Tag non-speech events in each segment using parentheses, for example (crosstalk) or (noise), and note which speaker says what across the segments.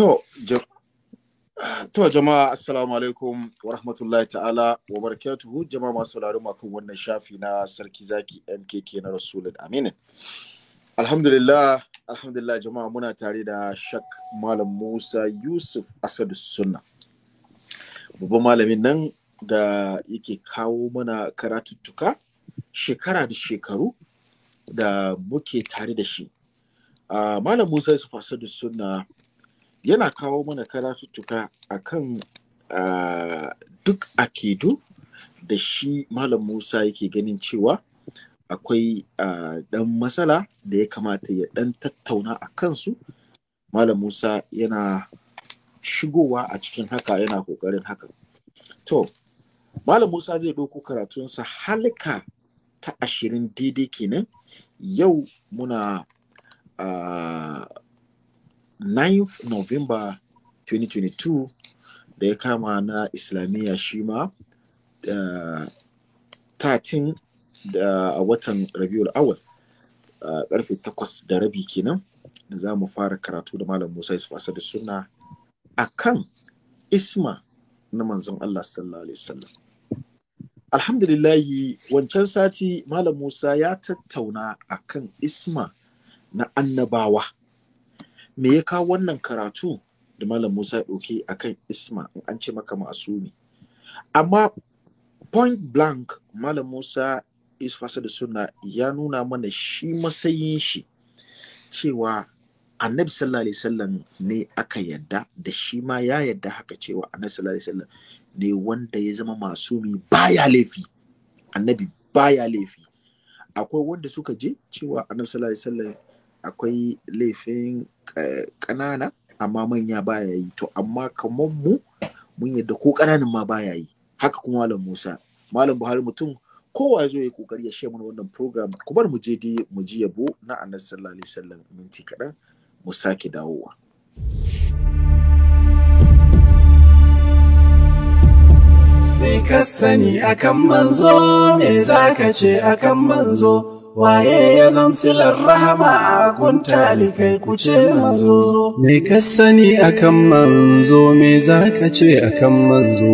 Speaker 1: To, jama'a assalamu alaikum wa rahmatullahi ta'ala wa barakatuhu jama'a masu sauraro makon wannan shafi na sarki zaki MKK na Rasulun Aminin. Alhamdulillah, alhamdulillah jama'a muna tare da Shak Malam Musa Yusuf Asadu Sunna. Babban malamin nan da yake kawo mana karatuttuka shekara da shekaru da muke tare da shi. Uh, Malam Musa Yusuf Asadu Sunna yana kawo mana karatuttuka a kan ah, duk akidu da shi malam musa yake ganin cewa akwai dan ah, matsala da ya kamata ya dan tattauna a kansu malam musa yana shigowa a cikin haka yana kokarin haka to malam musa zai ɗauko karatunsa halka ta ashirin daidai kenan yau muna uh, 9th november 2022 da ya kama na islamiyya shi ma 13 da a watan rabiul awal karfe 8 da rabi kenan da za mu fara karatu da malam musa yusuf da suna a kan isma na manzon allah sallallahu alaihi wasallam alhamdulillahi wancan sati malam musa ya tattauna akan isma na annabawa me ya kawo wannan karatu da malam musa ya ɗauki a kan isma in an ce maka masumi amma point blank malam musa isfasa da suna ya nuna mana shi masayin shi cewa annabi sallallahu alaihi wasallam ne aka yadda da shi ma ya yadda haka cewa annabi sallallahu alaihi wasallam ne wanda ya zama masumi baya laifi annabi baya laifi akwai wanda suka je cewa annabi sallallahu alaihi wasallam akwai laifin eh, ƙanana amma manya baya yi to amma kamar mu mun yadda ko ƙananan ma baya yi haka kuma malam musa malam buhari mutum kowa zo ya kokari ya share mana wannan program ku bar mu je dai mu ji yabo na annabi sallallahu alaihi wasallam minti kaɗan mu sake dawowa. me ka sani akan manzo me za ka ce
Speaker 2: akan manzo waye ya zamsilar rahama a kun kai ku manzo me ka akan manzo me za ka ce akan manzo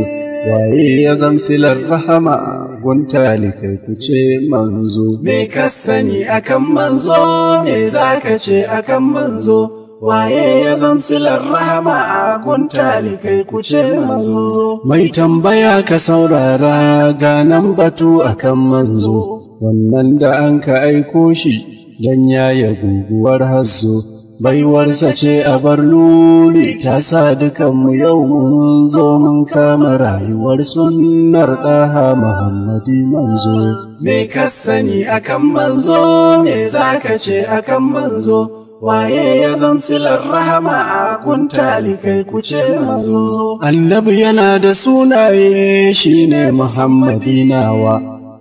Speaker 2: waye ya zamsilar rahama a kun kai ku manzo me ka akan manzo me za ka ce akan manzo waye ya zamsilar rahama a kuntali kai kuce manzo mai tambaya ka saurara ga nan batu akan manzo wannan da an ka aiko shi don yaya guguwar hazo baiwarsa ce a bar luli ta sa dukanmu yau mun zo mun kama rayuwar sunnar ɗaha muhammadi manzo me ka sani akan manzo me za ka ce akan manzo waye ya zamsilar rahama a kun talikai ku ce manzo annabi yana da sunaye shine muhammadi nawa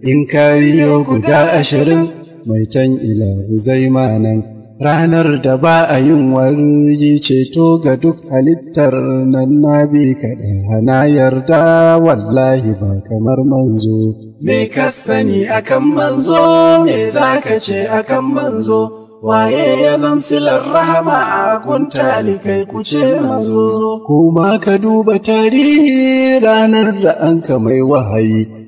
Speaker 2: in ka guda ashirin mai can ilahu zai manan ranar da ba a yin wargi ceto ga duk halittar nan na bi kaɗa hana yarda wallahi ba kamar manzo me ka sani akan manzo me za ka ce akan manzo waye ya zamsilar rahama a kun talikai kuce manzo kuma ka duba tarihi ranar da an ka mai wahayi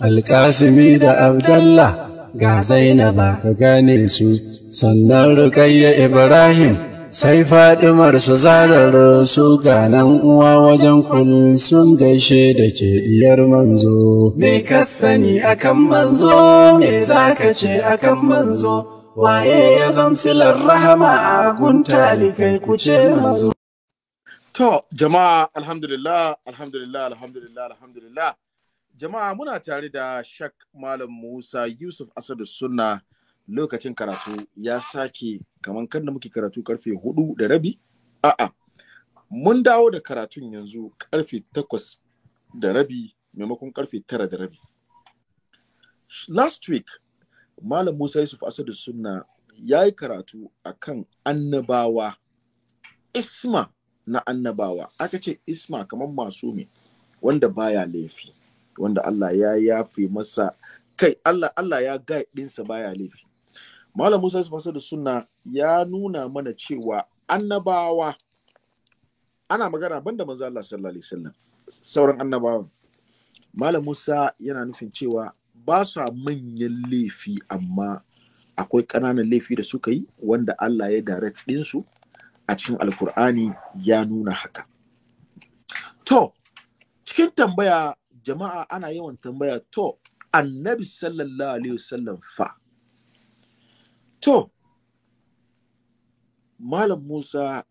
Speaker 2: alƙasimi da abdallah ga zainaba ka gane su sannan rukayya ibrahim sai fadimar su zarar su ga nan uwa wajen kullum sun gaishe da ke ɗiyar manzo me ka sani akan manzo me za ka ce akan manzo waye ya zamsilar rahama a guntali kai kuce manzo
Speaker 1: to jama'a alhamdulillah alhamdulillah alhamdulillah alhamdulillah Jama'a muna tare da Shak Malam Musa Yusuf Asadu Sunna lokacin karatu ya sake kamar kan da muke karatu karfe hudu da rabi? A'a, mun dawo da karatun yanzu karfe takwas da rabi maimakon karfe tara da rabi. Last week, Malam Musa Yusuf Asadu Sunna ya yi karatu a kan annabawa, isma na annabawa, aka ce isma kamar masu wanda baya laifi. wanda Allah ya yafe masa kai Allah Allah ya ga ɗinsa baya laifi Malam Musa Fasa da Sunna ya nuna mana cewa annabawa ana magana banda manzo Allah sallallahu alaihi wasallam sauran annabawa Malam Musa yana nufin cewa ba sa manyan laifi amma akwai ƙananan laifi da suka yi wanda Allah ya direct ɗinsu a cikin Alkur'ani ya nuna haka. To, cikin tambaya jama'a ana yawan tambaya to annabi sallallahu alaihi wasallam fa to malam musa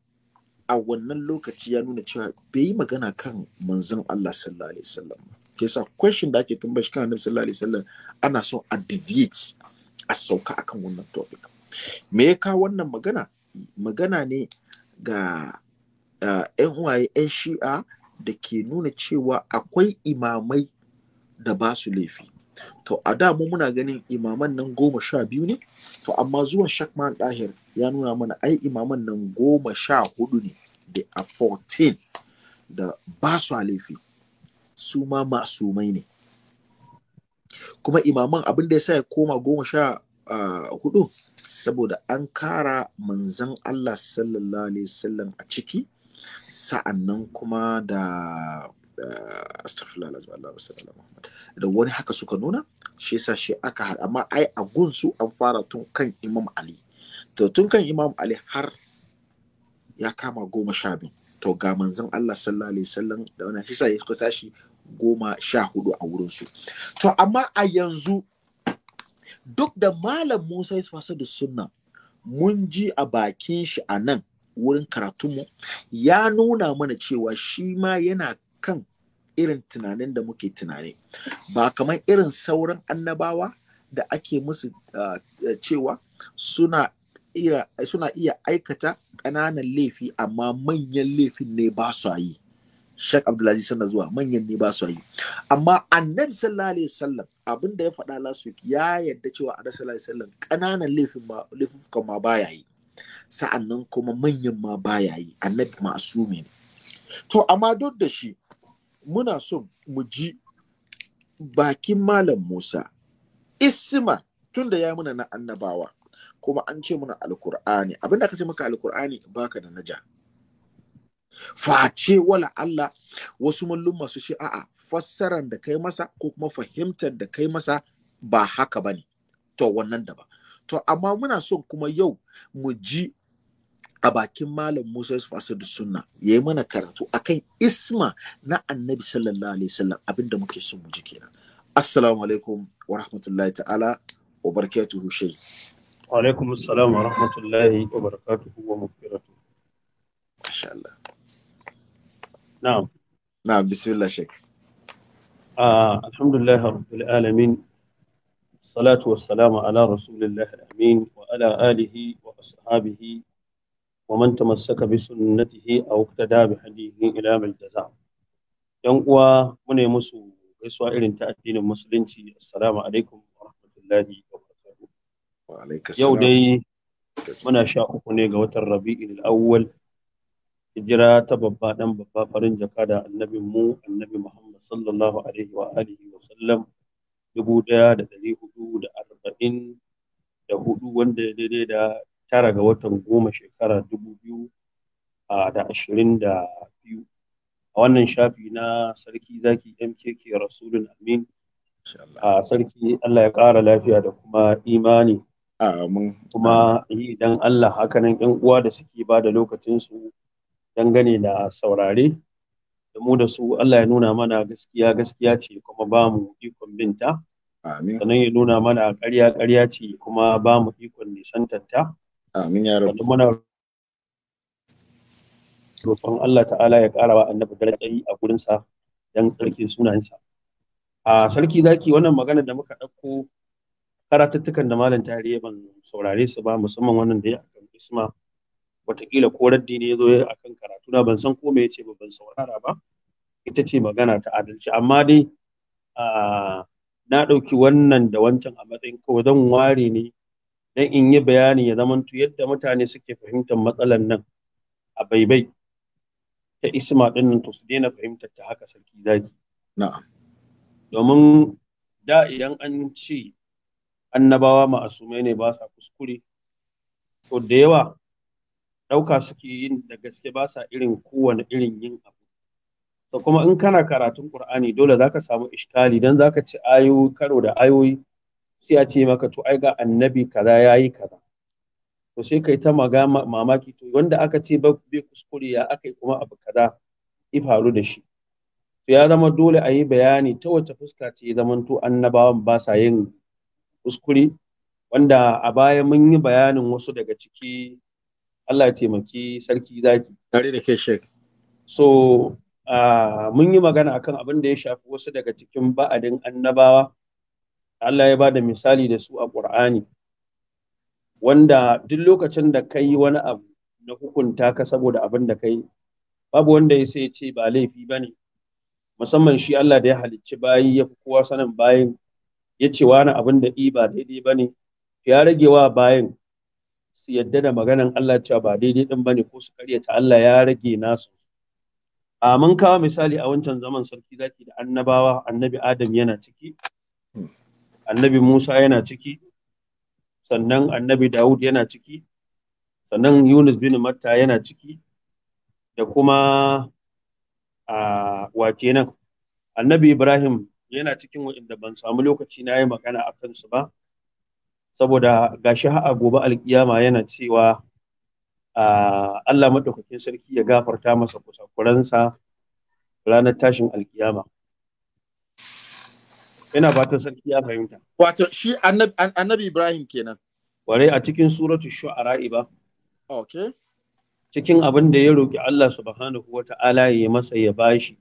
Speaker 1: a wannan lokaci ya nuna cewa bai yi magana kan manzon Allah sallallahu alaihi wasallam ke sa question da ake tambashi kan annabi sallallahu alaihi wasallam ana son a deviate a sauka akan wannan topic me ya kawo wannan magana magana ne ga eh, yan uwaye yan shi'a da ke nuna cewa akwai imamai da ba su laifi to a da mu muna ganin imaman nan goma sha biyu ne to amma zuwan shakman dahir ya nuna mana ai imaman nan goma sha hudu ne da a 14 da ba su laifi su ma masumai ne kuma imaman abin da ya sa ya koma goma sha hudu saboda an kara manzan Allah sallallahu alaihi wasallam a ciki Sa'an nan kuma da da wani haka suka nuna shi yasa shi aka haɗa amma ai a gun su an fara tun kan imam ali to tun kan imam ali har ya kama goma sha biyu to ga manzon allah sallallahu alaihi wasallam da wani shi ya suka tashi goma sha hudu a wurinsu to amma a yanzu duk da malam musa ya fasa da sunna mun ji a bakin shi a nan wurin karatunmu ya nuna mana cewa shi ma yana kan irin tunanin da muke tunani ba kamar irin sauran annabawa da ake musu ah, cewa suna iya, suna iya aikata ƙananan laifi amma manyan laifin ne ba su yi Sheikh Abdulaziz sana zuwa manyan ne ba su yi amma annabi sallallahu alaihi wasallam abin da ya faɗa last week ya yadda cewa annabi sallallahu alaihi wasallam ƙananan laifin ma laifukan ma baya yi sa'annan kuma manyan ma baya yi annabi ma'asumi ne to amma duk da shi muna so mu ji bakin malam Musa isma tunda ya muna na annabawa kuma an ce muna alkur'ani abin da aka ce maka alkur'ani baka da naja face wala Allah wasu mallum masu shi a'a fassaran da kai masa ko kuma fahimtar da kai masa ba haka bane to wannan daban to amma muna son kuma yau mu ji a bakin malam Musa Yusuf Asadu Sunna yi mana karatu akan isma na Annabi sallallahu alaihi wasallam abinda muke son mu ji kenan assalamu alaikum wa rahmatullahi ta'ala wa barakatuhu shay
Speaker 3: wa alaikum assalam wa rahmatullahi wa barakatuhu wa mukiratu masha Allah na'am na'am bismillah shaykh آه الحمد alamin. والصلاة والسلام على رسول الله الأمين وعلى آله وأصحابه ومن تمسك بسنته أو اقتدى بهديه إلى الجزاء ‘Yan uwa muna musu gaisuwa irin ta addinin Musulunci, Assalamu alaikum wa rahmatullahi wa barakatuhu. Yau dai muna sha uku ne ga watan Rabi'il awwal hijira ta babba ɗan babba farin jaka da annabin mu annabi Muhammad sallallahu dubu ɗaya da ɗari hudu da arba'in da hudu wanda ya daidai da tara ga watan goma shekara dubu biyu da ashirin da biyu a wannan shafi na sarki zaki mkk rasulun amin a sarki allah ya ƙara lafiya da kuma imani kuma yi idan allah hakanan yan uwa da suke ba da lokacinsu dangane da saurare da mu da su Allah ya nuna mana gaskiya gaskiya ce kuma ba mu ikon binta amin sannan ya nuna mana ƙarya ƙarya ce kuma ba mu ikon nisantanta amin ya rabu muna roƙon Allah ta'ala ya ƙara wa annabi darajayi a gurin sa dan tsarkin sunansa a sarki zaki wannan magana da muka ɗauko karatattukan da malam tarihi ban saurare su ba musamman wannan da ya akan isma Wataƙila ko raddi ne ya zo a kan karatu. Na ban san ko me ya ce ba ban saurara ba ita ce magana ta adalci amma dai na ɗauki wannan da wancan a matsayin ko zan ware ne dan in yi bayani ya zamanto yadda mutane suke fahimtar matsalar nan a baibai ta isma ɗin nan to su daina fahimtar ta haka sarki zaki na'am domin da idan an ce annabawa ma'asumai ne ba sa kuskure to da yawa ɗauka suke yi da gaske ba sa irin kowane irin yin abu Ka kuma in kana karatun qur'ani dole za ka samu iskali dan zaka ci ayoyi karo da ayoyi sai a ce maka to ai ga annabi kaza yayi kaza to sai kai ta maga mamaki to wanda aka ce ba bai kuskure ya aka kuma abu kaza i faru da shi to ya zama dole a yi bayani ta wace fuska ce ya zamanto annabawan ba sa yin kuskure wanda a baya mun yi bayanin wasu daga ciki Allah ya taimaki sarki zaki tare da ke shek so mun yi magana akan abin da ya shafi wasu daga cikin ba'adin annabawa Allah ya ba da misali da su a Ƙur'ani wanda duk lokacin da ka yi wani abu na hukunta ka saboda abin da ka yi babu wanda ya sai ce ba laifi ba ne musamman shi Allah da ya halicci bayi ya fi kowa sanin bayin ya ce wani abin da i ba daidai ba ne ya rage wa bayin su yadda da maganan Allah cewa ba daidai din bane ko su karyata Allah ya rage nasu a mun kawo misali a wancan zaman sarki zaki da annabawa annabi Adam yana ciki hmm. annabi Musa yana ciki sannan annabi Dawud yana ciki sannan Yunus bin Matta yana ciki da kuma a wake nan annabi Ibrahim yana cikin wa'inda ban samu lokaci na yi magana a kansu ba saboda gashi a gobe alkiyama yana cewa Allah maɗaukakin sarki ya gafarta masa kusakuransa ranar tashin alkiyama ina fatan sarki ya fahimta wato shi annabi Ibrahim kenan ware a cikin suratu shu'ara ba okay cikin abin da ya roki Allah subhanahu wata'ala ya masa ya bashi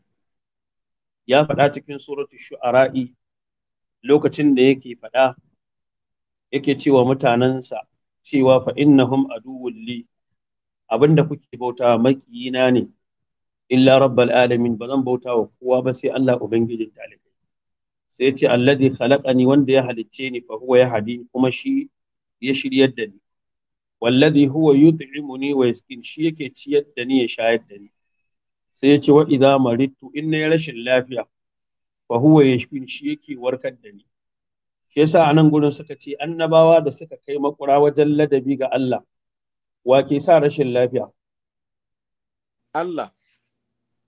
Speaker 3: ya faɗa cikin suratu shu'ara'i lokacin da yake faɗa yake cewa mutanensa cewa fa innahum aduwwul li abinda kuke bauta makiyina ne illa rabbal alamin ba zan bauta wa kowa ba sai Allah ubangijin talibai sai ya ce alladhi khalaqani wanda ya halicce ni fa huwa yahdi kuma shi ya shiryar da ni walladhi huwa yut'imuni wa yaskin shi yake ciyar da ni ya shayar da ni sai ya ce wa idza maridtu in na rashin lafiya fa huwa yashfin shi yake warkar da ni shi yasa a nan gurin suka ce annabawa da suka kai makura wajen ladabi ga Allah wa ke sa rashin lafiya Allah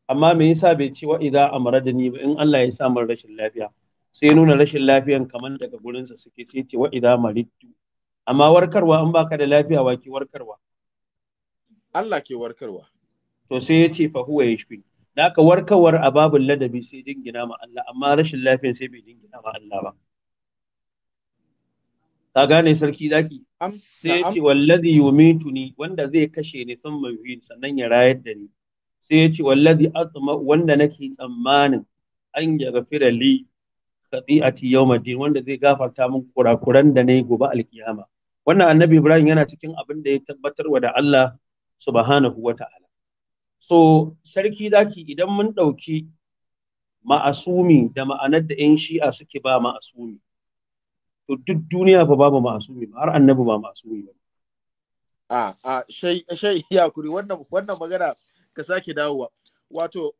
Speaker 3: amma me yasa bai ce wa idza amradani ba in Allah ya sa min rashin lafiya sai nuna rashin lafiyan kamar daga gurinsa suke ce ce wa idza maridtu amma warkarwa in baka da lafiya wa ke warkarwa Allah ke warkarwa to sai ya ce fa huwa yashfi da aka warkarwar a babul ladabi sai dingina ma Allah amma rashin lafiyan sai bai dingina ma Allah ba ka gane sarki zaki sai ya ce wallazi yumituni wanda zai kashe ni sun mafi sannan ya rayar da ni sai ya ce wallazi atma wanda nake tsammanin an ya gafira li khati'ati yawmiddin wanda zai gafarta min kurakuran da nayi gobe alkiyama wannan annabi ibrahim yana cikin abin da ya tabbatar wa da Allah subhanahu ta'ala. so sarki zaki idan mun ɗauki ma'asumi da ma'anar da 'yan shi'a suke ba ma'asumi to duk duniya fa babu ma'asumi ba har annabi ba ma'asumi ba
Speaker 1: a a shai shai (laughs) yakuri wannan wannan magana ka sake dawowa wato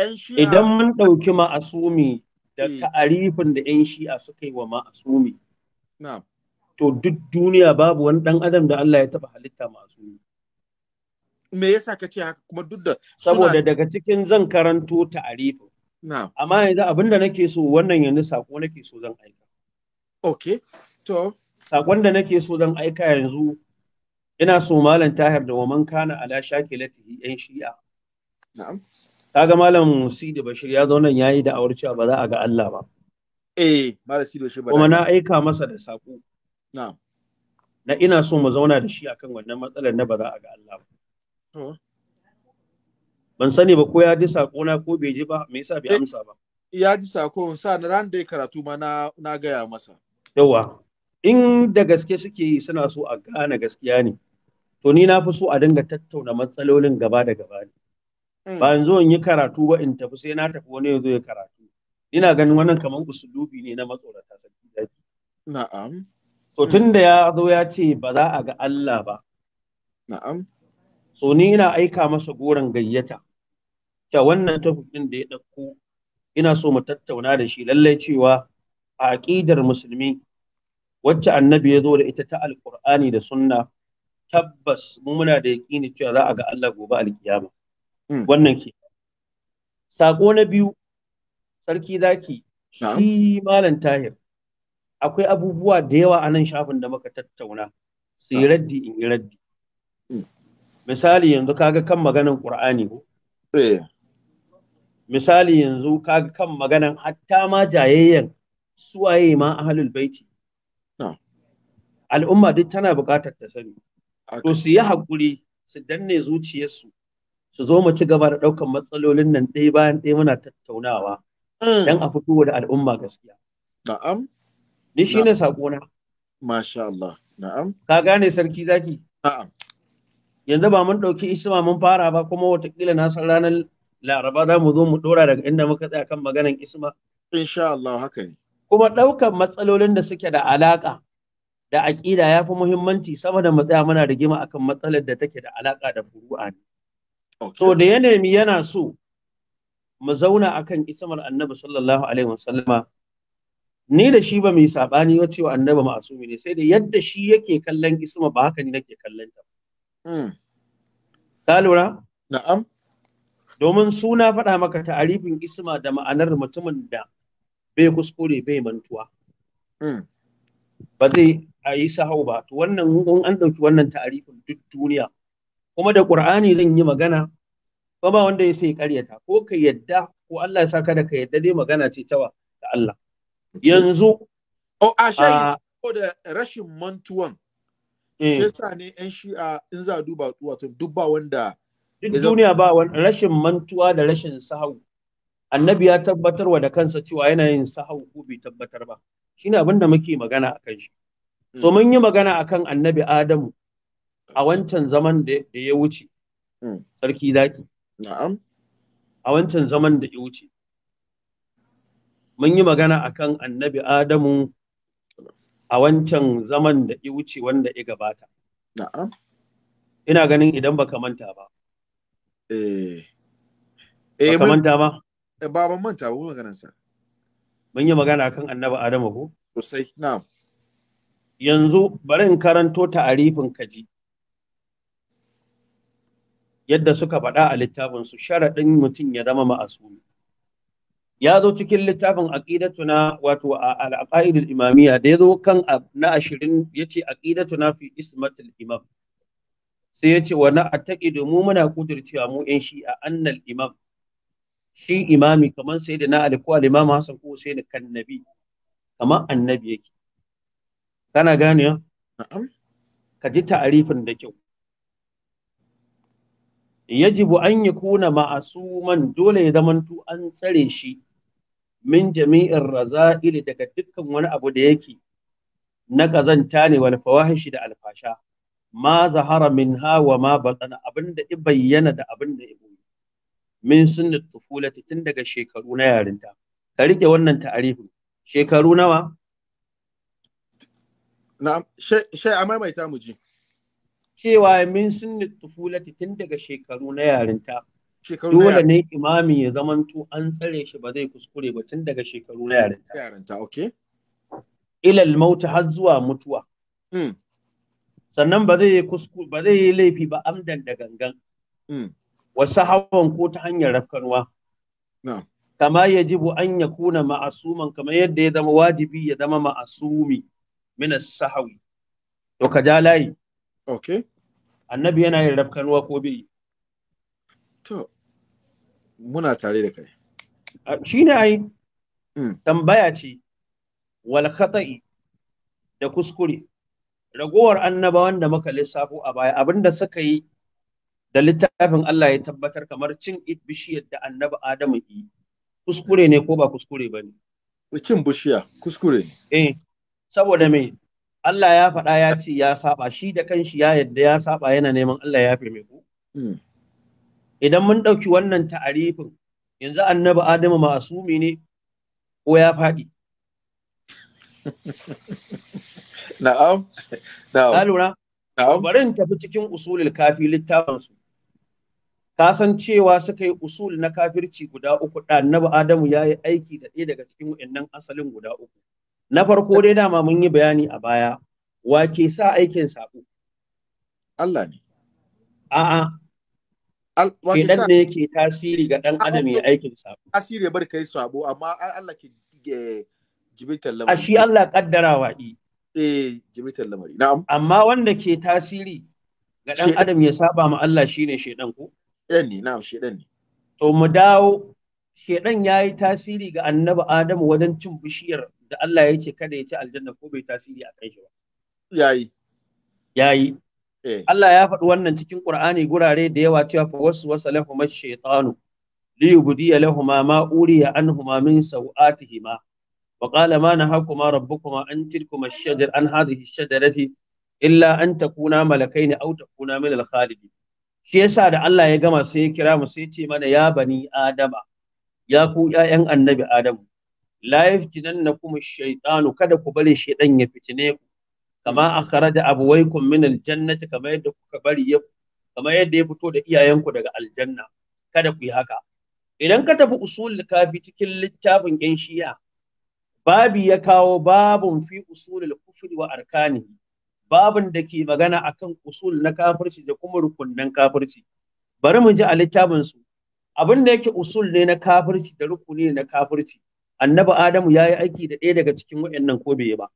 Speaker 1: ƴan shi'a idan mun
Speaker 3: ɗauki ma'asumi da hmm. ta'arifin da ƴan shi'a suka yi wa ma'asumi na'am to duk duniya babu wani ɗan adam da Allah ya taɓa halitta ma'asumi me yasa ka ce haka kuma duk da saboda daga cikin zan karanto ta'arifin na'am amma yanzu abinda nake so wannan yanzu sako nake so zan aika ok to sakon da nake so zan aika yanzu ina so malam tahir da waman kana ala shakilatihi yan shi'a na'am ga malam sidi bashir ya zo nan yi da awar cewa ba za a ga Allah ba eh malam sidi bashir kuma na aika masa da saƙo. na'am na ina so mu zauna da shi a kan wannan matsalar na ba za a ga Allah ba to ban sani ba ko ya ji saƙo na ko bai ji ba me yasa bai eh, amsa ba ya ji saƙo, sa
Speaker 1: na ran da karatu ma na gaya masa
Speaker 3: yawa in da gaske suke yi suna so a gane gaskiya ne to ni na fi so a dinga tattauna matsalolin gaba da gaba ne mm. ba in zo in yi karatu ba in tafi sai na tafi wani ya zo ya karatu ina ganin wannan kamar usulubi ne na matsorata sarki zaki na'am to tun da ya zo ya ce ba za a ga Allah ba na'am so ni ina aika masa goron gayyata ta wannan tafi din da ya ɗauko ina so mu tattauna da shi lallai cewa a aƙidar musulmi wacce annabi ya zo da ita ta alƙur'ani da sunna tabbas mu muna da yaƙini cewa za a ga Allah gobe alkiyama hmm. wannan ke sako na biyu sarki zaki shi malam tahir akwai abubuwa da yawa a nan shafin da muka tattauna su yi raddi in yi raddi hmm. misali yanzu kaga kan maganan qur'ani ko eh. misali yanzu kaga kan maganan hatta ma jayayyan Su waye ma ahlul baiti al'umma duk tana buƙatar ta sani to su yi haƙuri su danne zuciyarsu su zo mu ci gaba da ɗaukar matsalolin nan ɗaya bayan ɗaya muna tattaunawa hmm. dan a fito da al'umma gaskiya na'am ni shine sakona masha Allah na'am ka gane sarki zaki na'am yanzu ba mun ɗauki isma mun fara ba kuma watakila na san ranar laraba za mu zo mu ɗora daga inda muka tsaya kan maganan isma insha Allah haka ne kuma ɗaukar matsalolin da suke da alaƙa da aƙida ya fi muhimmanci sama da matsaya muna da rigima akan matsalar da take da alaƙa da furu'a ne. So da yanayi yana so mu zauna akan isamar annabi sallallahu alaihi ni da shi ba yi saɓani ba cewa annabi ma'asumi ne sai da yadda shi yake kallon isma ba haka ni nake kallon ta. Hmm. Ka lura? Na'am. Domin suna faɗa maka ta'arifin isma da ma'anar mutumin da bai kuskure bai mantuwa hmm. ba zai a yi sahau ba to wannan in an ɗauki wannan ta'arifin duk duniya kuma da qur'ani zan yi magana ba ba wanda ya sai karyata ko ka yadda ko Allah ya saka da ka yadda dai magana ce tawa da Allah yanzu o oh, a ah, shayi ah, ko da rashin mantuwan eh. Sai sa
Speaker 1: ne yan shi'a in za duba wato duk ba wanda duk duniya ba
Speaker 3: rashin mantuwa da rashin sahau annabi ya tabbatarwa da kansa cewa yana yin sahau ko bai tabbatar ba shine abin da muke magana akan shi so mun yi magana akan annabi adamu a wancan zaman da ya wuce hmm. sarki zaki na'am a wancan zaman da ya wuce mun yi magana akan annabi adamu a wancan zaman da ya wuce wanda ya gabata na'am ina ganin idan baka manta ba eh eh baka manta ba Eh, baban manta ba magana sa mun yi magana kan annabi adamu ko sosai na'am yanzu bari in karanto ta'arifin kaji yadda suka faɗa a littafinsu sharaɗin mutum ya zama ma'asumi ya zo cikin littafin aqidatuna wato al-aqaid al-imamiyya da yazo kan na 20 yace aqidatuna fi ismat al-imam sai yace wa na ataqidu mu muna kudircewa mu yan shi'a annal imam shi imami kamar sai da na Ali ko al Hassan ko sai da kan nabi kamar annabi yake kana gane na'am ka ji ta'arifin da kyau yajibu an yakuna ma'asuman dole ya zamantu an tsare shi min jami'in Raza ili daga dukkan wani abu da yake na kazanta ne wani fawahishi da alfasha ma zahara min hawa ma batsana abinda i bayyana da abinda i min sunni tufulati tun daga shekaru na yarinta ka rike wannan ta'arifin shekaru nawa na'am shai a maimaita mu ji cewa min sunni tufulati tun daga shekaru na yarinta dole ne imami ya zamanto an tsare shi ba zai kuskure ba tun daga shekaru na yarinta yarinta okay ilal mauta har zuwa mutuwa hmm. sannan ba zai yi laifi ba amdan da gangan hmm. wasu hawan ko ta hanyar rafkanuwa kama ya yajibu an ya kuna ma'asuman kamar yadda ya zama wajibi ya zama ma'asumi mina sahawi to ka ja layi Ok. annabi yana yin rafkanuwa ko biyu. to muna tare da kai shi ne ai hmm. tambaya ce wal khata'i da kuskure ragowar Annaba, wanda muka lissafo a baya abinda suka yi da littafin Allah ya tabbatar kamar cin it bishiyar da annabi Adamu yi kuskure ne ko ba kuskure ba ne? Cin bishiya kuskure ne. Eh, saboda me Allah ya faɗa ya ce ya saba shi da kanshi ya yadda ya saba yana neman Allah ya fi ko. Hmm. Idan mun ɗauki wannan ta'arifin yanzu annabi Adamu ma'asumi ne ko ya faɗi. (laughs) Na'am. Na'am. Na'am. Bari in tafi cikin usulul kafi littafin su. ka san cewa suka yi usul na kafirci guda uku annabi adamu ya yi aiki da ɗaya daga cikin wannan asalin guda uku na farko dai dama mun yi bayani a baya wa ke sa aikin saƙo Allah ne a'a Kenan ne yake tasiri ga ɗan adam ya aikin sabo.
Speaker 1: Tasiri bar kai sabo amma Allah ke eh,
Speaker 3: jibitar lamari. A shi Allah wa i. Eh jibitar lamari. Na'am. Amma wanda ke tasiri ga ɗan adam ya saba ma Allah shine shedan ko? ne, shedan To mu dawo shedan yi tasiri ga Annabi Adamu wajen cin bishiyar da Allah ya ce kada ya ci aljanna ko bai tasiri a kan shi ba. ya yi. Eh. Allah ya faɗi wannan cikin ƙur'ani gurare da yawa cewa fa wasu wasa lahum ash-shaytanu li yubdiya lahum ma uriya anhuma min sawatihima wa qala ma nahakuma rabbukuma an tilkuma ash-shajar an hadhihi ash-shajarati illa an takuna malakaini aw takuna min al shi yasa da Allah ya gama sai ya kira mu sai ya ce mana ya bani adama ya ku ƴaƴan annabi adamu la na kuma shaytanu kada ku bari shaytan ya fitine ku kama akhraja abwaykum min aljannati kama yadda kuka bari ya kama yadda ya fito da iyayenku daga aljanna kada ku yi haka idan ka tafi usul kafi cikin littafin yan shi'a babi ya kawo babun fi usulul kufri wa arkanihi babin da ke magana akan usul na kafirci da kuma rukunnan kafirci bari mu ji a littafin su abin da yake usul ne na kafirci da rukuni na kafirci annabi adamu ya yi aiki da ɗaya daga cikin wa'annan ko bai ba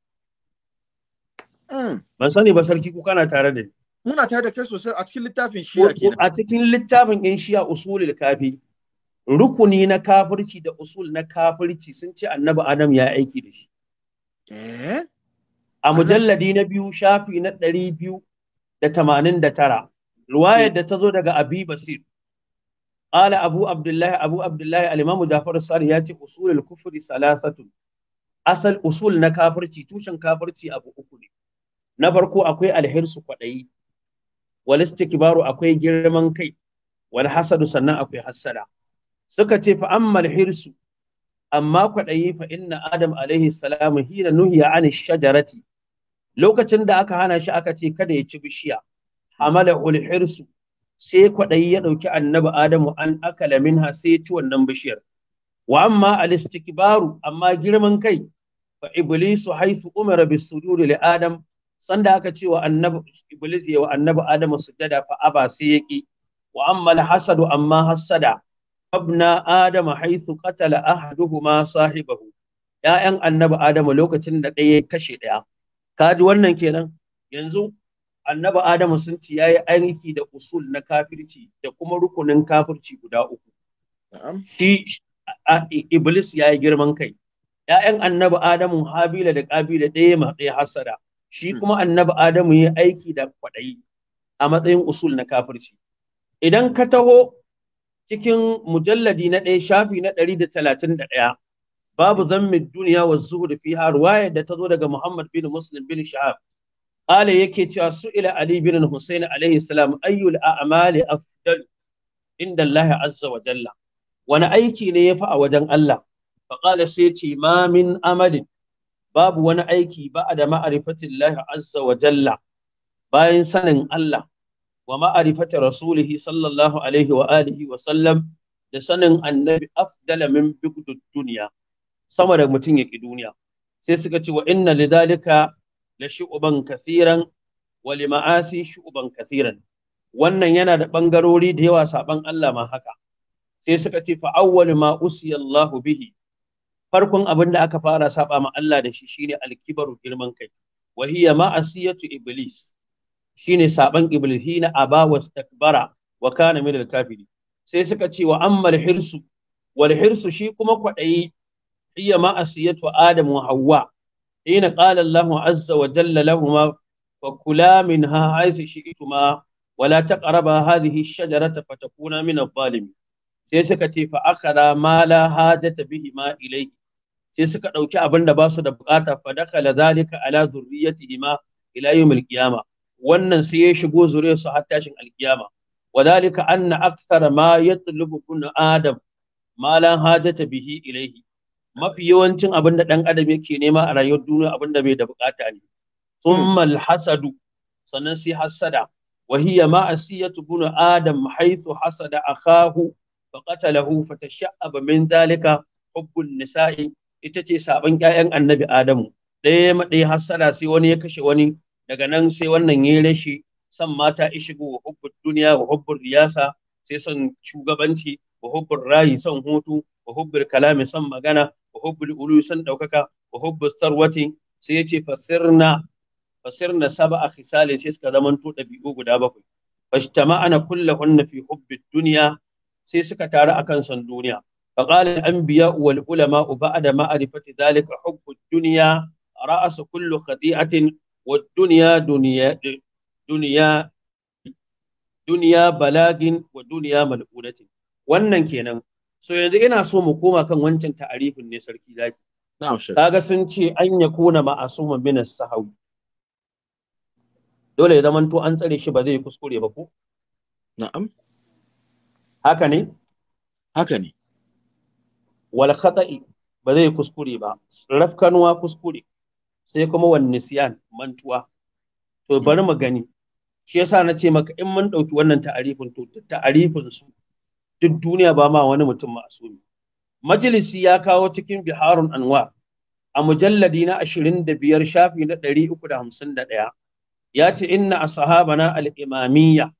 Speaker 3: hmm. ban sani ba sarki ku kana tare da ni muna tare da kai sosai a cikin littafin shi'a kenan a cikin littafin in shi'a usulul kafi rukuni na kafirci da usul na kafirci sun ce annabi Adamu ya yi aiki da shi eh a mujalladi na biyu shafi na ɗari biyu da tamanin da tara ruwayar da ta zo daga abi basir ala abu abdullahi abu abdullahi alimamu jafar sari ya ce usulul kufri salasatu asal usul na kafirci tushen kafirci abu uku ne na farko akwai alhirsu kwaɗayi wal istikbaru akwai girman kai wal hasadu sannan akwai hasada suka ce fa ammal hirsu amma kwaɗayi fa inna adam alaihi salam hina nuhiya an shajarati lokacin da aka hana shi aka ce kada ya ci bishiya amala ulhirsu sai kwaɗayi ya ɗauki annabi adamu an akala minha sai ya ci wannan bishiyar wa amma alistikbaru amma girman kai fa iblis haythu umara bisujudi li adam sanda aka ce wa annabi iblis ya wa annabi adamu sujada fa aba sai yaki wa amma alhasadu amma hasada abna adam haythu qatala ahaduhuma sahibahu ya'yan annabi adamu lokacin da ɗaya kashe ɗaya kaji wannan kenan yanzu annabi adamu sun ci yayi aiki da usul na kafirci da kuma rukunin kafirci guda uku shi iblis yayi girman kai ‘ya'yan annabi Adamu Habila da Kabila ɗaya matsayi hasada, shi hmm. kuma annabi Adamu ya aiki da kwaɗayi a matsayin usul na kafirci. Idan ka taho cikin mujalladi na ɗaya shafi na ɗari da talatin da ɗaya, babu zammin duniya wa zuhud fiha ruwaya da ta zo daga Muhammad bin Muslim bin Shahab qala yake cewa su su'ila Ali bin Husayn alaihi salam ayyul a'mali afdal inda Allah azza wa jalla wani aiki ne yafi a wajen Allah fa qala sai ce ma min amalin babu wani aiki ba da ma'rifatillah azza wa jalla bayan sanin Allah wa ma'rifati rasulihi sallallahu alaihi wa alihi wa sallam da sanin annabi afdala min duniya sama da mutum ya ƙi duniya sai suka ce wa inna lidalika la shu'uban kathiran wa li ma'asi shu'uban kathiran wannan yana da bangarori da yawa saban Allah ma haka sai suka ce fa awwal ma usiya Allahu bihi farkon abin da aka fara saba ma Allah da shi shine alkibaru girman kai wa hiya ma'asiyatu iblis shine saban iblis hina aba wastakbara wa kana min al sai suka ce wa amma hirsu wal hirsu shi kuma kwaɗayi laqiya ma'asiyatu adam wa hawwa hina qala Allahu azza wa jalla lahumā fakula minhā haythu shi'tumā ولا تقربا هذه الشجرة فتكونا من الظالمين sai suka ce fa akara ma la hajata bihi ma ilai sai suka ɗauki abin da ba da bukata fa zalika ala zurriyatihi ma ila yawmil qiyama wannan sai ya shigo zuriyar su har tashin alkiyama wa dalika anna akthara ma yatlubu kun adam ma la hajata bihi ilaihi mafi yawancin abin da ɗan adam yake nema a rayuwar duniya abin da bai da bukata ne summal hasadu sannan sai hasada wa hiya ma'asiyatu bunu adam haythu hasada akahu fa qatalahu tashabba min zalika, hubbun nisa'i ita ce saban ƴaƴan annabi adamu ɗaya ma ɗaya hasada sai wani ya kashe wani daga nan sai wannan ya rashi san mata ishigo wa hubbun duniya wa hubbun riyasa sai son shugabanci wa hubbun rayi son hutu wa hubbun kalami son magana wa hubbul ulu san daukaka wa hubbus sarwati sai yace fasirna fasirna sab'a khisal sai suka zaman ɗabi'u guda bakwai fashtama'ana kullahunna fi hubbid dunya sai suka taru akan san duniya an biya الأنبياء والعلماء بعد معرفة ذلك حب الدنيا رأس كل خديعة والدنيا دنيا دنيا duniya balagin wa duniya mal'unatin wannan kenan so yanzu ina so mu koma kan wancan ta'arifin ne sarki zaki kaga sun ce an ya kona ma'asuma min sahawi dole ya zamanto an tsare shi ba zai kuskure ba ko na'am haka ne haka ne wal khata'i ba zai kuskure ba rafkanuwa kuskure sai kuma wan nisyan mantuwa to bari mu gani shi yasa na ce maka in mun ɗauki wannan ta'arifin to ta'arifin su duk duniya ba ma wani mutum ma'asumi majalisi ya kawo cikin biharun anwa a mujalladi na biyar, shafi na ɗari ɗaya. ya ce inna ashabana al-imamiyya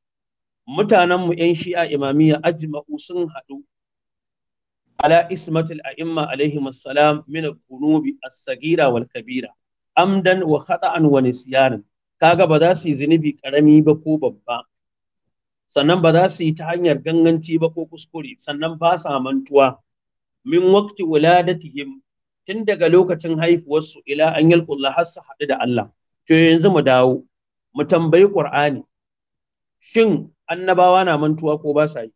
Speaker 3: mutanen mu yan shi'a imamiyya ajma'u sun haɗu ala ismatul a'imma alaihim assalam min al-dhunubi as-sagira wal kabira amdan wa khata'an wa nisyanan kaga ba za su yi zunubi karami ba ko babba sannan ba za su yi ta hanyar ganganci ba ko kuskure sannan ba sa mantuwa min waqti wuladatihim tun daga lokacin haifuwarsu ila an yalqulla har su haɗu da Allah to yanzu mu dawo mu tambayi Qur'ani shin annabawa na mantuwa ko ba sa yi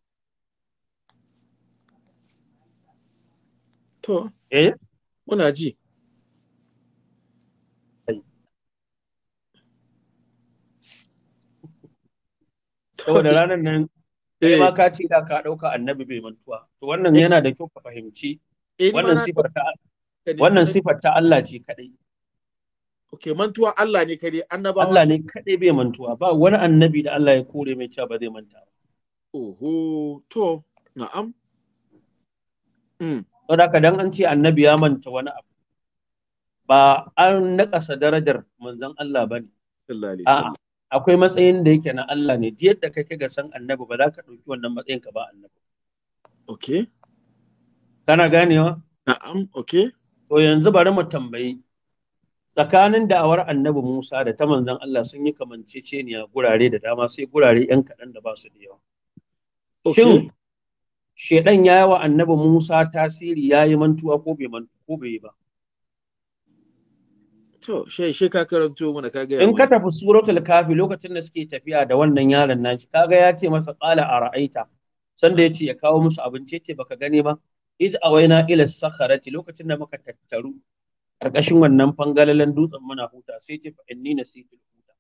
Speaker 3: to eh muna ji
Speaker 4: saboda ranar nan
Speaker 3: kai eh. ma ka ce da ka ɗauka annabi bai mantuwa to wannan eh. yana da kyau ka fahimci eh, wannan sifar ta wannan sifar ta Allah ce kadai ok mantuwa Allah ne kadai annabawa Allah ne kadai bai mantuwa ba wani annabi da Allah ya kore mai cewa ba zai manta ba
Speaker 1: oho to na'am
Speaker 3: mm haka dan an ce annabi ya manta wani abu ba an naƙasa darajar manzon Allah bane sallallahu alaihi akwai matsayin da yake na Allah ne duk yadda kake ga san annabi ba za ka ɗauki wannan matsayin ka ba annabi okay kana wa na'am okay to yanzu bari mu tambayi tsakanin da'awar annabi Musa da ta manzon Allah sun yi kamanceceniya gurare da dama sai gurare yan kaɗan da ba su da yawa shin shedan ya yi wa annabi Musa tasiri ya yi mantuwa ko bai ko bai ba To, shi shi ka karanto mana ka ga In ka tafi suratul kafi lokacin da suke tafiya da wannan yaron nashi, kaga ya ce masa qala ara'aita. Sanda yace ya kawo musu abinci ce baka gane ba. Iz awaina ila sakharati lokacin da muka tattaru karkashin wannan fangalalen dutsen muna huta sai ce fa inni nasitu huta.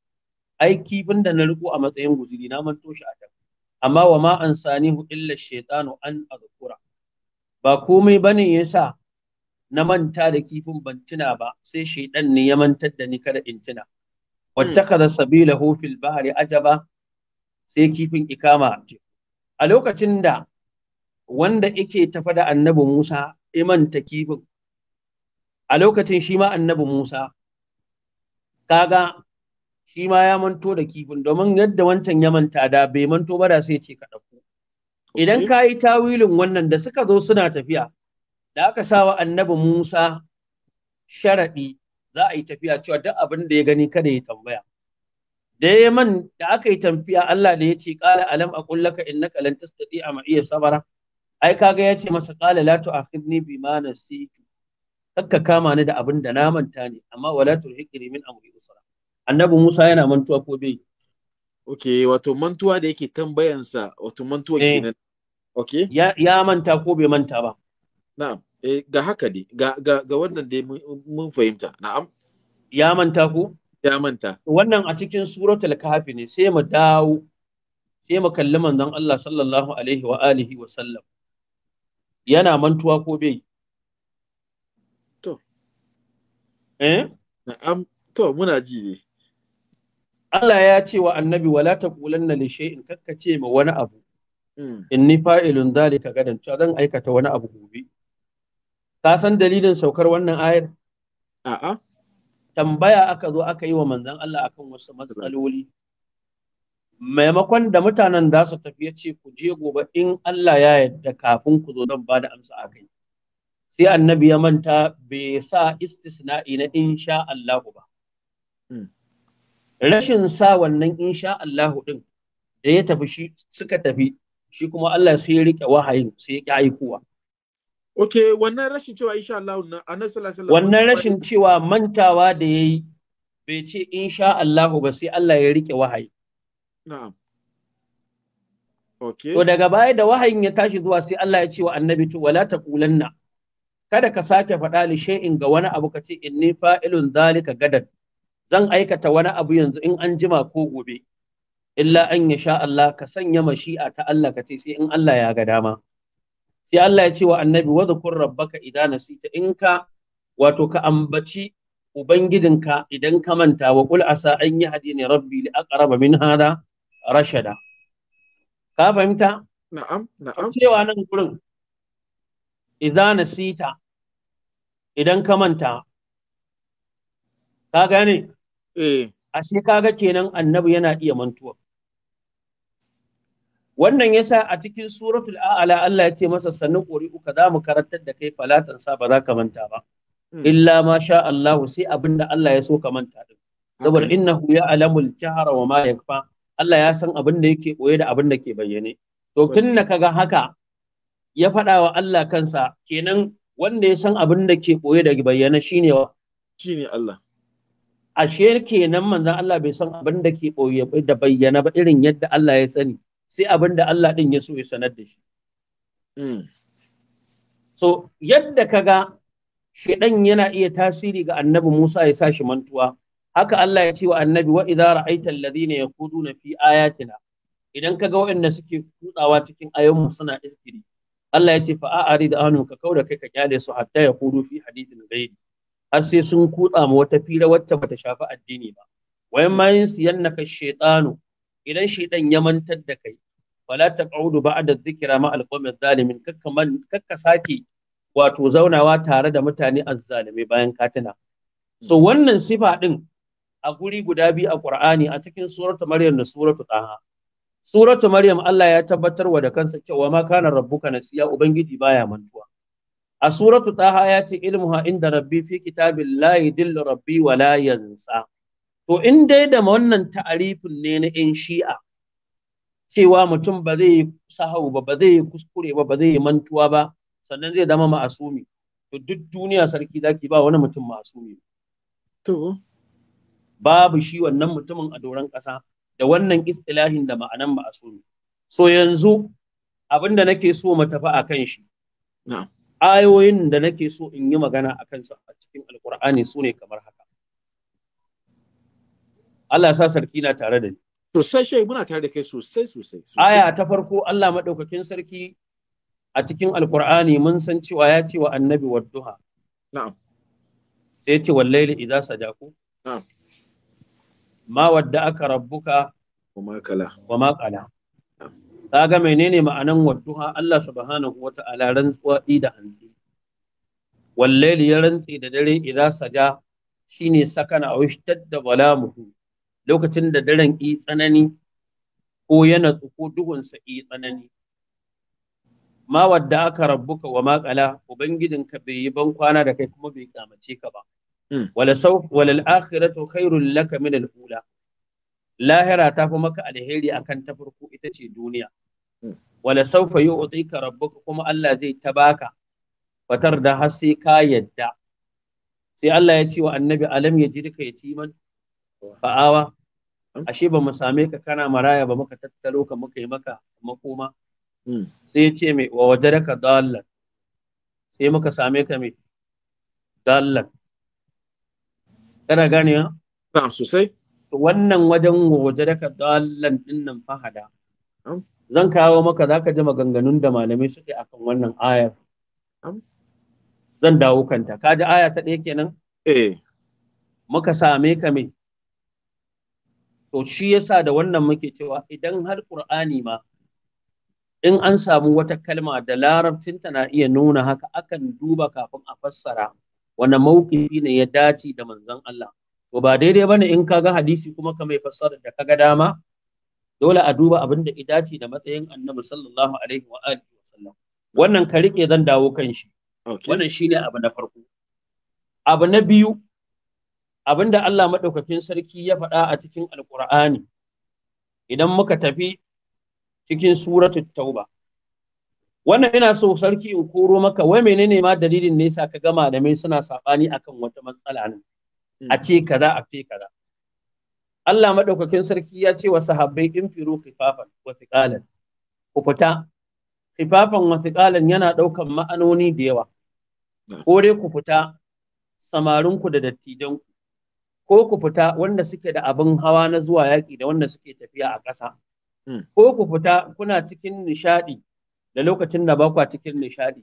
Speaker 3: Ai kifin da na riko a matsayin guziri na manto shi a tafi. Amma wa ma ansanihu illa shaytanu an azkura. Ba komai bane yasa na manta da kifin ban tuna ba sai shaidan ne ya mantar da ni kada in tuna wattakaza hmm. sabilahu fil bahri ajaba sai kifin ikama a lokacin da wanda yake tafa da annabi Musa imanta kifin a lokacin shi ma annabi Musa kaga shi ma ya manto da kifin domin yadda wancan ya manta da bai manto ba da sai ce ka dauko idan ka yi tawilin wannan da suka zo suna tafiya da aka sawa annabi Musa sharaɗi za a yi tafiya cewa duk abin da ya gani kada ya tambaya. Da ya man da aka yi tafiya Allah da ya ce ƙala alam a kullaka innaka lan tastati a iya sabara. Ai kaga ya ce masa ƙala la tu'akhidni bima nasitu. Kakka kama ni da abin da na manta ne amma wala hikri min amri usra. Annabi Musa yana mantuwa ko bai? Ok, wato mantuwa da yake tambayansa, wato mantuwa eh. kenan. Ok? Ya, manta ko bai manta ba.
Speaker 1: na'am eh, ga haka dai ga, wannan dai
Speaker 3: mun fahimta na'am ya manta ku? ya manta wannan a cikin suratul kahfi ne sai mu dawo sai mu kalli manzon Allah sallallahu alaihi wa alihi wa sallam yana mantuwa ko bai to eh na'am to muna ji ne Allah ya ce wa annabi wala taqulanna li shay'in kakkace ma wani abu hmm. inni fa'ilun zalika gadan to zan aikata wani abu gobe Ka san dalilin saukar wannan ayar? A'a. Tambaya aka zo aka yi wa manzon Allah akan wasu matsaloli. Maimakon da mutanen da su tafi yace ce ku je gobe in Allah ya yarda kafin ku zo don ba da amsa a kai. Sai annabi ya manta bai sa istisna'i na insha Allahu ba. Hmm. Rashin sa wannan insha Allahu din da ya tafi shi suka tafi shi kuma Allah sai ya riƙe wahayin sai ya ƙi aikowa.
Speaker 1: Ok, wannan rashin cewa insha Allah na annabi sallallahu alaihi Wannan rashin
Speaker 3: cewa mantawa da yayi bai ce insha Allah ba sai Allah ya rike wahayi. Na'am. Okay. To daga baya da wahayin ya tashi zuwa sai Allah ya ce wa annabi to wala taqulanna kada ka sake faɗa li shay'in ga wani abu ka ce inni fa'ilun zalika gadan zan aikata wani abu yanzu in an jima ko gobe illa an ya sha Allah ka sanya mashi'a ta Allah ka ce sai in Allah ya ga dama sai Allah ya ce wa annabi wadhkur rabbaka idan nasita in ka wato ka ambaci ubangidinka idan ka manta wa kul asa an ne rabbi li aqraba min hada rashada ka fahimta na'am na'am cewa nan gurin idan nasita idan ka manta ka gane eh ashe kaga kenan annabi yana iya mantuwa wannan yasa a cikin suratul a'la Allah ya ce masa sannu kori uka za mu karantar da kai falatan sa ba za ka manta ba hmm. illa ma sha Allah sai abinda Allah ya so ka manta din saboda innahu ya'lamul jahra wa ma yakfa Allah ya san abin da yake boye da abin da ke bayyane to tun da kaga haka ya faɗa wa Allah kansa kenan wanda ya san abin da ke boye da bayyana shine wa shine Allah ashe kenan manzon Allah bai san abin da ke boye da bayyana ba irin yadda Allah ya sani sai abin da Allah ɗin ya so ya sanar da shi. Hmm. So, yadda ka ga shaɗan yana iya tasiri ga annabi Musa ya sa shi mantuwa, haka Allah ya ce wa annabi wa idza ra'aita alladhina yaquduna fi ayatina idan ka ga waɗanda suke kutsawa cikin ayoyin suna iskiri Allah ya ce fa a'ari da anu ka kauda kai ka kyale su hatta ya kudu fi hadithin gairi har sai sun kutsa ma wata fira wacce bata shafi addini ba wayan mayin siyannaka shaytanu idan shaytan ya mantar da kai wala taqudu ba'da dhikra ma alqawmi zalimin kakka man sake wato zaunawa tare da mutane azzalimai bayan katina so hmm. wannan sifa din a guri guda biyu a Qur'ani a cikin suratu Maryam da suratu Taha suratu Maryam Allah ya tabbatar wa da kansa cewa ma kana rabbuka nasiya ubangiji baya mantuwa a suratu Taha ya ce ilmuha inda rabbi fi kitabin la yudillu rabbi wa la yansa to in dai da wannan ta'arifin ne na in shi'a cewa mutum ba zai yi sahau ba ba zai yi kuskure ba ba zai yi mantuwa ba sannan zai zama ma'asumi to duk duniya sarki zaki ba wani mutum ma'asumi to babu shi wannan mutumin a doron ƙasa da wannan istilahin da ma'anan ma'asumi so yanzu abin da nake so mu tafi akan shi ayoyin da nake so in yi magana a kansa a cikin alkur'ani su ne kamar haka Allah ya sa sarki na tare da ni Sosai shai muna tare da kai sosai sosai. Aya ta farko Allah maɗaukakin sarki a cikin Alƙur'ani mun san cewa ya ce wa annabi wa duha. Na'am. Sai ce wallaili idza sajaku. Na'am. Ma wadda aka rabbuka wa ma kala. Wa ma kala. Kaga menene ma'anan duha Allah subhanahu wa ta'ala rantsuwa da Wallai Wallaili ya rantse da dare idza saja shine sakana a wishtad da balamuhu. lokacin da daren i tsanani ko ya natsu ko duhunsa i tsanani ma wadda aka rabbuka wa makala ubangidinka bai yi ban kwana da kai kuma bai kamace ka ba hmm. wala sau wala akhiratu khairul laka min al ula lahira ta fi maka alheri akan ta farko ita ce duniya hmm. wala saufa yu'tika rabbuka kuma Allah zai ta baka fatar da har sai ka yadda sai Allah ya ce wa annabi alam yajidka yatiman fa'awa hmm? ashe ba mu same ka kana maraya ba muka tattalo ka muka yi maka makoma hmm. sai ya ce mai wa ka dalar sai muka same ka mai dalar kana ganewa na'am sosai wannan wajen wa ka dalar din nan fahada hmm? zan kawo maka za ka ji maganganun da malamai suke akan wannan ayar zan dawo kanta kaji aya ta ɗaya kenan eh muka same ka mai to shi yasa da wannan muke cewa idan har qur'ani ma in an samu wata kalma da larabcinta na iya nuna haka akan duba kafin a fassara wani mawkifi ne ya dace da manzon Allah to ba daidai ba ne in ka ga hadisi kuma ka mai fassara da kaga dama dole a duba abin da ya dace da matsayin annabi sallallahu alaihi wa alihi wasallam wannan ka rike zan dawo kan shi wannan shine abu na farko abu na biyu Abin da Allah maɗaukakin sarki ya faɗa a cikin alƙur'ani idan muka tafi cikin suratul tauba wannan ina so sarki in koro maka wai menene ma dalilin ne sa ka ga malamai suna saɓani akan wata matsala nan hmm. a ce kaza a ce kaza Allah maɗaukakin sarki ya ce wa sahabbai in firo kifafan wa thiqalan ku fita kifafan wa thiqalan yana ɗaukan ma'anoni da yawa hmm. ko dai ku fita samarinku da dattijanku ko ku fita wanda suke da abin hawa na zuwa yaki da wanda suke tafiya a ƙasa hmm. ko ku fita kuna cikin nishaɗi da lokacin da ba cikin nishaɗi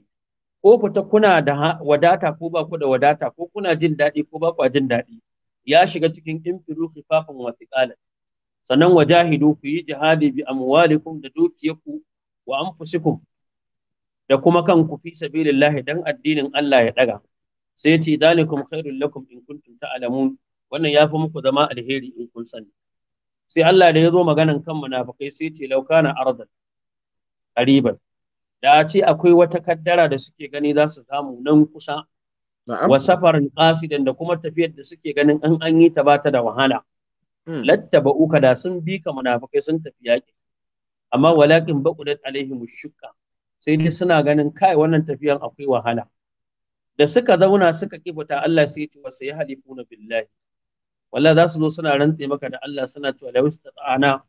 Speaker 3: ko fita kuna da wadata ko ba ku da wadata ko kuna jin daɗi ko ba jin daɗi ya shiga cikin infiru khifafan wa thiqalan sannan wajahidu ku yi jihadi bi amwalikum da dukiyarku wa anfusikum da kuma kanku fi sabilillahi dan addinin Allah ya ɗaga. sai ce "Zalikum khairul lakum in kuntum ta'lamun wannan ya fi muku zama alheri in kun sani sai Allah da ya zo maganan kan munafikai sai ce laukana ardan Ƙariban. da ce akwai wata kaddara da suke gani za su samu nan kusa wa safarin da kuma tafiyar da suke ganin an an yi ta bata da wahala hmm. lattaba uka da sun bi ka munafikai sun tafi yaki amma walakin baqudat alaihi mushukka. sai dai suna ganin kai wannan tafiyan akwai wahala da suka zauna suka kibuta Allah sai ya ce wasu ya halifuna billahi wallahi za su zo suna rantse maka da Allah suna cewa la wastata'ana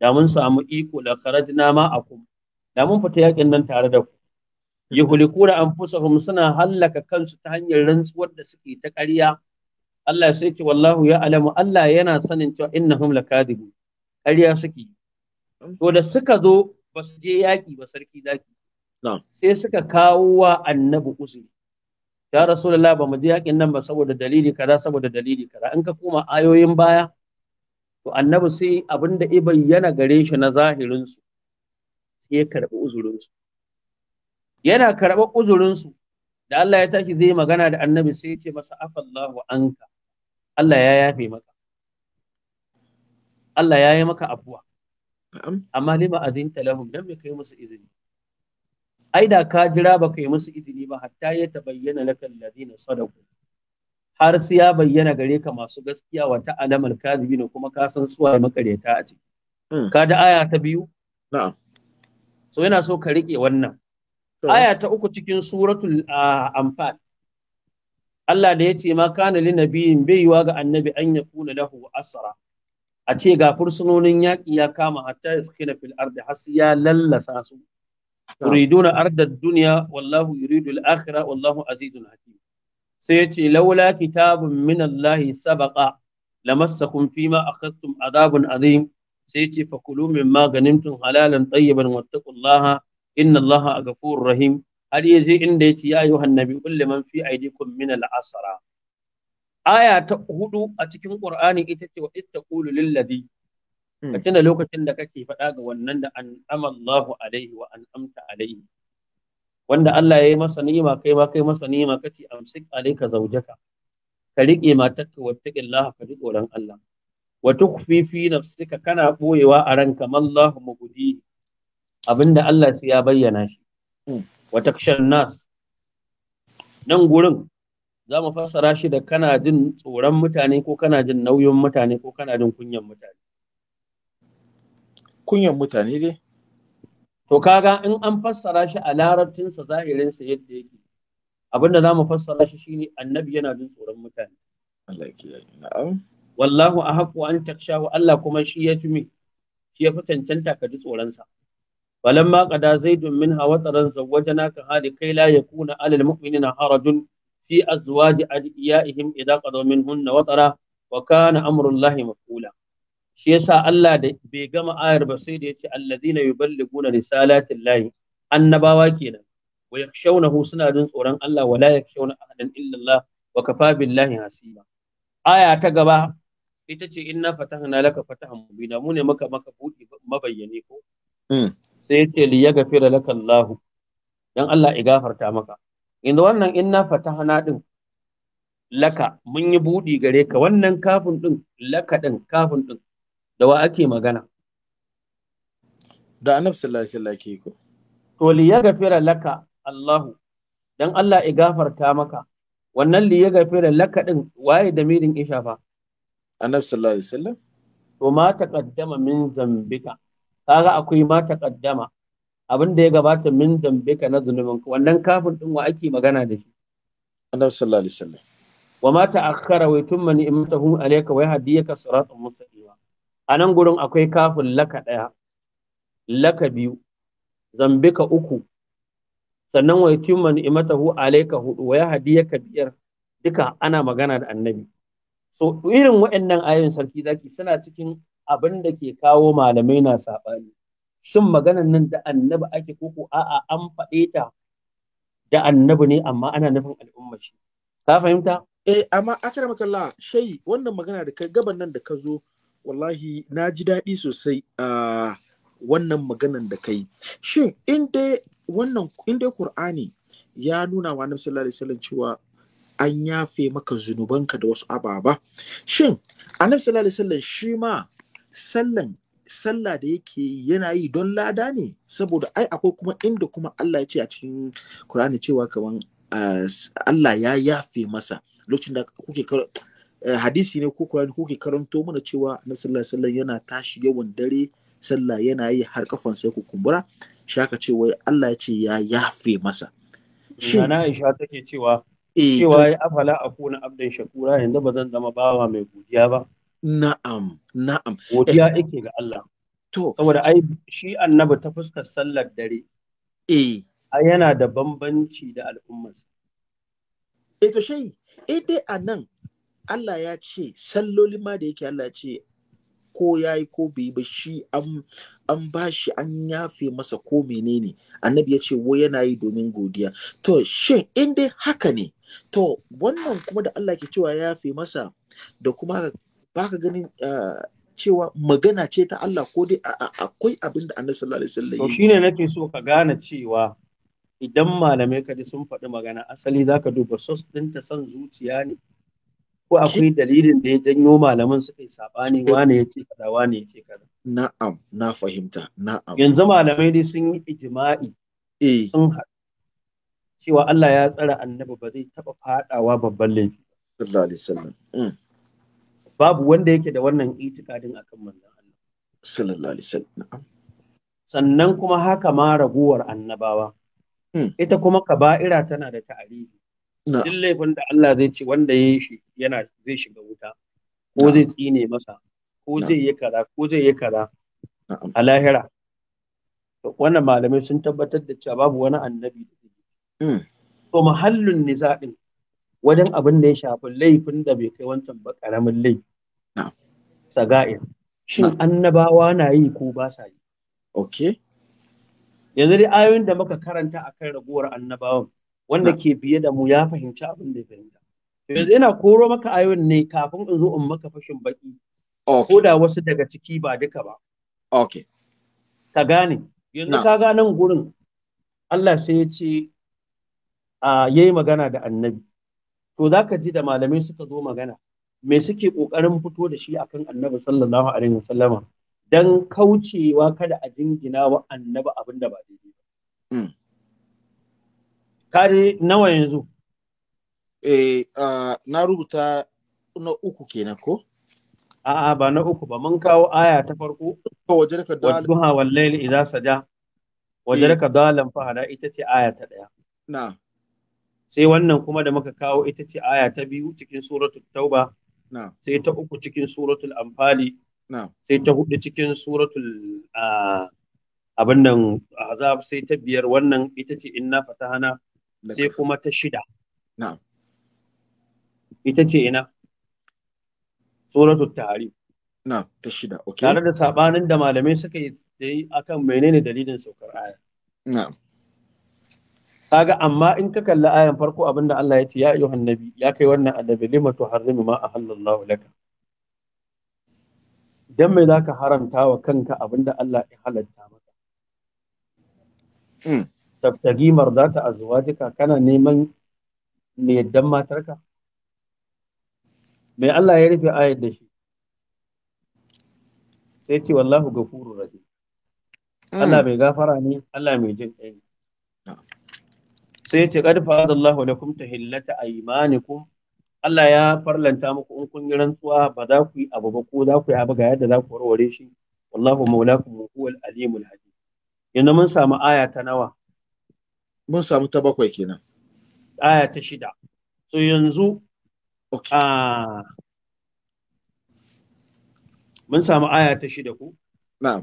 Speaker 3: da mun samu iko la kharajna ma akum da mun fita yakin nan tare da ku yuhlikuna anfusahum suna hallaka kansu ta hanyar rantsuwar da suke ta ƙarya Allah sai ce wallahu ya alamu Allah yana sanin cewa innahum lakadibu ƙarya suke to da suka zo ba su je yaƙi ba sarki zaki sai suka kawo wa annabi uzuri ya rasulullah ba mu je yakin nan ba saboda dalili kaza saboda dalili kaza in ka koma ayoyin baya to annabi sai abinda i bayyana gare shi na zahirin su ya karbi uzurin su yana karɓa uzurin su da Allah ya tashi zai magana da annabi sai ya ce masa afallahu anka Allah ya yafe maka Allah ya yi maka abuwa amma lima azinta lahum dan me kai musu izini ai da ka jira ba kai musu izini ba hatta ya na laka alladhina sadaku har sai ya bayyana gare ka masu gaskiya wa alamar al ne kuma ka san suwa makareta a ciki hmm. ka da aya ta biyu na'am so yana so ka rike wannan aya ta uku cikin suratul anfal Allah da ya ce ma kana li nabiyin bai yiwa ga annabi an ya kuna lahu asara. a ce ga fursunonin yaƙi ya kama hatta ya suke na fil ardi har ya lallasa su yuriduna ardad duniya, wallahu yuridul akhirah wallahu azizun hakim sai yace laula kitabun min Allah sabaqa lamassakum a katun adabun azim sai ce, fakulu maganin tun halalan tayyiban wattaqullaha innallahu Allaha ghafurur rahim har yaje inda yace ya ayyuhan nabi qul liman fi aydikum min al aya ta huɗu a cikin ƙur'ani ita ce wa ittaqulu lilladhi ka mm. tuna lokacin da kake faɗa ga wannan da an amallahu alaihi wa an amta alaihi wanda Allah ya yi masa ni'ima kai ma kai masa ni'ima kace amsik alayka zawjaka ka rike matarka Allah ka ji tsoron Allah wa tukfi fi nafsika kana boyewa a ranka mallahu mugudi abinda Allah sai ya bayyana shi mm. wa takshan nas nan gurin za mu fassara shi da kana jin tsoron mutane ko kana jin nauyin mutane ko kana jin kunyan mutane kunyan mutane dai to kaga in an fassara shi a larabcinsa zahirinsa yadda yake abinda za mu fassara shi shine annabi yana jin tsoron mutane wallahu a haƙo an takshahu Allah kuma shi ya fi shi ya fi cancanta ka ji tsoronsa falamma qada zaidun minha na ka hali kai la yakuna alal mu'minina harajun fi azwaji adiyaihim idza qadaw minhunna tara wa kana amrullahi maqula. shi yasa Allah da bai gama ayar ba sai da yace alladhina yuballiguna risalatin lahi annabawa kenan wa yakshawnahu suna jin tsoron Allah wala yakshawna ahadan illa Allah wa kafa billahi hasiba aya ta gaba ita ce inna fatahna laka fatahan mubina mu ne maka maka buɗi mabayyane ko hmm. sai yace li yaghfira laka Allah dan Allah ya gafarta maka inda wannan inna fatahna din laka mun yi buɗi gare ka wannan kafin ɗin laka ɗin kafin ɗin da wa ake magana da annabi sallallahu alaihi wasallam ke ko to li yaghfira laka Allah dan Allah ya gafarta maka wannan li yaghfira laka din waye da midin isha fa annabi sallallahu alaihi wasallam to ma taqaddama min zambika kaga akwai ma taqaddama abin da ya gabata min zambika na zunubin wannan kafin din wa ake magana da shi annabi sallallahu alaihi wasallam wa ma ta'akhkhara wa tumma ni'matahu alayka wa yahdiyaka siratan mustaqima a nan gurin akwai kafin laka ɗaya laka biyu zambika uku sannan wa yutimma ni'matahu alayka hudu wa ka biyar duka ana magana da annabi so irin waɗannan ayoyin sarki zaki suna cikin abin da ke kawo malamai na saɓani shin maganan nan da annabi ake koko a'a an faɗe ta da annabi ne amma ana nufin al'umma shi ka fahimta eh amma
Speaker 1: akramakallah shai wannan magana da ka gaban nan da ka zo wallahi na ji daɗi sosai a wannan maganan da kai shin in wannan in qur'ani ya nuna wa annabi sallallahu alaihi cewa an yafe maka zunubanka da wasu ababa shin annabi sallallahu alaihi wasallam shi ma sallan sallah da yake yana yi don lada ne saboda ai akwai kuma inda kuma Allah ya ce a cikin Qur'ani cewa kaman ah, Allah ya yafe masa lokacin da kuke Eh, hadisi ne ko Qur'ani ko ke karanto mana cewa na sallallahu alaihi wasallam yana tashi yawan dare sallah yana yi har kafan sai ku kumbura shaka ce wai Allah ya ce ya yafe
Speaker 3: masa shin na Aisha take cewa eh, cewa ya afala akuna abdan shakura yanzu ba zan zama bawa mai godiya ba
Speaker 1: na'am
Speaker 3: na'am godiya eh, yake ga Allah to saboda ai shi annabi ta fuskar sallar dare eh ai yana da bambanci da al'ummar eh to shi eh dai anan
Speaker 1: Allah ya ce sallolin ma da yake Allah ya ce ko ya yi ko bai ba shi an ba shi an yafe masa ko menene annabi ya ce wo yana yi domin godiya to shin in dai haka ne to wannan kuma da Allah ke cewa ya yafe masa da kuma baka ganin ah, cewa magana ce ta Allah ko
Speaker 3: dai akwai abin da annabi sallallahu alaihi wasallam to shine nake so ka gane cewa idan malamai kaji sun faɗi magana asali zaka duba sos ɗinta son zuciya ne ko akwai dalilin da ya janyo malaman suka yi sabani wane ya ce kaza wane ya ce kaza na'am na fahimta na'am yanzu malamai dai sun yi ijma'i eh. sun cewa Allah ya tsara annabi ba zai taba fadawa babban laifi sallallahu alaihi wasallam mm. babu wanda yake da wannan itikadin akan manzon Allah sallallahu alaihi wasallam sannan kuma haka ma raguwar annabawa mm. ita kuma kaba'ira tana da ta'arifi duk laifin da Allah zai ce wanda ya shi yana zai shiga wuta ko zai tsine masa ko zai yi kaza ko zai yi kaza a lahira wannan malamai sun tabbatar da cewa babu wani annabi da zai hmm. to mahallun nizaɗin wajen abin da ya shafi laifin da bai kai wancan ba ƙaramin laifi saga'ir shin annabawa na yi ko ba sa yi yanzu dai ayoyin da muka karanta a kan raguwar annabawan wanda ke biye da mu ya fahimci abin da ya fahimta eh. yanzu ina koro maka ayon ne kafin in zo in maka fashin baki ko da wasu daga ciki ba duka ba okay ka gane yanzu ka ga nan gurin Allah sai ya ce a yayi magana da annabi to zaka ji da malamai suka zo magana me suke kokarin fito da shi akan annabi sallallahu alaihi wasallama dan kaucewa kada a jingina wa annabi abinda ba daidai ba hmm. kare nawa yanzu eh uh, na rubuta na uku kenan ko a'a ba na uku ba mun kawo aya ta farko wajarka dalan duha wallahi idza saja wajarka eh. dalan fahada ita ce aya ta daya na sai wannan kuma da muka kawo ita ce aya ta biyu cikin suratul tauba na sai ta uku cikin suratul anfali na sai ta hudu cikin suratul abin nan azab sai ta biyar wannan ita ce inna fatahana sai kuma ta shida na'am ita ce ina suratul tahrim na'am ta shida okay tare da sabanin da malamai suka yi akan menene dalilin saukar aya na'am kaga amma in ka kalli ayan farko abinda Allah ya ce ya yi nabi ya kai wannan annabi lima tuharrimu ma ahallallahu laka dan me zaka haramta wa kanka abinda Allah ya halatta maka hmm. tabtagi mardata jika kana neman ne yaddan matarka mai Allah ya rufe ayar da shi sai ce wallahu ga gafurur rahim mm. Allah mai gafara ne Allah mai jin ɗaya ne. sai ce qad fa'adallahu lakum tahillata aymanikum Allah ya farlanta muku in kun yi rantsuwa ba za ku yi abu ba ko za ku yi abu ga yadda za ku warware shi wallahu maulakum wa huwal alimul hakim yanzu mun samu aya ta nawa mun samu ta bakwai kenan aya ta shida so yanzu Ok. mun samu aya ta shida ku na'am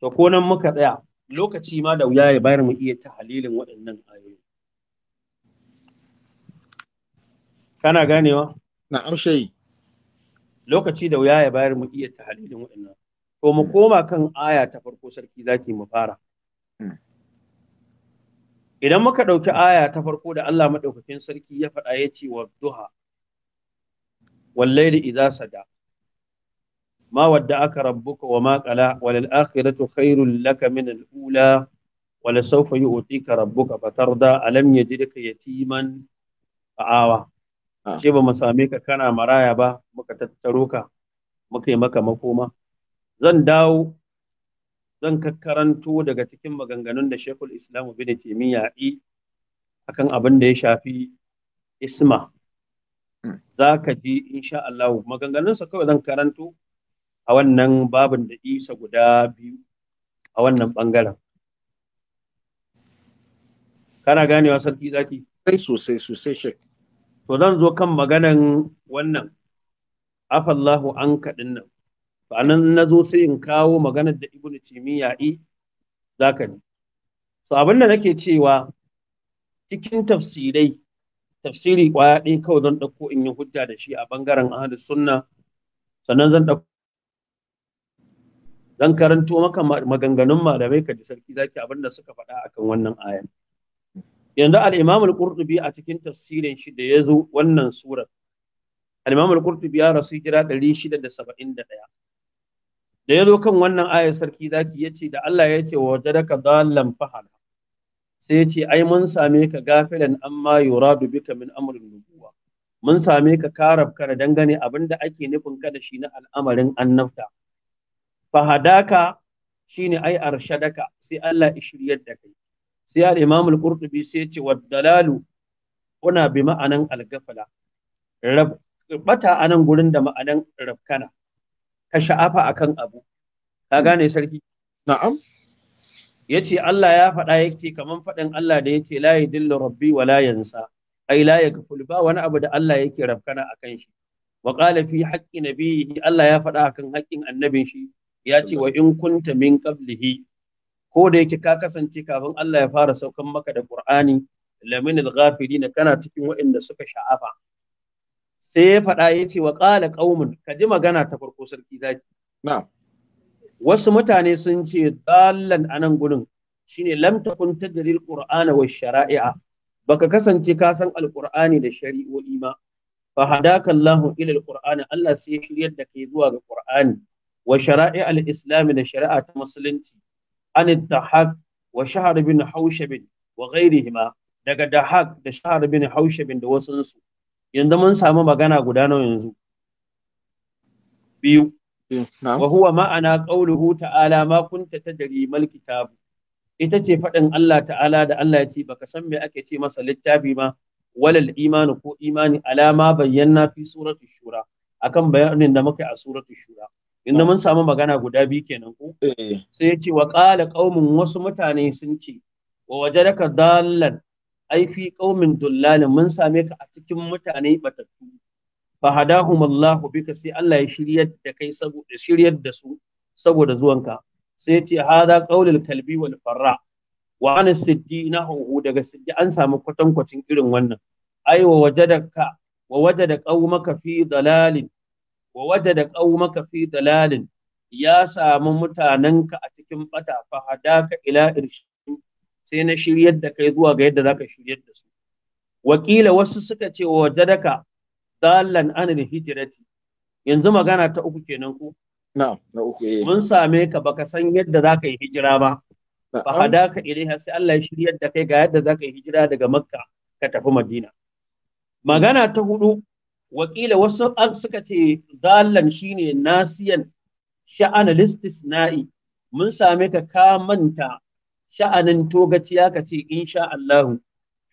Speaker 3: to ko nan muka tsaya lokaci ma da wuya ya bayar mu iya ta halilin waɗannan ayoyi kana ganewa Na shayi lokaci da wuya ya bayar mu iya ta halilin waɗannan to mu koma kan aya ta farko sarki zaki mu fara idan muka ɗauki aya ta farko da Allah maɗaukakin sarki ya faɗa ya ce wa duha wallaili idza sada ma wadda aka rabbuka wa maƙala, qala walil akhiratu khairul laka min al ula wala sawfa yu'tika rabbuka fatarda alam yajidka yatiman fa'awa ce ah. ba mu same ka kana maraya ba muka tattaro ka muka yi maka makoma zan dawo zan karanto daga cikin maganganun da Shekul Islam bin Taimiyya yi akan abin da ya shafi isma hmm. za ka ji insha Allah maganganunsa kawai zan karanto a wannan babin da isa guda biyu a wannan bangaren kana ganewa sarki zaki sai sosai sosai shek to zan zo kan maganan wannan afallahu an kaɗin a na zo sai in kawo maganar da ibnu timiya i zaka ne so abin da nake cewa cikin tafsirai tafsiri kwaya ɗaya kawai zan ɗauko in yi hujja da shi a bangaren ahadu sunna sannan zan ɗauko zan karanto maka maganganun malamai ka ji sarki zaki abin da suka faɗa akan wannan ayan yanzu al-Imam al-Qurtubi a cikin tafsirin shi da yazo wannan surar al-Imam al-Qurtubi ya rasu hijira 671 da ya zo kan wannan ayar sarki zaki ya ce da Allah ya ce wa jadaka dallan fahala sai ya ce ai mun same ka gafilan amma yuradu bika min amrin nubuwa mun same ka karab kana dangane abinda ake nufin kada da shi na al'amarin annabta fahadaka shine ai arshadaka sai Allah ya shiryar da kai sai al-Imam al-Qurtubi sai ya ce dalalu kuna bi ma'anan al-gafala rabbata anan gurin da ma'anan rafkana ka sha'afa kan abu ka gane sarki na'am yace Allah ya faɗa yake kaman faɗin Allah da yace layi yadillu rabbi wa la ai la yaghful ba wani abu da Allah yake rafkana akan shi wa qala fi haqqi nabiyhi Allah ya faɗa akan haƙƙin annabin shi Ya ce wa in kunta min qablihi ko da yake ka kasance kafin Allah ya fara saukan maka da da lamin al na kana cikin waɗanda suka sha'afa sai ya faɗa ya ce wa ƙala ƙaumin ka ji magana ta farko sarki zaki. Wasu mutane sun ce dalan a nan gurin shine lam takun tajril qur'ana wa shara'i'a baka kasance ka san Alƙur'ani da shari'o'i ma fa hadaka Allahu ila alqur'ani Allah sai ya shiryar da kai zuwa ga ƙur'ani wa shara'i'a al da shari'a ta musulunci an tahaq wa shahr bin haushab wa ghayrihima daga dahaq da shahr bin haushab da wasunsu yanzu mun samu magana guda nawa yanzu biyu wa huwa ma'ana qauluhu ta'ala ma kunta tadri mal kitab ita ce faɗin Allah ta'ala da Allah ya ce baka san me ake ce masa littafi ma walal imani ko imani alama bayyana fi suratul shura akan bayanin da muka a suratul shura inda mun samu magana guda biyu kenan ko eh. sai ya ce wa qala qaumun wasu mutane sun ce wa wajadaka dallan ai fi qaumin dullalin mun same ka a cikin mutane batattu fa hadahum Allah bika sai Allah ya shiryar da kai saboda shiryar da su saboda zuwanka sai ce hada qaulul kalbi wal farra wa an siddi hu daga siddi an samu kwatin irin wannan ai wa wajadaka wa wajada qaumaka fi dalalin wa wajada qaumaka fi dalalin ya samu mutanenka a cikin bata fa hadaka ila irshi sai na shiryar da kai zuwa ga yadda zaka shiryar da su wakila wasu suka ce wa jadaka dalan anil hijrati yanzu magana ta uku kenan ku
Speaker 5: na na uku eh mun
Speaker 3: same ka baka san yadda zaka yi hijira ba fa hadaka ilaiha sai Allah ya shiryar da kai ga yadda zaka yi hijira daga makka ka tafi madina magana ta hudu wakila wasu suka ce dalan shine nasiyan sha'an na'i, mun same ka ka manta sha'anin togaciya ka ce insha allahu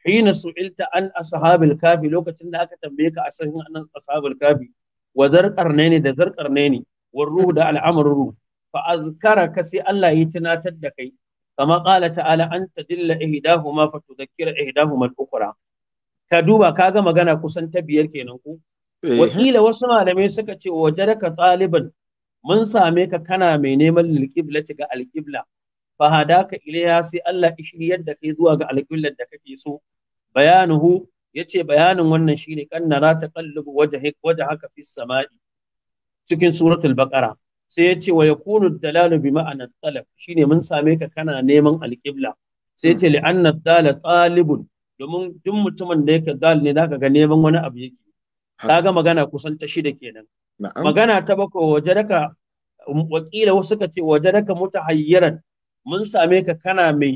Speaker 3: hina su'ilta an ashabil kafi lokacin da aka tambaye ka asahin an ashabul kafi wa ne da ne war ruhu da al'amru fa ka sai Allah ya tunatar da kai kama qala ta'ala an dilla ihdahuma fa tudhakkira ihdahuma al-ukhra ka duba kaga magana kusan ta biyar kenan ku eh. wakila wasu malamai suka ce wajaraka taliban mun same ka kana mai neman lilqiblati ga alqibla fahadaka ilayha sai Allah ya shiryar da kai zuwa ga alƙiblar da kake so bayanuhu yace bayanin wannan shine kanna nara taqallubu wajhik haka fis sama'i cikin suratul baqara sai yace wa yakunu dalalu bi ma'ana talab shine mun same ka kana neman alƙibla sai yace li'anna dalal talibun domin duk mutumin da yake dal ne zaka ga neman wani abu yake kaga magana kusan ta shida kenan magana ta bakwai waje daka wakila wasu ka ce waje daka mutahayyiran mun same ka kana mai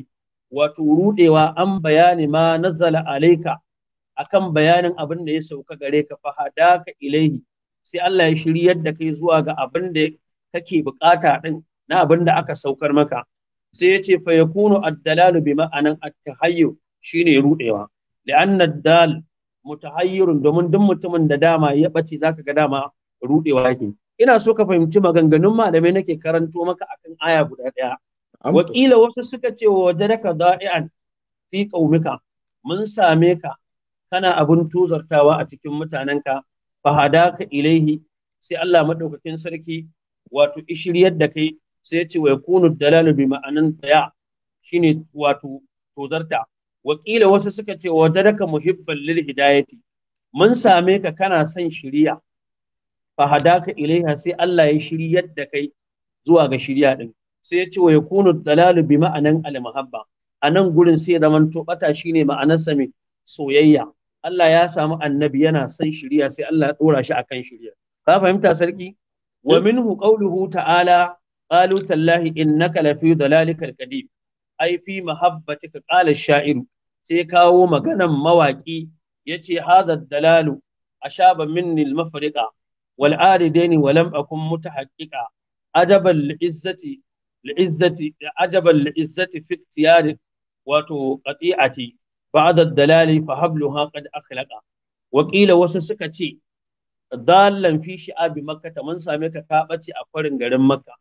Speaker 3: wato rudewa an bayani ma nazala alaika akan bayanin abin da ya sauka gare ka fa hadaka ilaihi sai Allah ya shiryar da kai zuwa ga abin da kake bukata din na abin da aka saukar maka sai yace fa yakunu ad-dalalu bi ma'anan at-tahayyu shine rudewa li'anna ad-dal mutahayyirun domin duk mutumin da dama ya bace zaka ga dama rudewa yake ina so ka fahimci maganganun malamai nake karanto maka akan aya guda daya wakila wasu suka ce wa wajadaka da'i'an fi qaumika mun same ka kana abun tuzartawa a cikin mutanenka fahadaka ilaihi sai Allah madaukakin sarki wato ishiriyar da kai sai ya ce wa yakunu dalalu bi ma'anin taya shine wato tozarta wakila wasu suka ce wa wajadaka muhibban lil hidayati mun same ka kana son shiriya fahadaka ilaiha sai Allah ya shiryar da kai zuwa ga shiriya din sai ya ce wa yakunu dalalu bi ma'anan al A anan gurin sai zaman to bata shine ma'anar sa mai soyayya Allah ya samu annabi yana son shiriya sai Allah ya dora shi akan shiriya ka fahimta sarki wa minhu qawluhu ta'ala qalu tallahi innaka lafi dalalikal qadim ai fi mahabbatika qala ash-sha'iru sai kawo maganan mawaki yace hadha dalalu ashaba minni al-mafriqa wal aridaini wa lam akun mutahaqqiqa adaban li'izzati li'izzati ajaban li'izzati fi ikhtiyari wato qati'ati ba'da dalali fa habluha qad akhlaqa wa qila wasu suka ce dallan fi shi'abi makka mun same ka ka bace a farin garin makka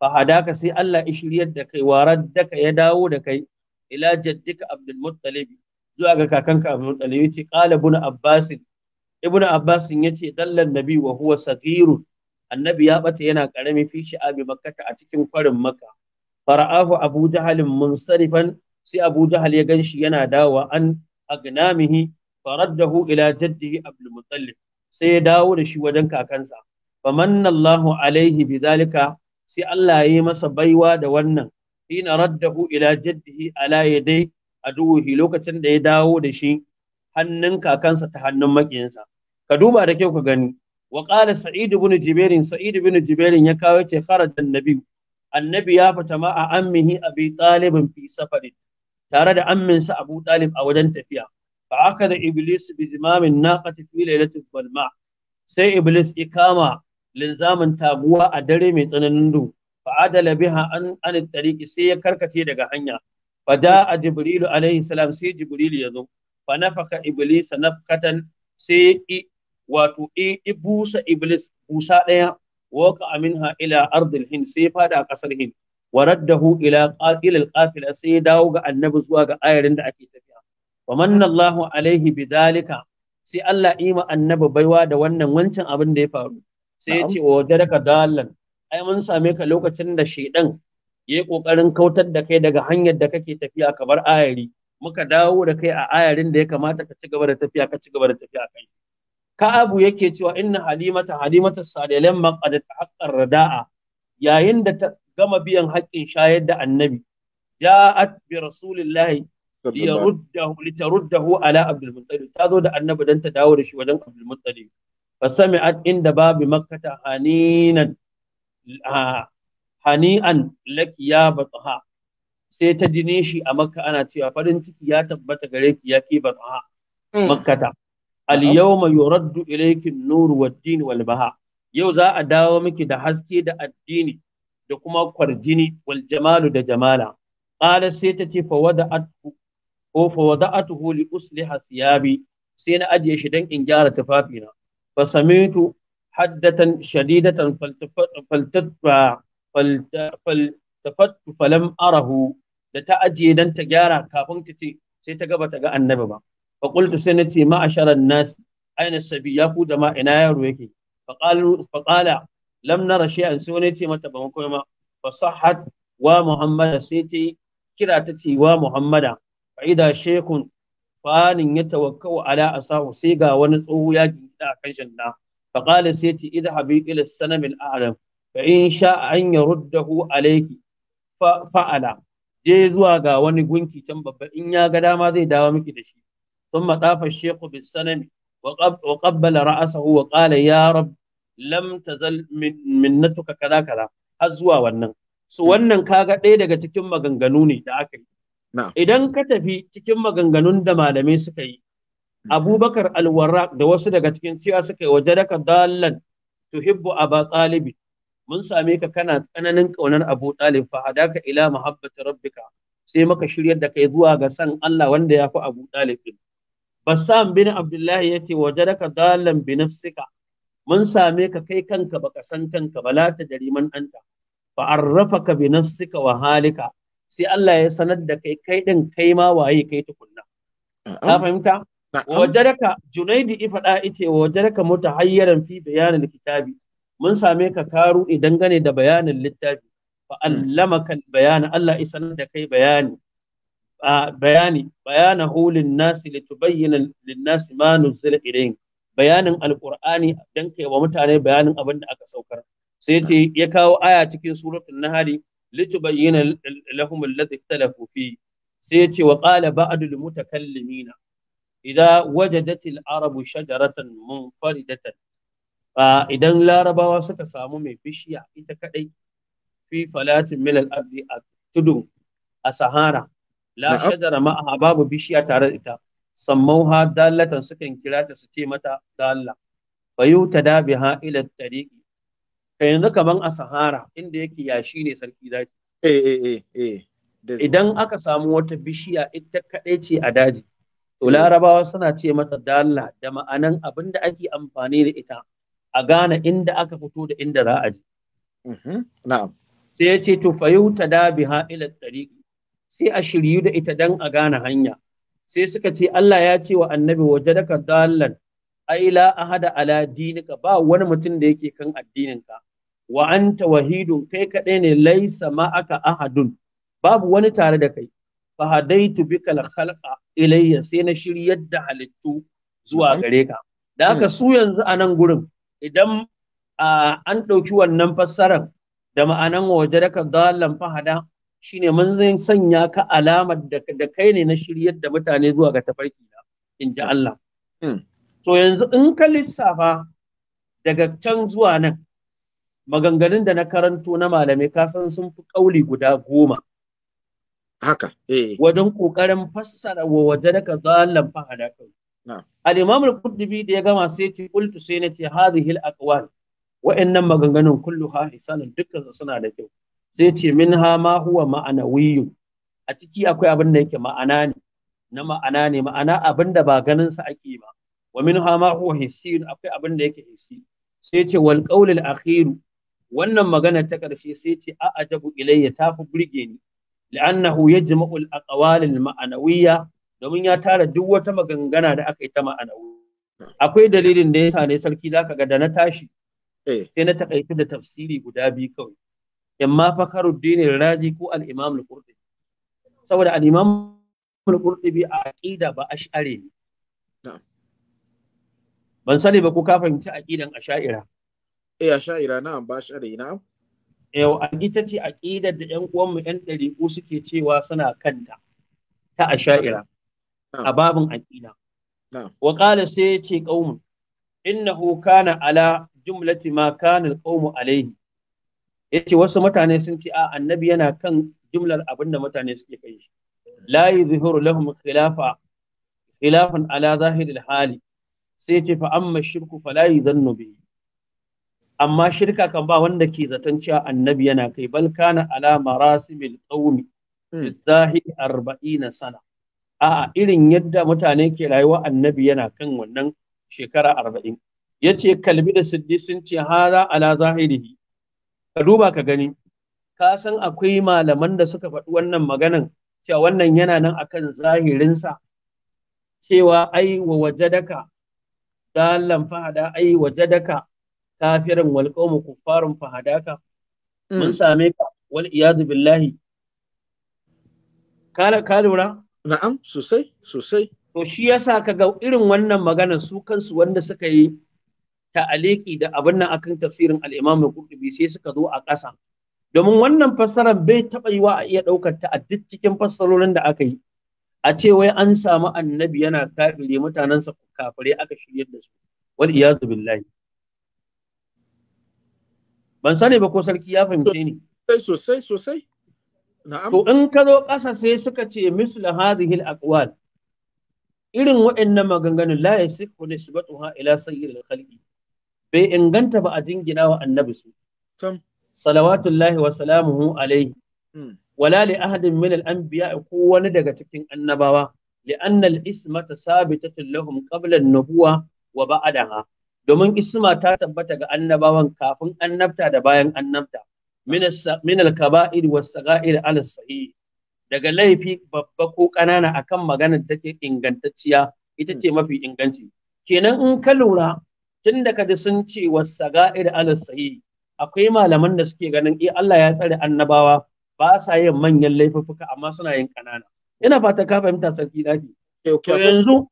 Speaker 3: fa hadaka sai Allah ya shiryar da kai warar da ka ya dawo da kai ila jaddika abdul muttalib zuwa ga kakanka abdul muttalib ce qala ibn abbas ibn abbas yace dallan nabi wa huwa annabi ya bata yana karami fi shi'abi makkata a cikin kwarin makka fara'ahu abu jahalin munsarifan sai abu jahal ya ganshi yana dawa an agnamihi faraddahu ila jaddihi abul muttalib sai ya dawo da shi wajen kakansa famanna Allahu alaihi bidhalika sai Allah ya yi masa baiwa da wannan ina raddahu ila jaddihi ala yadai aduhi lokacin da ya dawo da shi hannun kakansa ta hannun makiyinsa ka duba da kyau ka gani Waƙala qala sa'id ibn jubair sa'id ibn jubair ya kawo ce kharajan nabi annabi ya fita ma a ammihi abi talib fi safarin tare da amminsa abu talib a wajen tafiya fa aka da iblis bi zimamin naqati fi lailatul balma sai iblis ya kama linzamin taguwa a dare mai tsananin duhu fa'adala biha an an tariki sai ya karkace daga hanya fa a jibrilu alaihi salam sai jibrilu ya zo fa nafaka iblisa nafkatan sai wato e eh, busa iblis busa ɗaya. waka aminha ila ardil hin sai fada a kasar hin wa raddahu ila ila alqafila sai dawo ga annabi zuwa ga ayarin da ake tafiya wa manna Allahu alaihi bidalika sai Allah ima annabi baiwa da wannan wancan abin da ya faru sai ya ce wa daraka dalan ai mun same ka lokacin da shedan ya yi kokarin kautar da kai daga hanyar da kake tafiya ka bar ayari muka dawo da kai a ayarin da ya kamata ka ci gaba da tafiya ka ci gaba da tafiya kai Ka'abu yake cewa inna halimata halimata salilan maqad tahaqqar rada'a yayin da ta gama biyan haƙƙin shayar da annabi ja'at bi rasulillahi liyaruddahu litaruddahu ala abdul muttalib ta zo da annabi dan ta dawo da shi wajen abdul muttalib fa sami'at inda babu makkata haninan hani'an laki ya batsaha sai ta dine shi a makka ana cewa farin ciki ya tabbata gare ki ya ke batsaha hmm. makkata al-yawma yuraddu ilaikin nuru nur wad wal-baha yau za a dawo miki da haske da addini da kuma kwarjini wal jamalu da jamala qala sai ta ce fa wada'atu ko fa li usliha thiyabi sai na ajiye shi dan in gyara tufafina fa samitu haddatan shadidatan faltafattu falam arahu da ta ajiye dan ta gyara kafin ta ce sai ta gaba ta ga annabi ba فقلت سنتي ما أشر الناس أين السبي يقود ما إنا يرويك فقال فقال لم نرى شيئا سونتي متى بمكوما فصحت ومحمد سيتي كراتتي ومحمد فإذا شيخ فان يتوكو على أصاه سيغا ونصوه يجي كان جنة فقال سيتي اذهبي إلى السنم الأعلم فإن شاء أن يرده عليك فعلا je zuwa ga wani gunki can babba in ya ga dama zai dawo miki da shi ثم طاف الشيخ بالسنم Waƙabbala رأسه وقال يا رب لم تزل من منتك كذا كذا har zuwa wannan su hmm. wannan kaga ɗaya daga cikin maganganu ne da aka yi idan ka tafi cikin maganganun da malamai suka yi hmm. abubakar alwarraq da wasu daga cikin cewa suka yi waje daga dallan tuhibbu aba talibi mun same ka kana tsananin ƙaunar abu talib fa hadaka ila mahabbati rabbika sai maka shiryar da kai zuwa ga san Allah wanda ya fi abu talib din Bassam bin Abdullahi ya ce wajadaka dalan bi nafsika mun same ka kai kanka baka san kanka ba la ta jariman anta fa ka bi nafsika wa halika sai Allah ya sanar da kai kai din kai ma waye kai tukunna ka fahimta wajadaka Junaidi ifada ite wajadaka mutahayyaran fi bayanin kitabi mun same ka ka ruɗe dangane da bayanin littafi fa hmm. allamaka bayanin. Allah ya sanar da kai bayani bayani bayana hulin nasi litubayyana linnasi ma nuzila ilayhim bayanin alqur'ani dan kai wa mutane bayanin abin da aka saukar sai ce ya kawo aya cikin suratul nahli litubayyana lahum alladhi ikhtalafu fi sai ce wa qala ba'd al mutakallimin idza wajadat al shajaratan munfaridatan idan larabawa suka samu mai bishiya ita kadai fi falatin min al a tudun a sahara
Speaker 4: la shajara a
Speaker 3: babu bishiya tare da ita sammauha dalatan sukan kira ta su ce mata dalla fayuta da biha ila tariqi ka yanzu kaman a sahara inda yake yashi ne sarki zaki eh eh eh eh idan aka samu wata bishiya ita kadai ce a daji to eh. larabawa suna ce mata dalla da ma'anan abinda ake amfani da ita a gane inda aka fito da inda za a je. Mm-hmm. Na'am. Sai ya ce to fayuta da biha ila tariqi sai a shiryu da ita dan a gane hanya sai suka ce Allah ya ce wa annabi wajadaka dallan a ila ahada ala dinika ba wani mutum da yake kan addininka wa anta wahidun kai kadai ne laisa ma ma'aka ahadun babu wani tare da kai fa hadaitu bika khalqa ilayya sai na shiryar da halittu zuwa gare ka da haka hmm. su yanzu a nan gurin idan an ɗauki wannan fassarar da ma'anan waje daga dalan fahada shine mun zai sanya ka alamar da kai ne na shiryar da mutane zuwa ga tafarki na in ji Allah hmm. to yanzu in ka lissafa daga can zuwa nan maganganun da na karanto na malamai ka san sun fi kauli guda goma haka eh, eh. wajen kokarin fassara wa wajadaka zalan fahada kai al-imam al-qurtubi da ya gama sai ce qultu sai na nace hadhihi al-aqwal wa'annan maganganun kullu hisanan dukkan suna da kyau sai ce min ha ma huwa ma'anawiyu a ciki akwai abin da yake ma'ana ne na ma'ana ne ma'ana abin da ba ganin sa ake ba wa min ha ma huwa hissiyun akwai abin da yake hissi sai ce wal qaulul akhiru wannan magana ta ƙarshe sai ce a ajabu ilayya ta fi burge ni li'annahu yajma'u al-aqwal al-ma'anawiyya domin ya tara duk wata magangana da aka yi ta ma'ana akwai dalilin da yasa ne sarki zaka ga da na tashi eh. sai na takaitu da tafsiri guda biyu kawai imma fakaruddin razi ko al-imam al-qurtubi saboda al-imam al-qurtubi a aqida ba ash'ari ban sani ba ku ka fahimci aqidan ash'ira
Speaker 1: eh ash'ira na'am ba ash'ari na'am
Speaker 3: yau ita
Speaker 1: ce aqidar da ƴan uwanmu ƴan
Speaker 3: ɗariƙu suke cewa suna kanta ta asha'ira a babin aqida wa qala sai ya ce qaumun innahu kana ala jumlati ma kana alqawmu alayhi yace wasu mutane sun ce a annabi yana kan jumlar abinda mutane suke kai shi la yuzhiru lahum khilafa khilafan ala zahiril hali sai ce fa amma shirku fa la yuzannu bihi amma shirka kan ba wanda ke zaton cewa annabi yana kai bal kana ala marasimil qaumi hmm. zahir 40 sana a'a irin yadda mutane ke rayuwa annabi yana kan wannan shekara arba'in ya ce kalbi da siddi sun ce haza ala zahirihi ka duba ka gani ka san akwai malaman da suka faɗi wannan maganan cewa wannan yana nan akan zahirinsa cewa ai wa wajadaka dalan fahada ai wajadaka kafirin wal qawmu kuffarun fahadaka mm. mun same ka wal iyadu billahi ka lura na'am sosai sosai to shi yasa kaga irin wannan maganan su kansu wanda suka yi ta'aliki da abin nan akan tafsirin al-Imam Qurtubi sai suka zo a ƙasa domin wannan fassarar bai taɓa yiwa a iya ɗaukar ta a duk cikin fassarorin da aka yi a ce wai an samu annabi yana kafire mutanensa kafire aka shiryar da su wal iyazu billahi ban sani ba ko sarki ya fahimce ni sai sosai sosai to in ka zo ƙasa sai suka ce mislu hadhihi al-aqwal irin waɗannan maganganun la yasihu nisbatuha ila sayyidil khalqi bai inganta ba a jingina wa annabi su salawatullahi wa salamuhu alaihi hmm. wala li ahadin min al anbiya ko wani daga cikin annabawa li anna al ta sabitatun lahum qabla an nubuwa wa ba'daha domin isma ta tabbata ga annabawan kafin annabta da bayan annabta min al kaba'ir was saga'ir al sahih daga laifi babba ko ƙanana akan maganar take ingantacciya ita hmm. ce mafi inganci kenan in ka lura tun da ji sun ce iri alas sahihi akwai malaman da suke ganin eh Allah ya tsare annabawa ba sa yin manyan laifuka amma suna yin ƙanana ina fata ka fahimta sarki dafi to yanzu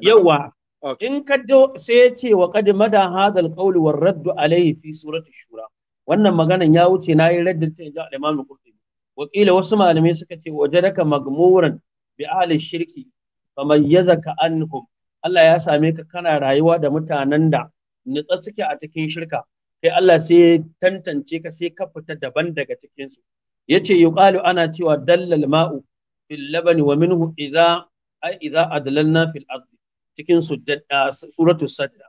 Speaker 3: yawa in ka sai ce wa qad mada hadal qawl war radd alayhi fi surati shura wannan maganan ya wuce nayi raddin ta ga al-imam qurtubi wakila wasu malamai suka ce wajadaka magmuran bi ahli shirki famayyaza ka anhum Allah ya same ka kana rayuwa da mutanen da nutsa suke a cikin shirka kai Allah sai tantance ka sai ka fita daban daga cikin su yace yuqalu ana cewa dallal ma'u fil labani wa minhu idza ai idza adlalna fil ardi cikin suratu sajda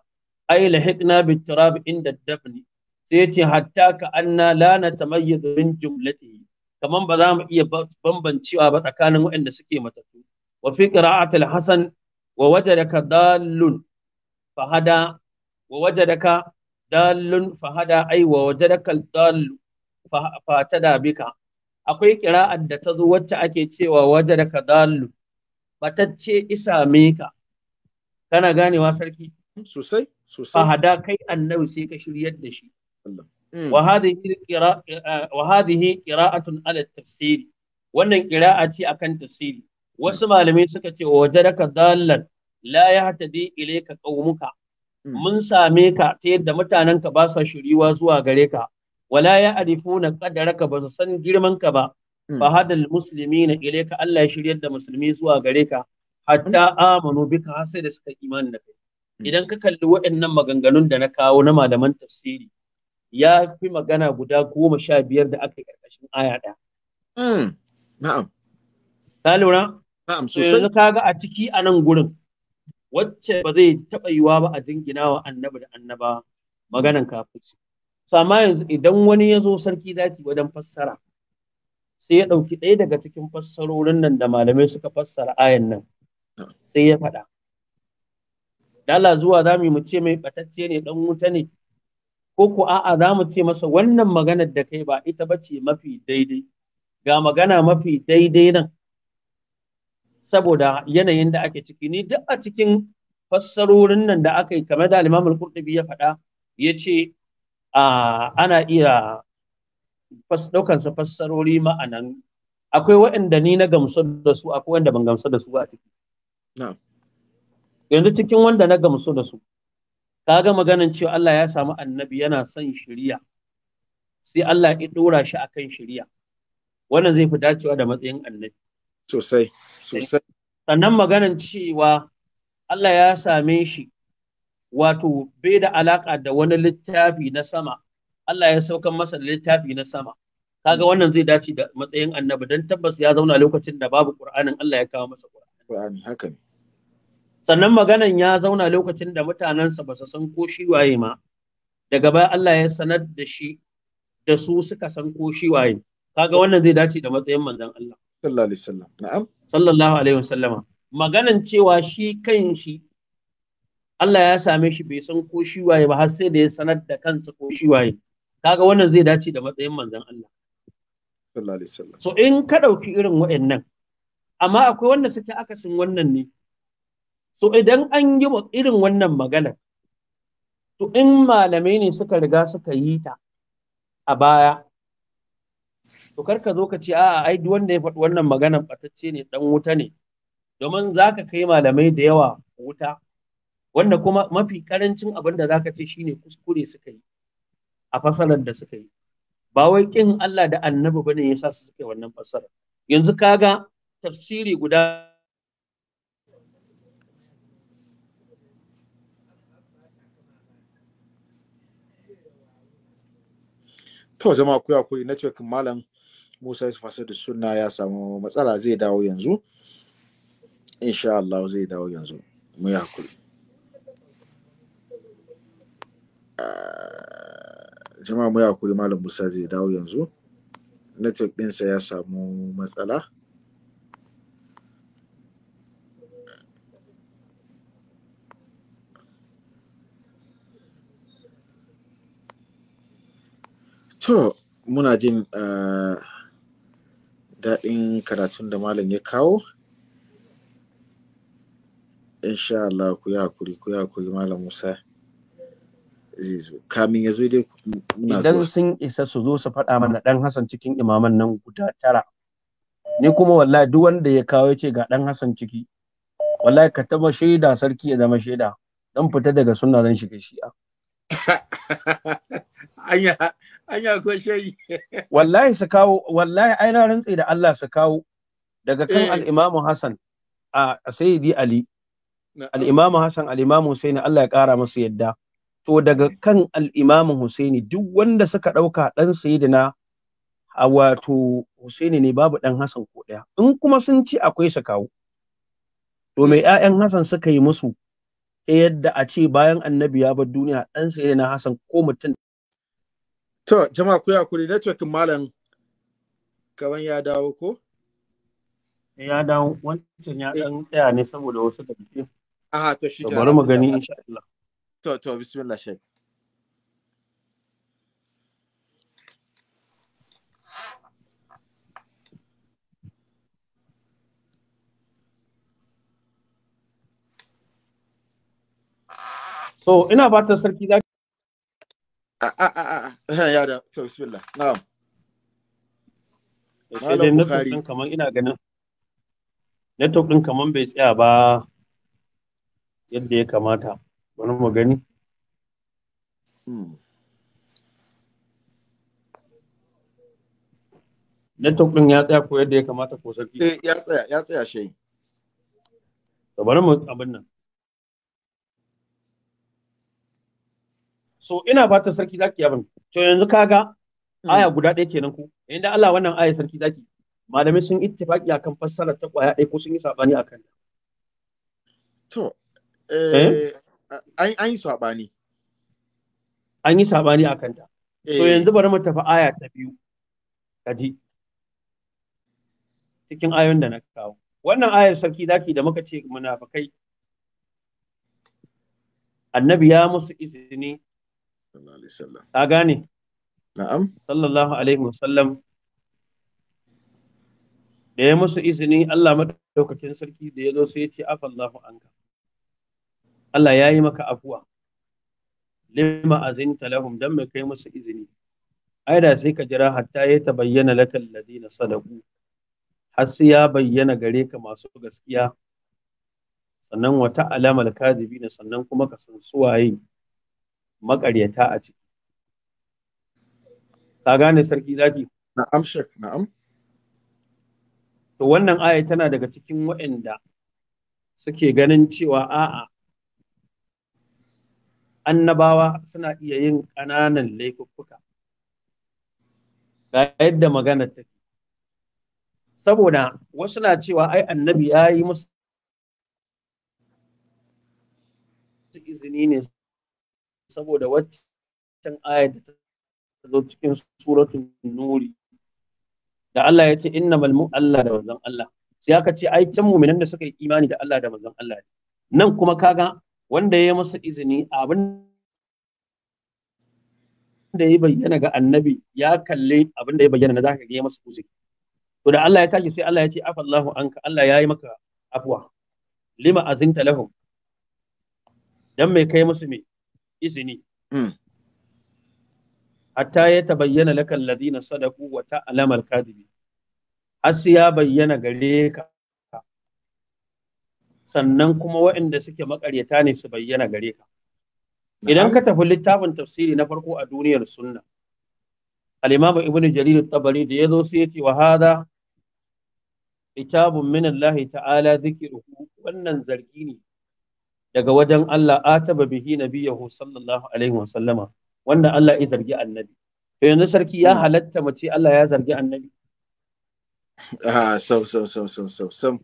Speaker 3: ai lahiqna bit turab inda dabni sai yace hatta ka anna la natamayyiz min jumlatihi kaman ba za mu iya bambancewa ba tsakanin waɗanda suke matattu wa fi qira'atil hasan wa wajadaka dallun fahada wa wajadaka dallun fahada ai wa wajadaka dallu fatada bika akwai kira'ar da ta zo wacce ake cewa waje wajadaka dallu batacce isa ka kana ganewa sarki sosai sosai fahada kai annabi sai ka shiryar da shi mm. wa hadhihi eh, qira'atun ala tafsiri wannan qira'a ce akan tafsiri wasu malamai suka ce wajadaka dallan la ile ka kaumuka mun same ka ta yadda ka ba sa shiriwa zuwa gare ka wala ya arifuna qadaraka ba su san girman ka ba hmm. fa hadal muslimina ka Allah ya shiryar da musulmi zuwa gare ka hatta amanu bika ka sai da suka imani da kai hmm. idan ka kalli waɗannan maganganun da na kawo na malaman tafsiri ya fi magana guda goma sha biyar da aka yi ƙarƙashin aya ɗaya. Hmm. Na'am. Ta lura? Na'am sosai. Yanzu kaga a ciki a nan gurin wacce ba zai taɓa yiwa ba a jingina wa annabi da annaba maganan kafirci. So amma yanzu idan wani ya zo sarki zaki wajen fassara sai ya ɗauki ɗaya daga cikin fassarorin nan da malamai suka fassara ayan nan sai ya faɗa. Dala zuwa za mu ce mai ɓatacce ne dan wuta ne ko ku a'a za mu ce masa wannan maganar da kai ba ita ba ce mafi daidai ga magana mafi daidai nan saboda yanayin da ake ciki ni duk a cikin fassarorin nan da aka yi kamar da Imam Al-Qurtubi ya faɗa ya ce ana iya ɗaukan sa fassarori ma'anan akwai waɗanda ni na gamsu da su akwai wanda ban gamsu da su ba a ciki yanzu cikin wanda na gamsu da su kaga maganan cewa Allah ya samu annabi yana son shiriya sai Allah ya dora shi akan shiriya wannan zai fi dacewa da matsayin annabi
Speaker 1: sosai sosai
Speaker 3: sannan maganan cewa Allah ya same shi wato bai da alaka da wani littafi na sama Allah ya saukan masa da littafi na sama kaga wannan zai dace da matsayin annabi dan tabbas ya zauna lokacin da babu Qur'anin Allah ya kawo masa Qur'ani haka ne sannan maganan ya zauna lokacin da mutanensa ba su san ko shi waye ma daga baya Allah ya sanar da shi da su suka san ko shi waye kaga wannan zai dace da matsayin manzon Allah sallallahu alaihi wasallam na'am sallallahu alaihi wasallama maganan cewa shi kan shi Allah ya same shi bai san ko shi waye ba har sai da ya sanar da kansa ko shi waye kaga wannan zai dace da matsayin manzon Allah
Speaker 1: sallallahu alaihi wasallam
Speaker 3: so in ka dauki irin waɗannan amma akwai wanda suke akasin wannan ne so idan an yi irin wannan maganar to in malamai ne suka riga suka yi ta a baya to kar ka zo ka ce a'a ai duk wanda ya faɗi wannan magana ɓatacce ne dan wuta ne domin za ka kai malamai da yawa wuta wanda kuma mafi karancin abin da za ka ce shine kuskure suka yi a fasalar da suka yi ba wai kin Allah da annabi bane yasa su suka yi wannan fasara yanzu kaga tafsiri guda
Speaker 1: to jama'a kuya hakuri network malam Musa Yusuf Asadu suna ya samu matsala zai dawo yanzu insha Allah zai dawo yanzu mu ya kuri. Ah, jama'a mu ya kuri malam Musa zai dawo yanzu network ɗinsa ya samu matsala to muna jin eh, daɗin karatun da malam ya kawo insha Allah ku ya kuri ku ya kuri malam Musa zizo kamin ya zo
Speaker 3: dai muna idan sun isa su zo su faɗa mana dan Hassan cikin imaman nan guda tara ni kuma wallahi duk wanda ya kawo ce ga dan Hassan ciki wallahi ka taba shaida sarki ya zama shaida dan fita daga sunna zan shiga shi'a (laughs) anya ko shayi (laughs) wallahi su kawo wallahi aina rantsi da Allah su kawo daga kan eh. al Hassan a Sayyidi Ali al Hassan al-Imam Husaini Allah ya ƙara masa yadda to daga kan al-Imam Husaini duk wanda suka dauka dan Sayyidina a wato Husaini ne babu dan Hassan ko daya in kuma sun ci akwai su kawo to eh. ƴaƴan Hassan suka yi musu ta yadda a ce bayan annabi ya bar duniya ɗansa na Hassan ko mutum. To, jama'a ku kuri network malam kaman ya dawo
Speaker 1: ko? Ya dawo, wancan ya ɗan tsaya ne saboda wasu da Aha, to shi Bari mu gani insha Allah. To, to, bismillah shek.
Speaker 3: so ina ta sarki za a a a (laughs) ya da to bismillah na'am eh, Malam Bukhari kamar ina ganin network ɗin kamar bai tsaya ba yadda ya kamata wani mu gani hmm. network ɗin ya tsaya ko yadda ya kamata ko sarki eh, ya tsaya ya tsaya shi to bari mu abin nan so ina ba ta sarki zaki abin to yanzu kaga hmm. aya guda ɗaya kenan ku inda Allah wannan aya sarki zaki malami sun ittifaki akan fassara ta kwaya ɗaya ko sun yi sabani akan to eh, eh? an yi sabani an yi sabani akan ta so eh. yanzu bari mu tafi aya ta biyu kaji cikin ayon da na kawo wannan ayar sarki zaki da muka ce munafikai annabi ya musu izini gane na'am sallallahu alaihi wasallam da ya musu izini Allah madaukakin sarki da ya zo sai ya ce afallahu anka Allah ya yi maka afuwa lima azin talahum dan mai kai musu izini ai da sai ka jira hatta ya tabayyana lakal ladina sadaku. har sai ya bayyana gare ka masu gaskiya sannan wata alamal kadibi sannan kuma ka san suwaye maƙaryata a ciki ka gane sarki zaki na'am shek na'am to wannan aya tana daga cikin waɗanda suke ganin cewa a'a annabawa suna iya yin ƙananan laifuffuka ga yadda magana take saboda wasu na cewa ai annabi ya yi musu izini ne saboda waccan ayar da ta zo cikin suratun nuri da Allah ya ce innamal mu Allah da manzon Allah sai aka ce ai can mu'minan da suka yi imani da Allah da manzon Allah nan kuma kaga wanda ya masa izini abin da ya bayyana ga annabi ya kalli abin da ya bayyana na zaka ga ya masa uzuri to da Allah ya tashi sai Allah ya ce afallahu anka Allah ya yi maka afwa lima azinta lahum dan mai kai musu me izini hmm. hatta ya ta bayyana alladhina sadaqu wa ta'lamu alamar kadhibi ya bayyana gare ka sannan kuma waɗanda suke maƙaryata ne su bayyana gare ka idan ka tafi littafin tafsiri na farko a duniyar sunna alimam Ibn ibnu jarir tabari da zo sai yace wa hada kitabun minallahi Allah ta'ala zikiru wannan zargi ne daga wajen Allah ataba bihi nabiyahu sallallahu alaihi wa sallama wanda Allah ya zargi annabi to yanzu sarki ya hmm. halatta mace Allah ya zargi annabi
Speaker 5: ah so so so so so sam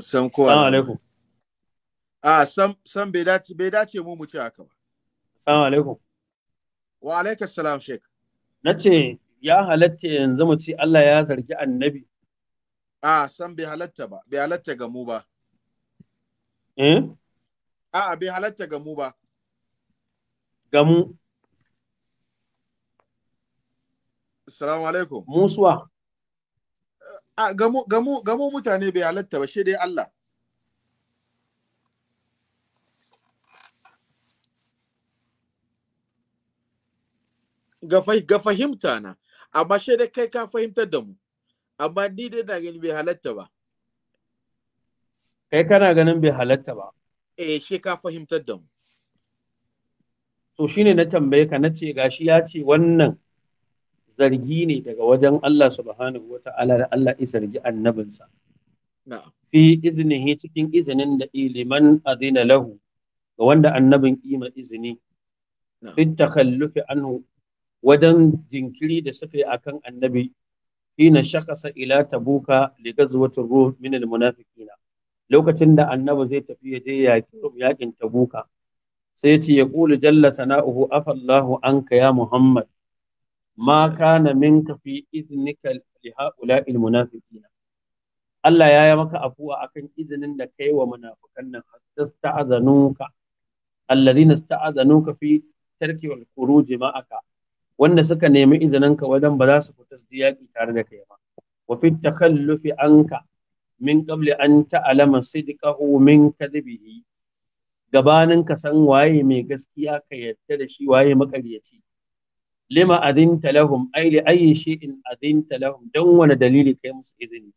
Speaker 5: sam ko alaikum
Speaker 1: ah sam sam bai dace bai dace mu mu ci haka ba assalamu alaikum wa alaikum salam sheik
Speaker 3: nace ya halatta yanzu mu ce Allah ya zargi annabi
Speaker 1: ah sam bai halatta ba bai halatta ga mu ba Eh? A'a bai halatta gamu ba. Gamu. Assalamu alaikum.
Speaker 3: Musuwa.
Speaker 1: A gamu gamu gamu mutane bai halatta ba shi dai Allah. Ga fahimta na, amma shi dai kai ka fahimtar da mu, amma ni dai na gani bai halatta ba.
Speaker 3: kai kana ganin bai halatta ba eh shi ka fahimtar da mu to ne na tambaye ka na ce gashi ya ce wannan zargi ne daga wajen Allah subhanahu wa ta'ala da Allah ya zargi annabinsa fi iznihi cikin izinin da iliman azina lahu ga wanda annabin kima izini fi takallufi anhu wajen jinkiri da safe akan annabi hina shakasa ila tabuka li gazwatir ruh min al munafiqina lokacin da annabi zai tafi ya je yakin ta tabuka sai ce ya ƙulu jalla sana'uhu afallahu anka ya muhammad ma kana minka fi iznika li haula'il munafiqina Allah ya yi maka afuwa akan izinin da kai wa munafikan nan hasta'azanuka alladhina sta'azanuka fi tarki wal khuruj ma'aka wanda suka nemi izininka wajen ba za su fita su yaki tare da kai ba wa fi takallufi anka min qabli an ta'lama sidqahu min kadhibihi gabanin ka san waye mai gaskiya ka yadda da shi waye makaryaci lima adinta lahum ay li ayyi shay'in adinta lahum dan wani dalili kai musu izini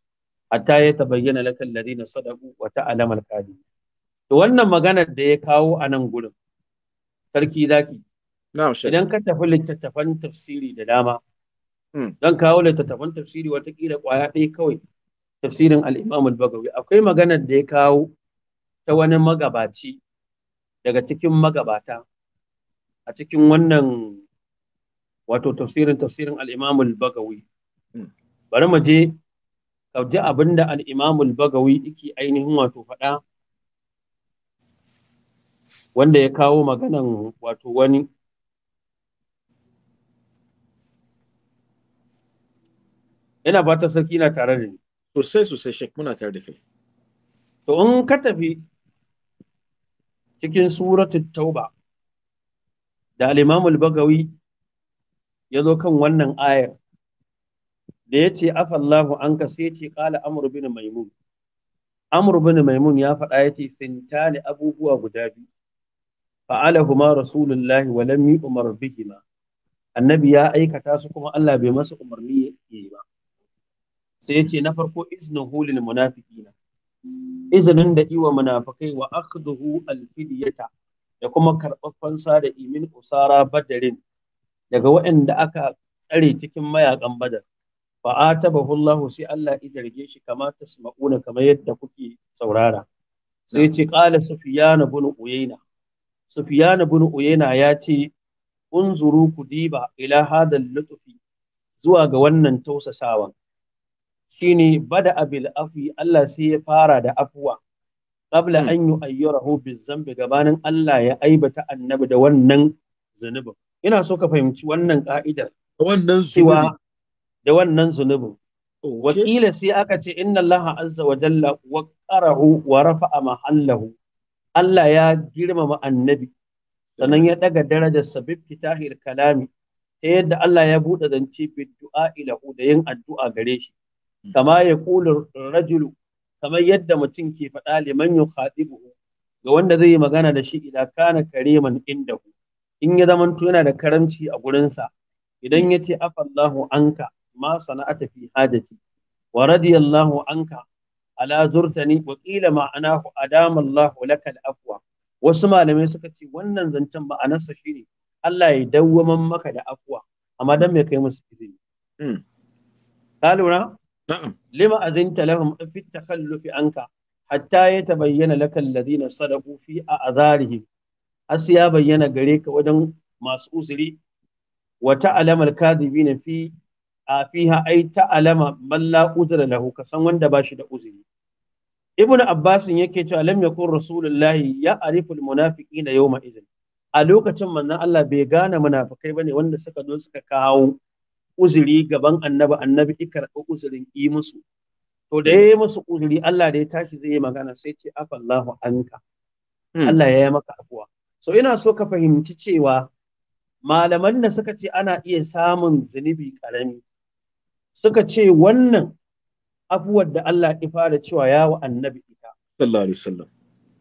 Speaker 3: hatta ya tabayyana laka alladhina sadaqu wa ta'lama al-kadhib to wannan maganar da ya kawo a nan gurin sarki zaki idan ka tafi littattafan tafsiri da dama dan hmm. kawo littattafan tafsiri watakila kwaya ɗaya kawai tafsirin alimam bagawi akwai maganar da ya kawo ta wani magabaci daga cikin magabata a cikin wannan wato tafsirin tafsirin alimam bagawi hmm. bari mu je ka abin da al'imamul al-Bagawi yake ainihin wato faɗa wanda ya kawo maganan wato wani ina ba ta sarki na tare da ni Sosai sosai shek muna tare da kai. To in ka tafi cikin suratu tauba da al bagawi ya zo kan wannan ayar da ya ce afallahu an ka sai ce kala Amurbin bin maimun amr bin maimun ya faɗa ya ce ne abubuwa guda biyu fa'alahuma rasulullahi wa lam umar bihima annabi ya aikata su kuma Allah bai masa umarni yi ba sai yace na farko iznuhu lil munafiqina izinin da iwa munafikai wa akhduhu al fidyata da kuma karɓar fansa da imin usara badarin daga waɗanda aka tsare cikin mayakan badar fa atabahu Allah sai Allah ya zarge shi kama tasma'una kamar yadda kuke saurara sai ce qala sufyan ibn uyayna sufyan ibn uyayna ya ce unzuru kudiba ila hadal lutfi zuwa ga wannan tausasawan shine bada abil afi Allah sai ya fara da afuwa qabla hmm. an yu yu'ayyirahu zambi gabanin Allah ya aibata annabi da wannan zunubin ina so ka fahimci wannan ka'idar wannan zunubi da wannan zunubin wakila sai aka ce inna Allah azza wa jalla waqarahu wa rafa'a mahallahu Allah ya girmama annabi sannan ya daga darajar sabib kitahir kalami ta yadda Allah ya buɗe zance bi du'a ilahu da yin addu'a gare shi kama ya kula rajulu kamar yadda mutum ke faɗa liman ya ga wanda zai yi magana da shi idan kana kareman inda in ya zamanto yana da karamci a gurinsa idan ya ce afallahu anka ma sana'ata fi hajati wa radiyallahu anka ala zurtani wa ma'anahu adama Allahu laka afuwa. wasu malamai suka ce wannan zancen ma'anarsa shine Allah ya dawwaman maka da afuwa. amma dan me kai musu izini hmm. ka lura lima azinta lahum fi takhallufi anka hatta ya tabayyana laka alladhina sadaqu fi a'zarihim asiya bayyana gare ka wajen masu usuri wa ta'lama al-kadhibina fi a fiha ai ta'lama man la udra lahu ka san wanda bashi da uzuri ibnu abbas yake cewa lam yakun rasulullahi ya arifu al-munafiqina yawma idhin a lokacin manzon Allah bai gane munafukai ba ne wanda suka zo suka kawo uzuri gaban annabi annabi ya karɓi uzurin yi musu to da hmm. ya yi musu uzuri Allah da ya tashi zai yi magana sai ce afallahu anka hmm. Allah ya yi maka afuwa so ina so ka fahimci cewa malaman da suka ce ana iya samun zunubi karami suka ce wannan afuwar da Allah ya fara cewa ya wa annabi ita sallallahu alaihi wasallam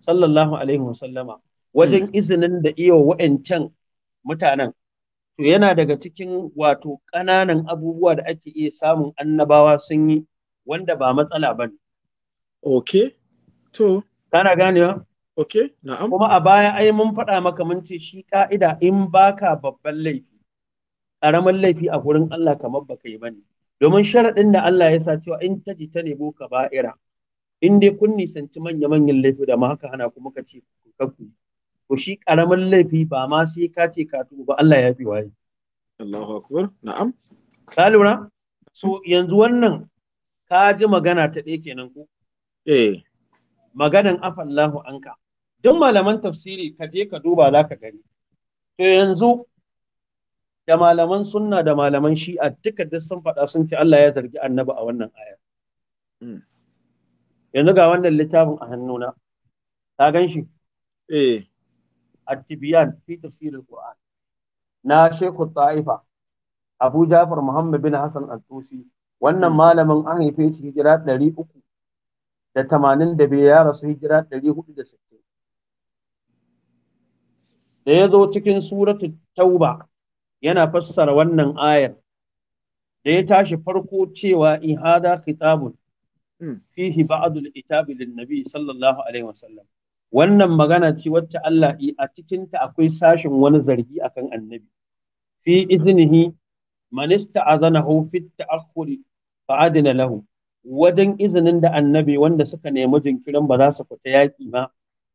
Speaker 3: sallallahu alaihi wasallama hmm. wajen izinin da iya wa'ancan mutanen to yana daga cikin wato ƙananan abubuwa da ake iya samun annabawa sun yi wanda ba matsala ba ne. Ok, to. Kana ganewa? Ok, na'am. Kuma a baya ai mun faɗa maka mun ce shi ƙa'ida in baka babban laifi, ƙaramin laifi a gurin Allah kamar baka yi bane. Domin sharaɗin da Allah ya sa cewa in ta ji ta nemo ka ba'ira, in dai kun nisanci manya-manyan laifi da ma haka hana kuma ka ce ku to shi karamin laifi ba ma sai ka ce ka ba Allah ya fi waye Allahu akbar na'am ka lura so yanzu wannan ka ji magana ta ɗaya kenan ko eh maganan afallahu anka duk malaman tafsiri ka je ka duba za ka gani to yanzu da malaman sunna da malaman shi'a duka duk sun faɗa sun ce Allah ya zargi annabi a wannan ayar hmm. yanzu ga wannan littafin a hannuna ta gan shi eh at fi tafsir al na Sheikhu Ta'ifa Abu Jafar Muhammad bin Hassan Al-Tusi wannan malamin an haife shi hijira 300 da 85 ya rasu hijira 460 da ya zo cikin suratul Tauba yana fassara wannan ayar da ya tashi farko cewa in hada khitabun fihi ba'dul itabi lin nabi sallallahu alaihi wasallam wannan magana ce wacce Allah yi a cikinta akwai sashin wani zargi akan annabi fi iznihi man ista'azanahu fi ta'akhuri fa adina lahu wajen izinin da annabi wanda suka nemi jinkirin ba za su fita yaƙi ma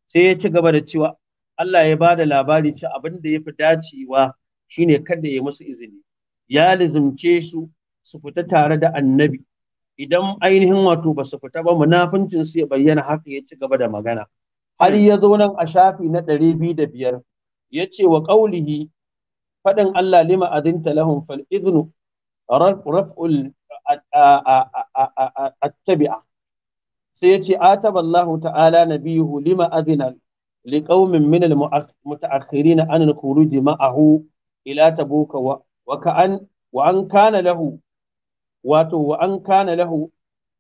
Speaker 3: sai ya ci gaba da cewa Allah ya bada labari ce abin da ya fi dacewa shine kada ya musu izini ya lizimce su su fita tare da annabi idan ainihin wato ba su fita ba munafincin su ya bayyana haka ya ci gaba da magana har ya zo nan a shafi na ɗari biyu da biyar ya ce wa ƙaulihi faɗin Allah lima azinta lahum fal iznu raf'ul attabi'a sai ya ce ataballahu ta'ala nabiyuhu lima azina liqaumin min al mutaakhirin an al khuruj ma'ahu ila tabuka wa ka'an wa an kana lahu wato wa an kana lahu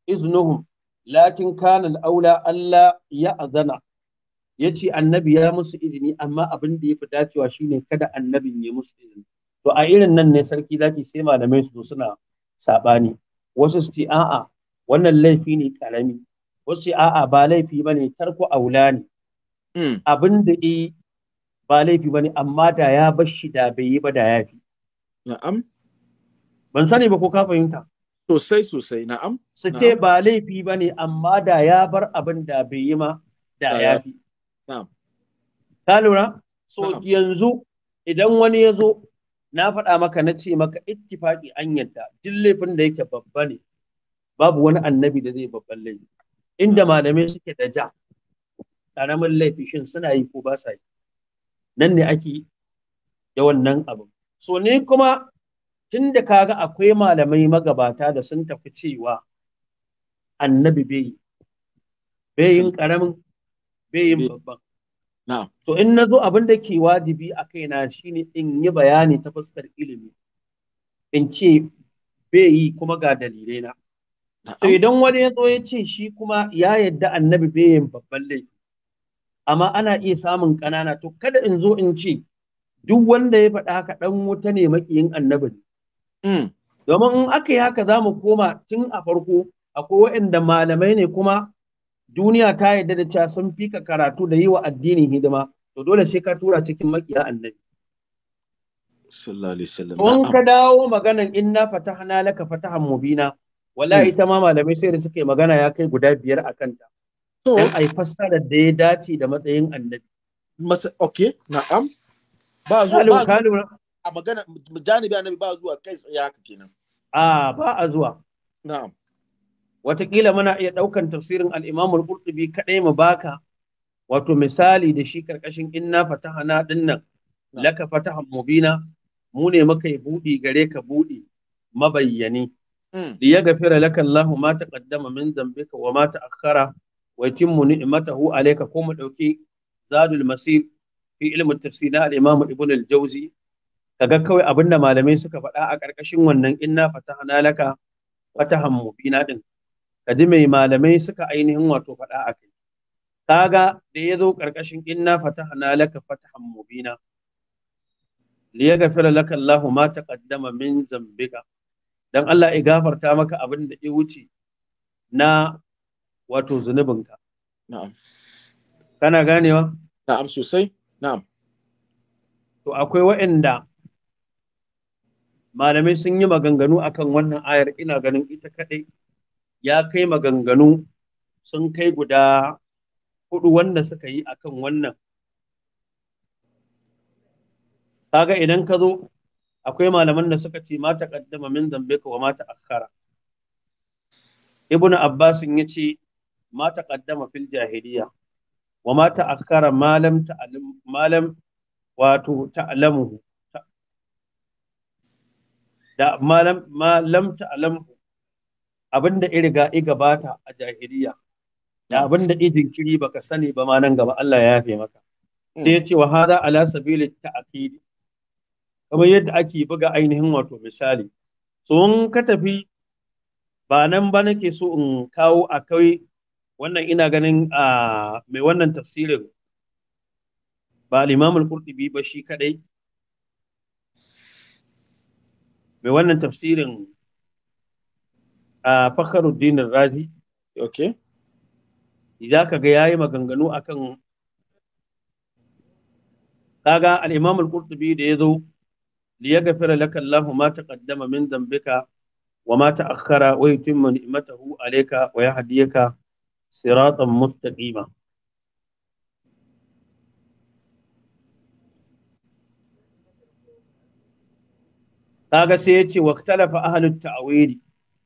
Speaker 3: iznuhum lakin kana al aula alla ya'zana ya ce annabi ya musu izini amma abin da ya fi dacewa shine kada annabin ya musu izini to a irin nan ne sarki zaki sai malamai su suna saɓani wasu su ce a'a wannan laifi ne karami wasu a'a ba laifi ba ne tarko aula ne hmm. abin da e ba laifi ba ne amma da ya bar shi da bai yi ba da ya fi na'am ban sani ba ko ka fahimta sosai sosai na'am su ce ba laifi ba ne amma da ya bar abin da bai yi ma da ya fi ka lura so yanzu idan wani ya zo na faɗa maka na ce maka ittifaƙi an yadda duk laifin da yake babba ne babu wani annabi da zai babban laifi inda malamai suke da ja ƙaramin laifi shin suna yi ko ba sa yi nan ne ake da wannan abu so ni kuma tun da kaga akwai malamai magabata da sun tafi cewa annabi bai yi bai yin ƙaramin bai yin babban To in na zo abin da ke wajibi a kaina shine in yi bayani ta fuskar ilimi, in ce bai yi kuma ga dalilai na. To idan wani ya zo ya ce shi kuma ya yadda annabi bai yin babban laifi, amma ana iya samun ƙanana to kada in zo in ce duk wanda ya faɗa haka ɗan wuta ne maƙiyin annabi ne. Hmm. Domin in aka yi haka za mu koma tun a farko akwai waɗanda malamai ne kuma duniya ta yarda da cewa sun ka karatu da yi wa addinin hidima to dole sai ka tura cikin makiya annabi
Speaker 1: Tun in ka
Speaker 3: dawo maganan inna fatahna laka fatahan mubina wallahi hmm. ita ma malamai sai da suke magana ya kai guda biyar a kanta a yi fassara da ya dace da matsayin annabi masa okay na'am ba zuwa ba
Speaker 1: a magana janibi annabi ba zuwa kai tsaye haka kenan
Speaker 3: Ah, ba a zuwa na'am watakila muna iya ɗaukan tafsirin al-Imam al-Qurtubi kadai mu baka wato misali da shi karkashin inna fatahana dinnan laka fatahan mubina mu ne muka yi buɗi gare ka buɗe mabayyani hmm. liya gafira laka Allahu ma taqaddama min dhanbika wa ma wai wa mu ni'matahu alayka ko mu dauki zadul masir fi ilmi tafsir al-Imam Ibn al-Jawzi kaga kawai abinda malamai suka faɗa a karkashin wannan inna fatahana laka fatahan mubina din ka mai malamai suka ainihin wato faɗa a kai kaga da ya zo ƙarƙashin inna fatahna laka fatahan mubina liyaghfir laka Allah ma taqaddama min zambika dan Allah ya gafarta maka abin da ya wuce na wato zunubinka na'am kana ganewa na'am sosai na'am to akwai waɗanda malamai sun yi maganganu akan wannan ayar ina ganin ita kadai? ya kai maganganu sun kai guda hudu wanda suka yi akan wannan kaga idan ka zo akwai malaman da suka ce mata kaddama min zambe ka wa mata akkara ibnu abbas ya ce mata kaddama fil jahiliya wa mata akkara malam ta'alim malam wato ta'alamu da malam malam abin da riga i gabata a jahiliya da abin da ijin kiri baka sani ba ma nan gaba Allah ya yafe maka hmm. sai ya ce wa hada ala sabili ta'kid kamar yadda ake buga ainihin wato misali so in ka tafi ba nan ba nake so in kawo a kai wannan ina ganin a mai wannan tafsirin ba al qurtubi ba shi kadai mai wannan tafsirin a Fakhruddin Razi okay za ka ga yayi maganganu akan kaga al-Imam al-Qurtubi da yazo li yaghfira laka Allahu ma taqaddama min dhanbika wa ma ta'akhkhara wa yutimma ni'matahu alayka wa yahdiyaka siratan mustaqima kaga sai ya ce waktalafa ahalut ta'awili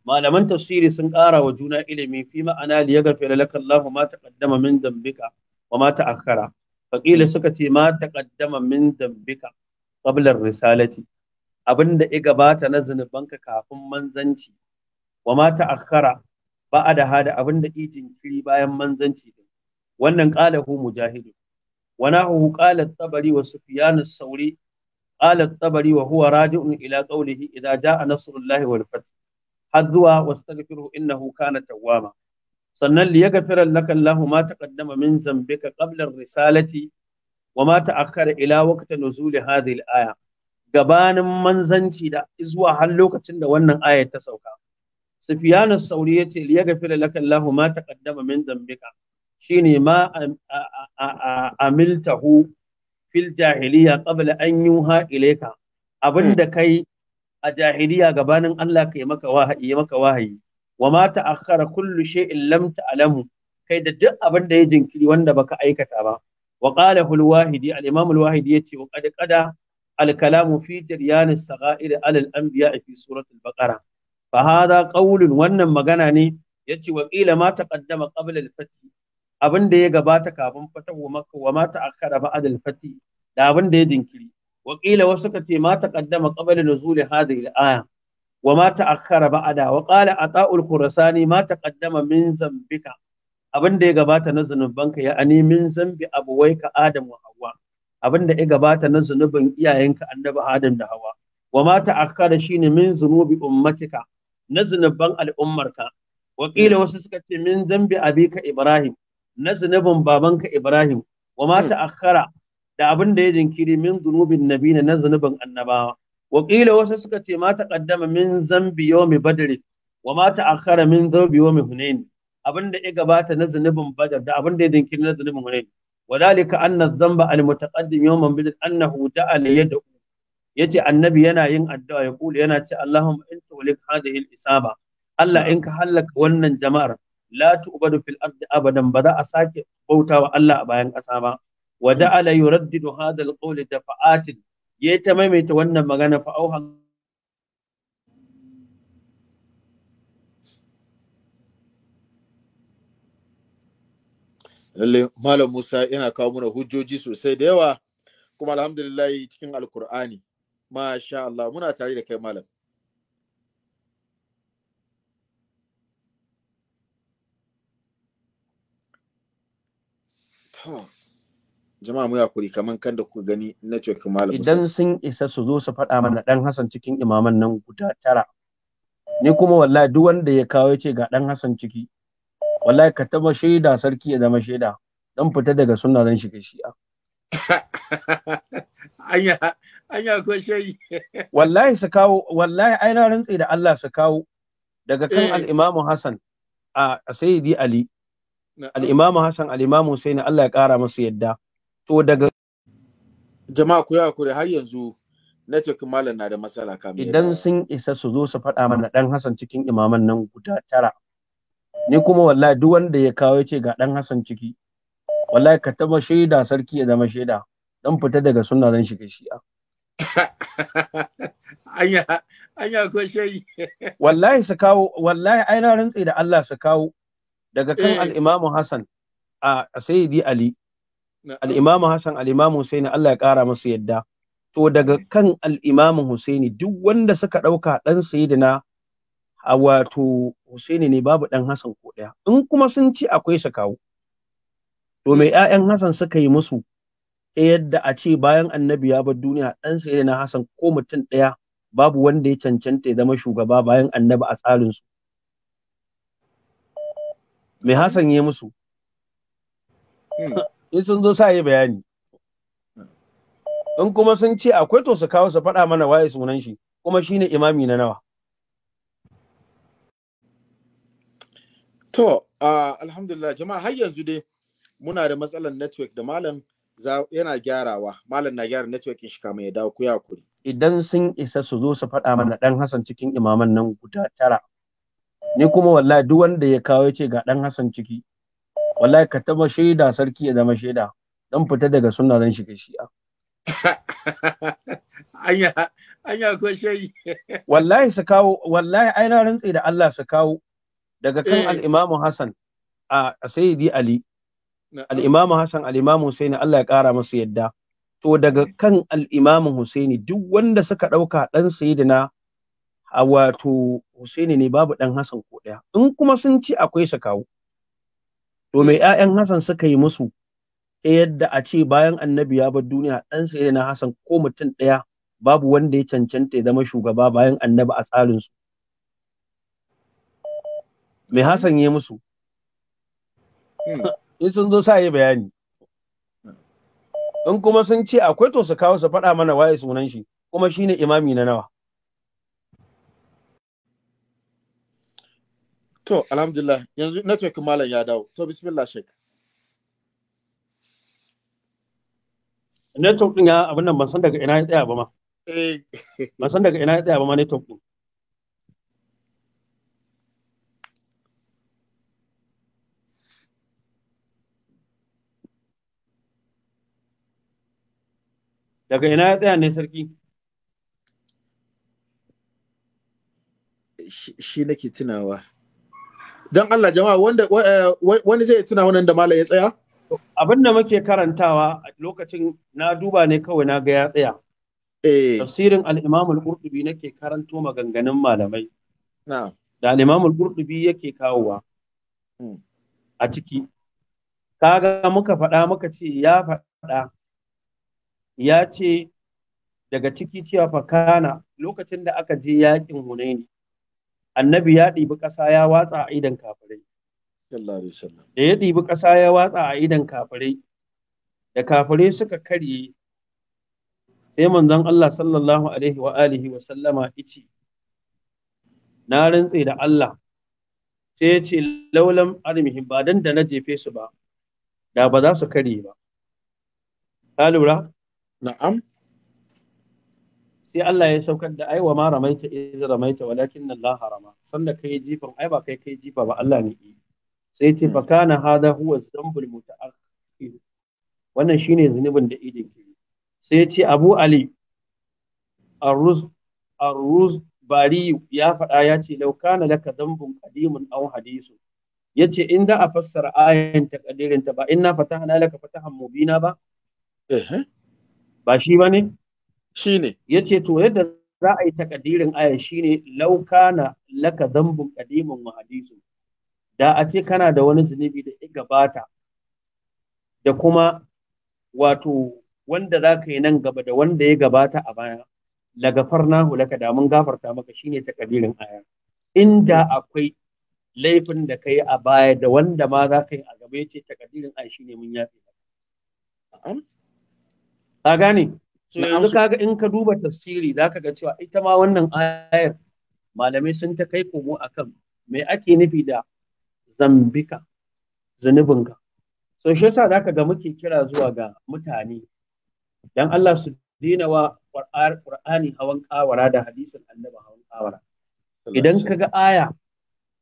Speaker 3: malaman tafsiri sun ƙara wa juna ilimi fi ma'ana li yaghfir laka Allahu ma taqaddama min dambika wa ma ta'akkara faqila suka ce ma taqaddama min dambika qabla risalati abinda ya gabata na zunubanka kafin manzanci wa ma a da hada abinda i jinkiri bayan manzanci din wannan hu mujahidu wa nahu qala at-tabari wa sufyan as-sawri قال الطبري وهو راجع إلى قوله إذا جاء نصر الله والفتح har zuwa wastaghfiru innahu kana tawwaba sannan li yaghfira laka Allah ma min zambika qabla risalati wa ma ta'akkara ila waqti nuzuli hadhihi al-aya gabanin manzanci da zuwa har lokacin da wannan ayar ta sauka Sufyan as-Sauri yace li yaghfira laka Allah ma min zambika shine ma amiltahu fil jahiliya qabla an yuha ilayka abinda kai a jahiliya gabanin Allah ka yi maka wahayi ya maka wahayi wa ma ta'akhkhara kullu shay'in lam ta'lamu kai da duk abin da ya jinkiri wanda baka aikata ba wa qala al wahidi al imam al wahidi yace wa qad qada al kalamu fi jiryan al al anbiya fi surat al baqara fa hadha qawlun wannan magana ne yace wa qila ma taqaddama qabla al fath abin da ya gabata kafin fatahu makka wa ma ta'akhkhara ba'da al fath da abin da ya jinkiri وقيل وسكت ما تقدم قبل نزول هذه الآية وما تأخر بعدها وقال عطاء الخرساني ما تقدم من ذنبك abin da ya gabata na zunubanka ya ani min zambi abuwai ka Adam Hauwa. Hawwa da ya gabata na zunubin iyayenka annabi Adam da Hawwa wa ma ta'akkara shine min zunubi ummatika na zunuban al'ummarka Waƙila qila wasu suka ce min zambi abika Ibrahim na zunubin babanka Ibrahim wa ma ta'akkara da abin da ya jinkiri min zunubin nabina na zunubin annabawa wakila wasu suka ce ma taqaddama min zambi yawmi badr wa ma ta'akhkhara min zambi yawmi hunain abin da ya gabata na zunubin badar da abin da ya jinkiri na zunubin hunain wadalika anna dhanba al-mutaqaddim yawman badr annahu da'a li Ya ce annabi yana yin addu'a ya kula yana ce Allahumma in tulik hadhihi isa isaba Allah in ka hallaka wannan jama'ar la tu'badu fil ardi abadan ba za a sake bautawa Allah a bayan ƙasa ba wa ja'ala yuraddidu hadha al-qawl dafa'atin ya ta maimaita wannan magana fa auha
Speaker 1: lalle malam Musa yana kawo mana hujjoji sosai da yawa kuma alhamdulillah cikin alkur'ani masha Allah muna tare da kai malam jama'a mu yakuri kaman kan da kuka gani network malam idan
Speaker 3: sun isa su zo su faɗa mana dan Hassan cikin imaman nan guda tara ni kuma wallahi duk wanda ya kawo ya ce ga dan Hassan ciki wallahi ka taba shaida sarki ya zama shaida dan fita daga sunna dan shiga shi'a (laughs) anya anya ko shayi (laughs) wallahi su kawo wallahi ai na rantsi da Allah su kawo daga kan eh. al-Imam Hassan a Sayyidi Ali al-Imam Hassan al-Imam Husaini Allah ya kara masa yadda to daga jama'a ku ya kure har yanzu network malam na da matsala kamar idan sun isa su zo su faɗa mana dan ah. Hassan cikin imaman nan guda tara ni kuma wallahi duk wanda ya kawo ce ga dan Hassan ciki wallahi ka taba shaida sarki ya zama shaida dan fita daga sunna zan shiga shi'a (laughs) anya anya ko shayi (laughs) wallahi su kawo wallahi ai na rantsi da Allah su kawo daga kan eh. al-Imam Hassan a Sayyidi Ali al'imamu Hassan al'imamu Husaini Allah ya ƙara musu yadda to daga kan al'imamu Husaini duk wanda suka ɗauka ɗan Sayyidina a wato Husaini ne babu ɗan Hassan ko ɗaya in kuma sun ci akwai su kawo to mai ƴaƴan Hassan suka yi musu yadda a ce bayan annabi ya bar duniya ɗan Sayyidina Hassan ko mutum ɗaya babu wanda ya cancanta ya zama shugaba bayan annabi a su? mai Hassan ya musu hmm. in sun zo sa yi bayani in kuma sun ce akwai to su kawo su faɗa mana waye sunan shi kuma shine imami na nawa to
Speaker 1: alhamdulillah jama'a har yanzu dai muna da matsalar network da malam yana gyarawa malam na gyara network shi kamar ya dawo kuya kuri
Speaker 3: idan sun isa su zo su faɗa mana dan hasan cikin imaman nan guda tara ni kuma wallahi duk wanda ya kawo ya ce ga dan hasan ciki wallahi ka taba shaida sarki ya zama shaida dan fita daga sunna zan shiga shi'a (laughs) anya anya ko shayi (laughs) wallahi su kawo wallahi ai na rantsi da Allah su kawo daga kan eh. al-Imam Hassan a Sayyidi Ali al-Imam Hassan al-Imam Husaini Allah ya kara masa yadda to daga kan al-Imam Husaini duk wanda suka dauka dan Sayyidina a wato Husaini ne babu dan Hassan ko daya in kuma sun ci akwai su kawo to me ƴaƴan Hassan suka yi musu ta yadda a ce bayan annabi ya bar duniya ɗansa na Hassan ko mutum ɗaya babu wanda ya cancanta ya zama shugaba bayan annabi a tsarinsu. Me Hassan ya musu? Hmm. In sun zo sa yi bayani. In kuma sun ce akwai to su kawo su faɗa mana waye sunan shi, kuma shi ne imami na nawa. To,
Speaker 1: alhamdulillah, yanzu network malam ya dawo. To, bismillah shek.
Speaker 3: Network ɗin ya abin nan ban san daga ina ya tsaya ba ma. Eh. (laughs) Ban san daga ina ya tsaya ba ma network ɗin. Daga ina ya tsaya ne sarki?
Speaker 1: Shi nake tunawa.
Speaker 3: don Allah jama'a wanda eh, wani zai tuna wannan da malam ya tsaya abin da muke karantawa lokacin na duba ne kawai na ga ya tsaya eh. tafsirin al-Imam al-Qurtubi nake karanto maganganun malamai da al-Imam al-Qurtubi yake kawowa hmm. a ciki kaga muka faɗa muka ce ya faɗa ya ce daga ciki cewa fakana lokacin da aka je yakin Hunaini annabi ya ɗibi ƙasa ya watsa a idan kafirai da ya ɗibi ƙasa ya watsa a idan kafirai da kafirai suka karye sai manzon Allah sallallahu alaihi wa alihi wa sallama ice na rantse da Allah sai ya ce laulan armihim ba don da na jefe su ba da ba za su karye ba ka lura na'am sai Allah ya saukar da aiwa ma ramaita iz ramaita walakin Allah harama sanda kai jifa ai ba kai kai jifa ba Allah ne sai ce fa kana hada huwa zambul mutaakhir wannan shine zunubin da idin ke sai ce Abu Ali arruz arruz bari ya faɗa ya ce law kana laka zambun qadimun aw hadisun yace in da a fassara ayan takadirin ta ba inna fatahna laka fatahan mubina ba eh, eh. ba shi ba ne? shine yace to yadda za a yi takadirin ayan shine laukana laka zambun qadimun wa hadisu da a ce kana da wani zunubi da ya gabata da kuma wato wanda zaka yi nan gaba da wanda ya gabata a baya hu laka da mun gafarta maka shine takadirin aya inda akwai laifin da kai a baya da wanda ma za yi a gaba yace takadirin aya shine mun yafe ka gane so yanzu kaga in ka duba tafsiri ka ga cewa ita ma wannan ayar malamai sun ta kai komo akan me ake nufi da zambika zunubinka so shi yasa ka ga muke kira zuwa ga mutane dan Allah su dina wa Qur'ani hawan kawara da hadisin Annabi hawan kawara idan ka ga aya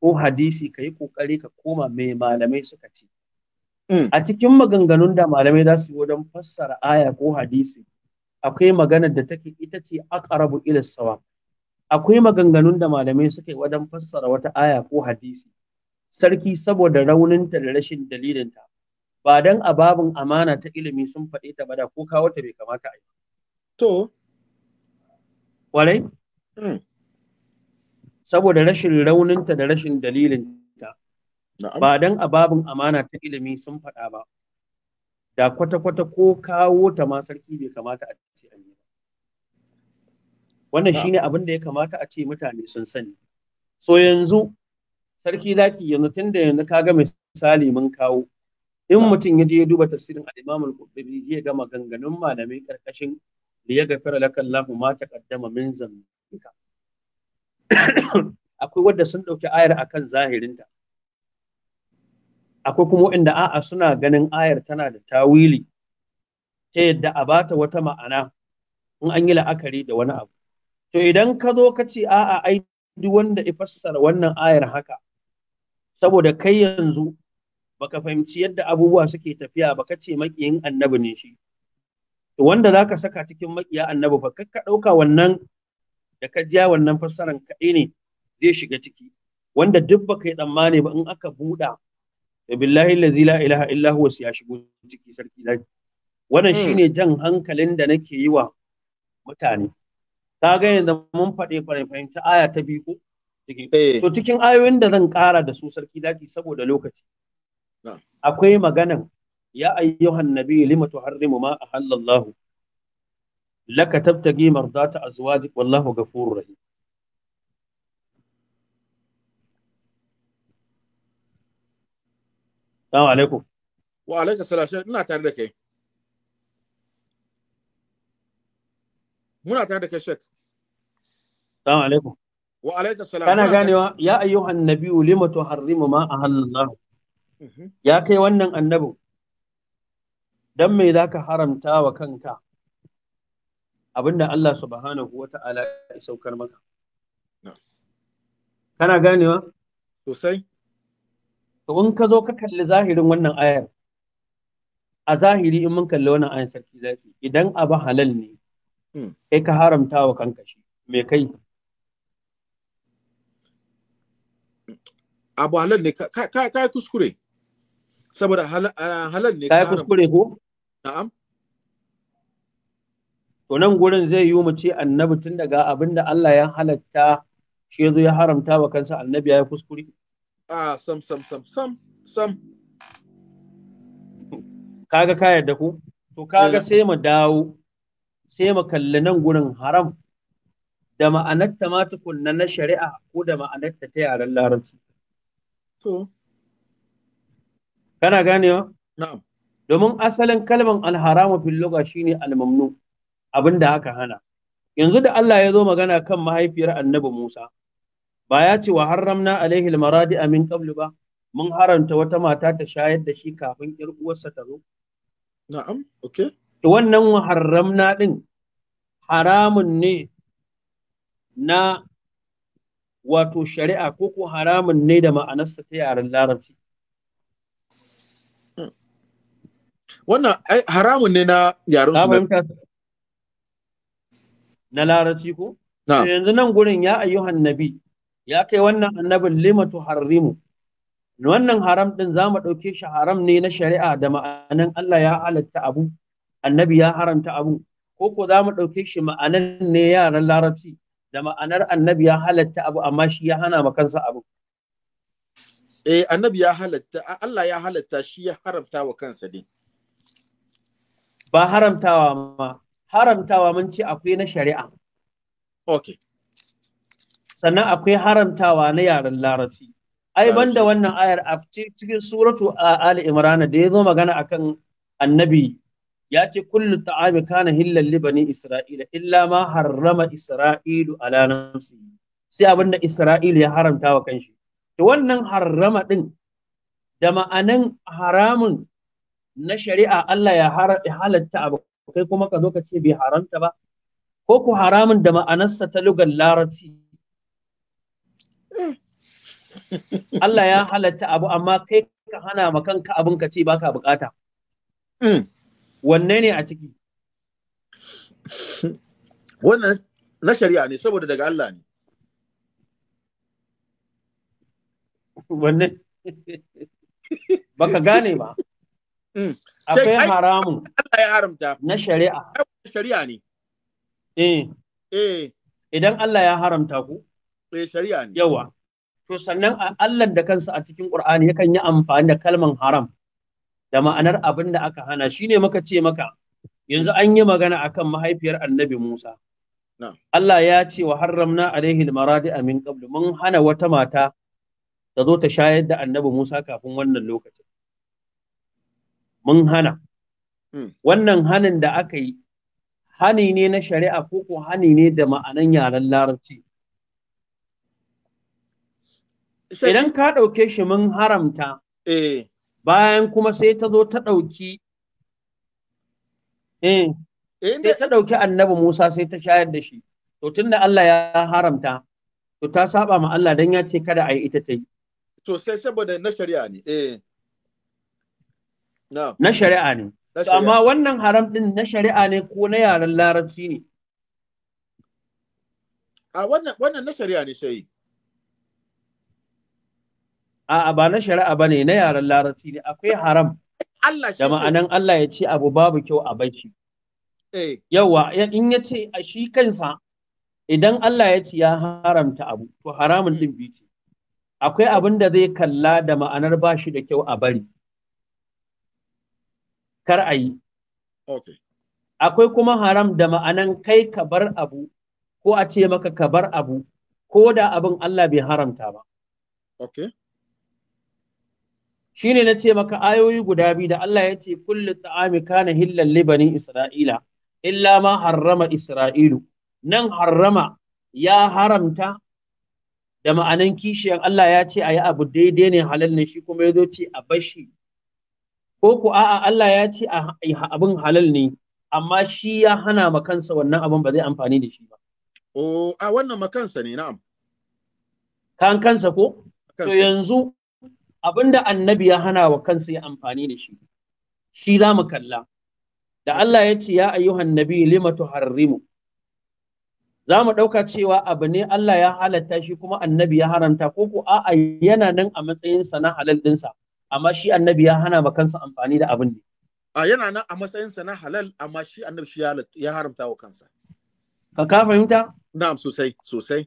Speaker 3: ko hadisi ka yi kokari ka koma me malamai suka ce mm. a cikin maganganun da malamai za su yi wajen fassara aya ko hadisi akwai maganar da take ita ce aqrabu ila sawab akwai maganganun da malamai suke wajen fassara wata aya ko hadisi sarki saboda rauninta da rashin dalilinta ba dan ababin amana ta ilimi sun faɗe ta ba da ko kawo ta bai kamata a yi to warai hmm. saboda rashin rauninta da rashin dalilinta ba dan ababin amana ta ilimi sun faɗa ba da kwata-kwata ko kawo ta ma sarki bai kamata a ce an yi ba. Wannan shine abin da ya kamata a ce mutane sun sani. So yanzu sarki zaki yanzu tun da yanzu ka ga misali mun kawo in mutum ya je ya duba tafsirin al-Imam al-Qurtubi zai ga maganganun malamai karkashin da ya gafara laka ma taqaddama min zambika. (coughs) Akwai wadda sun ɗauki ayar akan zahirinta. akwai kuma waɗanda a'a suna ganin ayar tana da tawili ta yadda a bata wata ma'ana in an yi la'akari da wani abu to idan ka zo ka ce a'a ai duk wanda ya fassara wannan ayar haka saboda kai yanzu baka fahimci yadda abubuwa suke tafiya ba ka ce makiyin annabi ne shi to wanda zaka saka cikin makiya annabi fa ka ɗauka wannan da ka ja wannan fassaran kaɗai ne zai shiga ciki wanda duk baka yi tsammani ba in aka buɗa da eh, billahi allazi ilaha illa huwa ya shigo ciki sarki zaki wannan hmm. shine jan hankalin da nake yi wa mutane ka ga yanzu mun faɗe fahimci aya ta biyu ko eh. to cikin ayoyin da zan ƙara da su sarki zaki saboda lokaci akwai maganan ya ayyuhan nabi lima tuharrimu ma ahallallahu laka tabtagi mardata azwajik wallahu ghafurur rahim Salamu alaikum.
Speaker 1: Wa alaikum salam ina tare da kai. Muna tare da kai Sheikh. Salamu alaikum. Wa alaikum salam. Kana ganewa
Speaker 3: ya ayyuhan nabiyyu lima tuharrimu ma ahallallahu. Mhm. Ya kai wannan annabin dan me zaka haramta wa kanka abinda Allah subhanahu wa ta'ala ya saukar maka. Kana ganewa? Sosai. to in ka zo ka kalli zahirin wannan ayar a zahiri in mun kalli wannan ayar sarki zafi idan abu halal ne
Speaker 5: kai
Speaker 3: hmm. ka haramta wa kanka shi me kai abu halal ne kai kuskure saboda halal ne ka kuskure ko na'am to nan gurin zai yi mu ce annabi tun daga abinda Allah ya halatta shi ya haramta wa kansa annabi ya yi kuskure
Speaker 1: Ah, sam sam sam sam sam
Speaker 3: kaga ka yarda ku to kaga eh. sai mu dawo sai mu kalli nan gurin haram da ma'anarta ma tukunna na shari'a ko da ma'anarta ta yaren larabci to kana ganewa na'am domin asalin kalman alharamu fil lugha shine almamnu abinda aka hana yanzu da Allah ya zo magana kan mahaifiyar annabi Musa ba ya ce wa haramna alaihi almaradi amin qablu ba mun haramta wata mata ta shayar da shi kafin ƴar uwarsa ta zo na'am okay to wannan haramna din haramun ne na wato shari'a ko ko haramun ne da ma'anarsa ta yaren larabci wannan
Speaker 1: haramun ne na yaren su
Speaker 3: na larabci ko yanzu nan gurin ya ayyuhan nabi ya kai wannan annabin limatu tuharrimu wannan haram din za mu ɗauke shi haram ne na shari'a da ma'anan Allah ya halatta abu annabi ya haramta abu ko ko za mu ɗauke shi ma'anan ne yaran larabci da ma'anar annabi ya halatta abu amma shi ya hana kansa abu eh annabi ya halatta Allah ya halatta shi ya haramta wa kansa din ba haramtawa ma haramtawa mun ce akwai na shari'a okay sannan akwai haramtawa na yaren larabci ai banda wannan ayar a cikin suratu ali imrana da ya zo magana akan annabi ya ce kullu ta'ami kana hillal li bani isra'ila illa ma harrama isra'ilu ala nafsi sai abinda isra'ila ya haramta wa kanshi to wannan harrama din da ma'anan haramun na shari'a Allah ya halatta abu kai kuma ka zo ka ce bai haramta ba ko ku haramun da ma'anarsa ta lugar larabci (laughs) Allah ya halatta abu amma kai ka hana ma kanka abin ka ce baka bukata mm. wanne ne a ciki (laughs) wannan na shari'a ne saboda daga Allah ne Wanne? (laughs) baka gane ba mm. akwai haramun Allah ya haramta na shari'a shari'a ne eh eh idan Allah ya haramta ku Eh, shari'a ne yawa to sannan Allah da kansa a cikin Qur'ani yakan yi amfani da kalman haram da ma'anar abin da aka hana shine muka ce maka yanzu an yi magana akan mahaifiyar Annabi Musa Allah ya ce wa harramna alaihi almaradi min qabl mun hana wata mata ta zo ta shayar da Annabi Musa kafin wannan lokacin mun hana hmm. wannan hanin da aka yi hani ne na shari'a ko ko hani ne da ma'anan yaren larabci Idan ka ɗauke shi mun haramta, eh. bayan kuma sai ta zo ta ɗauki, eh, eh, sai ta ɗauki annabi Musa sai ta shayar da shi, to tun da Allah ya haramta, to ta saba ma Allah don ya ce kada a yi ita ta yi.
Speaker 1: To sai saboda na shari'a ne, Na shari'a ne. Amma
Speaker 3: wannan haram ɗin na shari'a ne ko na yaren larabci ne?
Speaker 1: A wannan na shari'a ne sai.
Speaker 3: a'a ba na shari'a bane na yaren larabci ne akwai haram Allah da ma'anan Allah ya ce abu babu kyau a eh yawa in ya ce a shi kansa idan Allah ya ce ya haramta abu to haramun din bi ce akwai abin da zai kalla da ma'anar bashi da kyau a bari kar a yi akwai kuma haram da ma'anan kai ka bar abu ko a ce maka ka bar abu ko da abin Allah bai haramta ba okay shine na ce maka ayoyi guda biyu da Allah ya ce kullu ta'ami kana hillal li bani isra'ila illa ma harrama isra'ilu nan harrama ya haramta da ma'anan kishiyan Allah ya ce ayi abu daidai ne halal ne shi kuma ya zo ce a bashi ko ku a'a Allah ya ce abin halal ne amma shi ya hana ma kansa wannan abin ba zai amfani da shi ba o oh, a wannan makansa ne na'am kan kansa ko to yanzu abinda annabi ya hana wa kansa ya amfani da shi shi za mu kalla da Allah ya ce ya ayyuhan nabi lima tuharrimu za mu ɗauka cewa abu ne Allah ya halatta shi kuma annabi ya haramta ko ko a'a yana nan a matsayinsa na halal ɗinsa amma shi annabi ya hana wa kansa amfani da abin ne
Speaker 1: a yana nan a matsayinsa na halal amma shi annabi shi ya haramta wa kansa
Speaker 3: ka ka fahimta na'am sosai sosai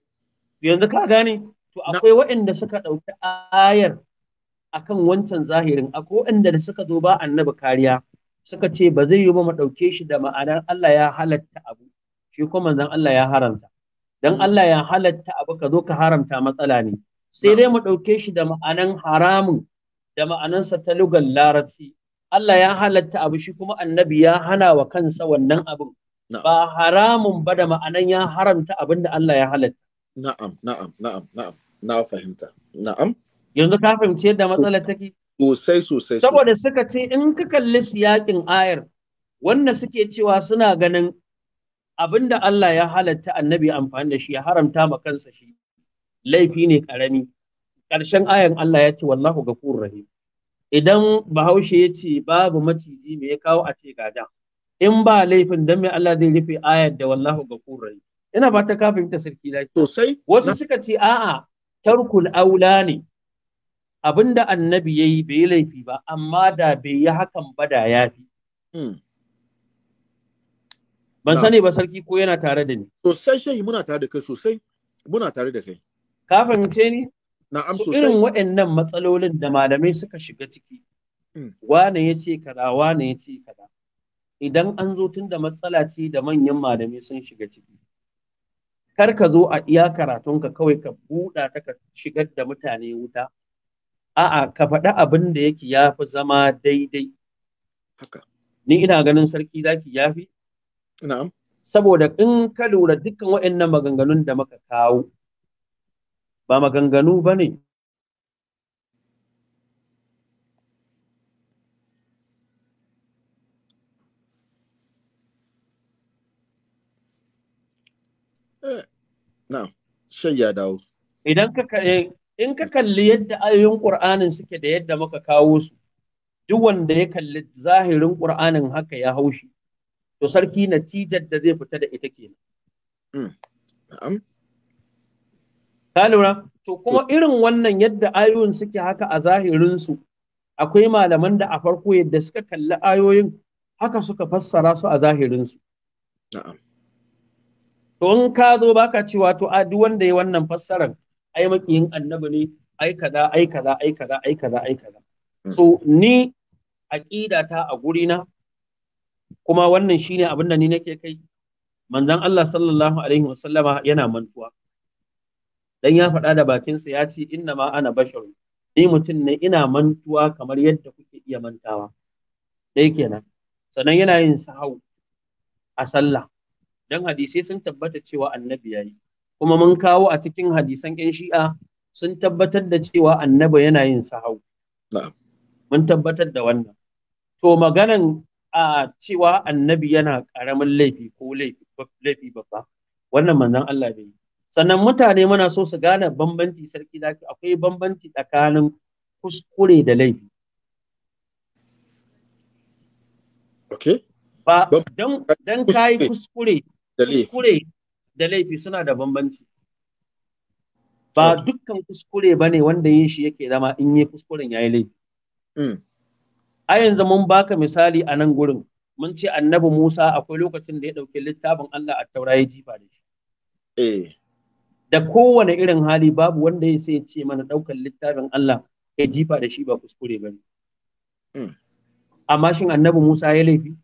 Speaker 3: yanzu ka gane to akwai waɗanda suka ɗauki ayar akan wancan zahirin akwai inda da suka zo ba annabi kariya suka ce ba zai yi ba mu ɗauke shi da ma'anar Allah ya halatta abu shi kuma manzon Allah ya haramta dan Allah ya halatta abu ka zo ka haramta matsala ne sai dai mu ɗauke shi da ma'anan haramun da ma'anansa ta lugan larabci Allah ya halatta abu shi kuma annabi ya hana wa kansa wannan abin ba haramun ba da ma'anan ya haramta abin da Allah ya halatta na'am na'am na'am na'am na fahimta na'am yanzu ka fahimci yadda matsalar take sosai sosai saboda suka ce in ka kalli siyakin ayar wanda suke cewa suna ganin abinda Allah ya halatta annabi amfani da shi ya haramta ma kansa shi laifi ne karami ƙarshen ayan Allah ya ce wallahu gafur rahim idan bahaushe ya ce babu maciji me ya kawo a ce gada in ba laifin dan me Allah zai rufe ayar da wallahu gafur rahim ina fata kafin ta sarki lafiya sosai wasu suka ce a'a tarkul aula ne abinda annabi ya yi bai yi laifi ba amma da bai yi hakan ba da ya fi hmm. ban sani ba sarki ko yana tare da ni sosai shehi muna tare da kai sosai muna tare da kai ka fahimce ni na am sosai irin waɗannan matsalolin da malamai suka shiga ciki hmm. wane ya ce kaza wane ya ce kaza idan an zo tun da matsala ce da manyan malamai sun shiga ciki kar ka zo a iya karatunka kawai ka buɗa ta ka shigar da mutane wuta a'a ka faɗi abin da yake ya fi zama daidai haka ni ina ganin sarki zaki yafi na'am saboda in ka lura dukkan waɗannan maganganun da muka kawo ba maganganu ba ne eh, Na'am, shayya dawo. Idan ka eh, in ka kalli yadda ayoyin Qur'anin suke da yadda muka kawo su duk wanda ya kalli zahirin Qur'anin haka ya haushi to sarki natijar da zai fita da ita kenan hmm. na'am ta lura to kuma irin wannan yadda ayoyin suke haka a zahirin su akwai malaman da a farko yadda suka kalli ayoyin haka suka fassara su a zahirin su na'am to in ka zo baka cewa to a duk wanda ya wannan fassarar ai makiyin annabi ne ai kaza ai kaza ai kaza ai kaza ai kaza hmm. so ni aqida ta a gurina kuma wannan shine abin da ni nake kai manzon Allah sallallahu alaihi wasallama yana mantuwa dan ya faɗa da bakinsa ya ce inna ma ana basharu ni mutum ne ina mantuwa kamar yadda kuke iya mantawa dai kenan sannan yana yin sahau a sallah dan hadisai sun tabbata cewa annabi yayi kuma mun kawo a cikin hadisan ƴan shi'a sun tabbatar da cewa annaba yana yin sahau mun tabbatar da wannan to maganan a cewa annabi yana ƙaramin laifi ko laifi babba wannan manzon Allah bai yi sannan mutane muna so su gane bambanci sarki zaki akwai bambanci tsakanin kuskure da laifi okay ba dan dan kai kuskure kuskure da laifi suna da bambanci ba dukkan kuskure ba ne wanda yin shi yake zama in yi kuskuren ya yi laifi hmm. a yanzu mun baka misali a nan gurin mun ce annabi Musa akwai lokacin da ya ɗauki littafin Allah a taura ya jifa da shi eh. da kowane irin hali babu wanda ya sai ce mana ɗaukar littafin Allah ya jifa da shi ba kuskure ba ne hmm. amma shin annabi Musa ya laifi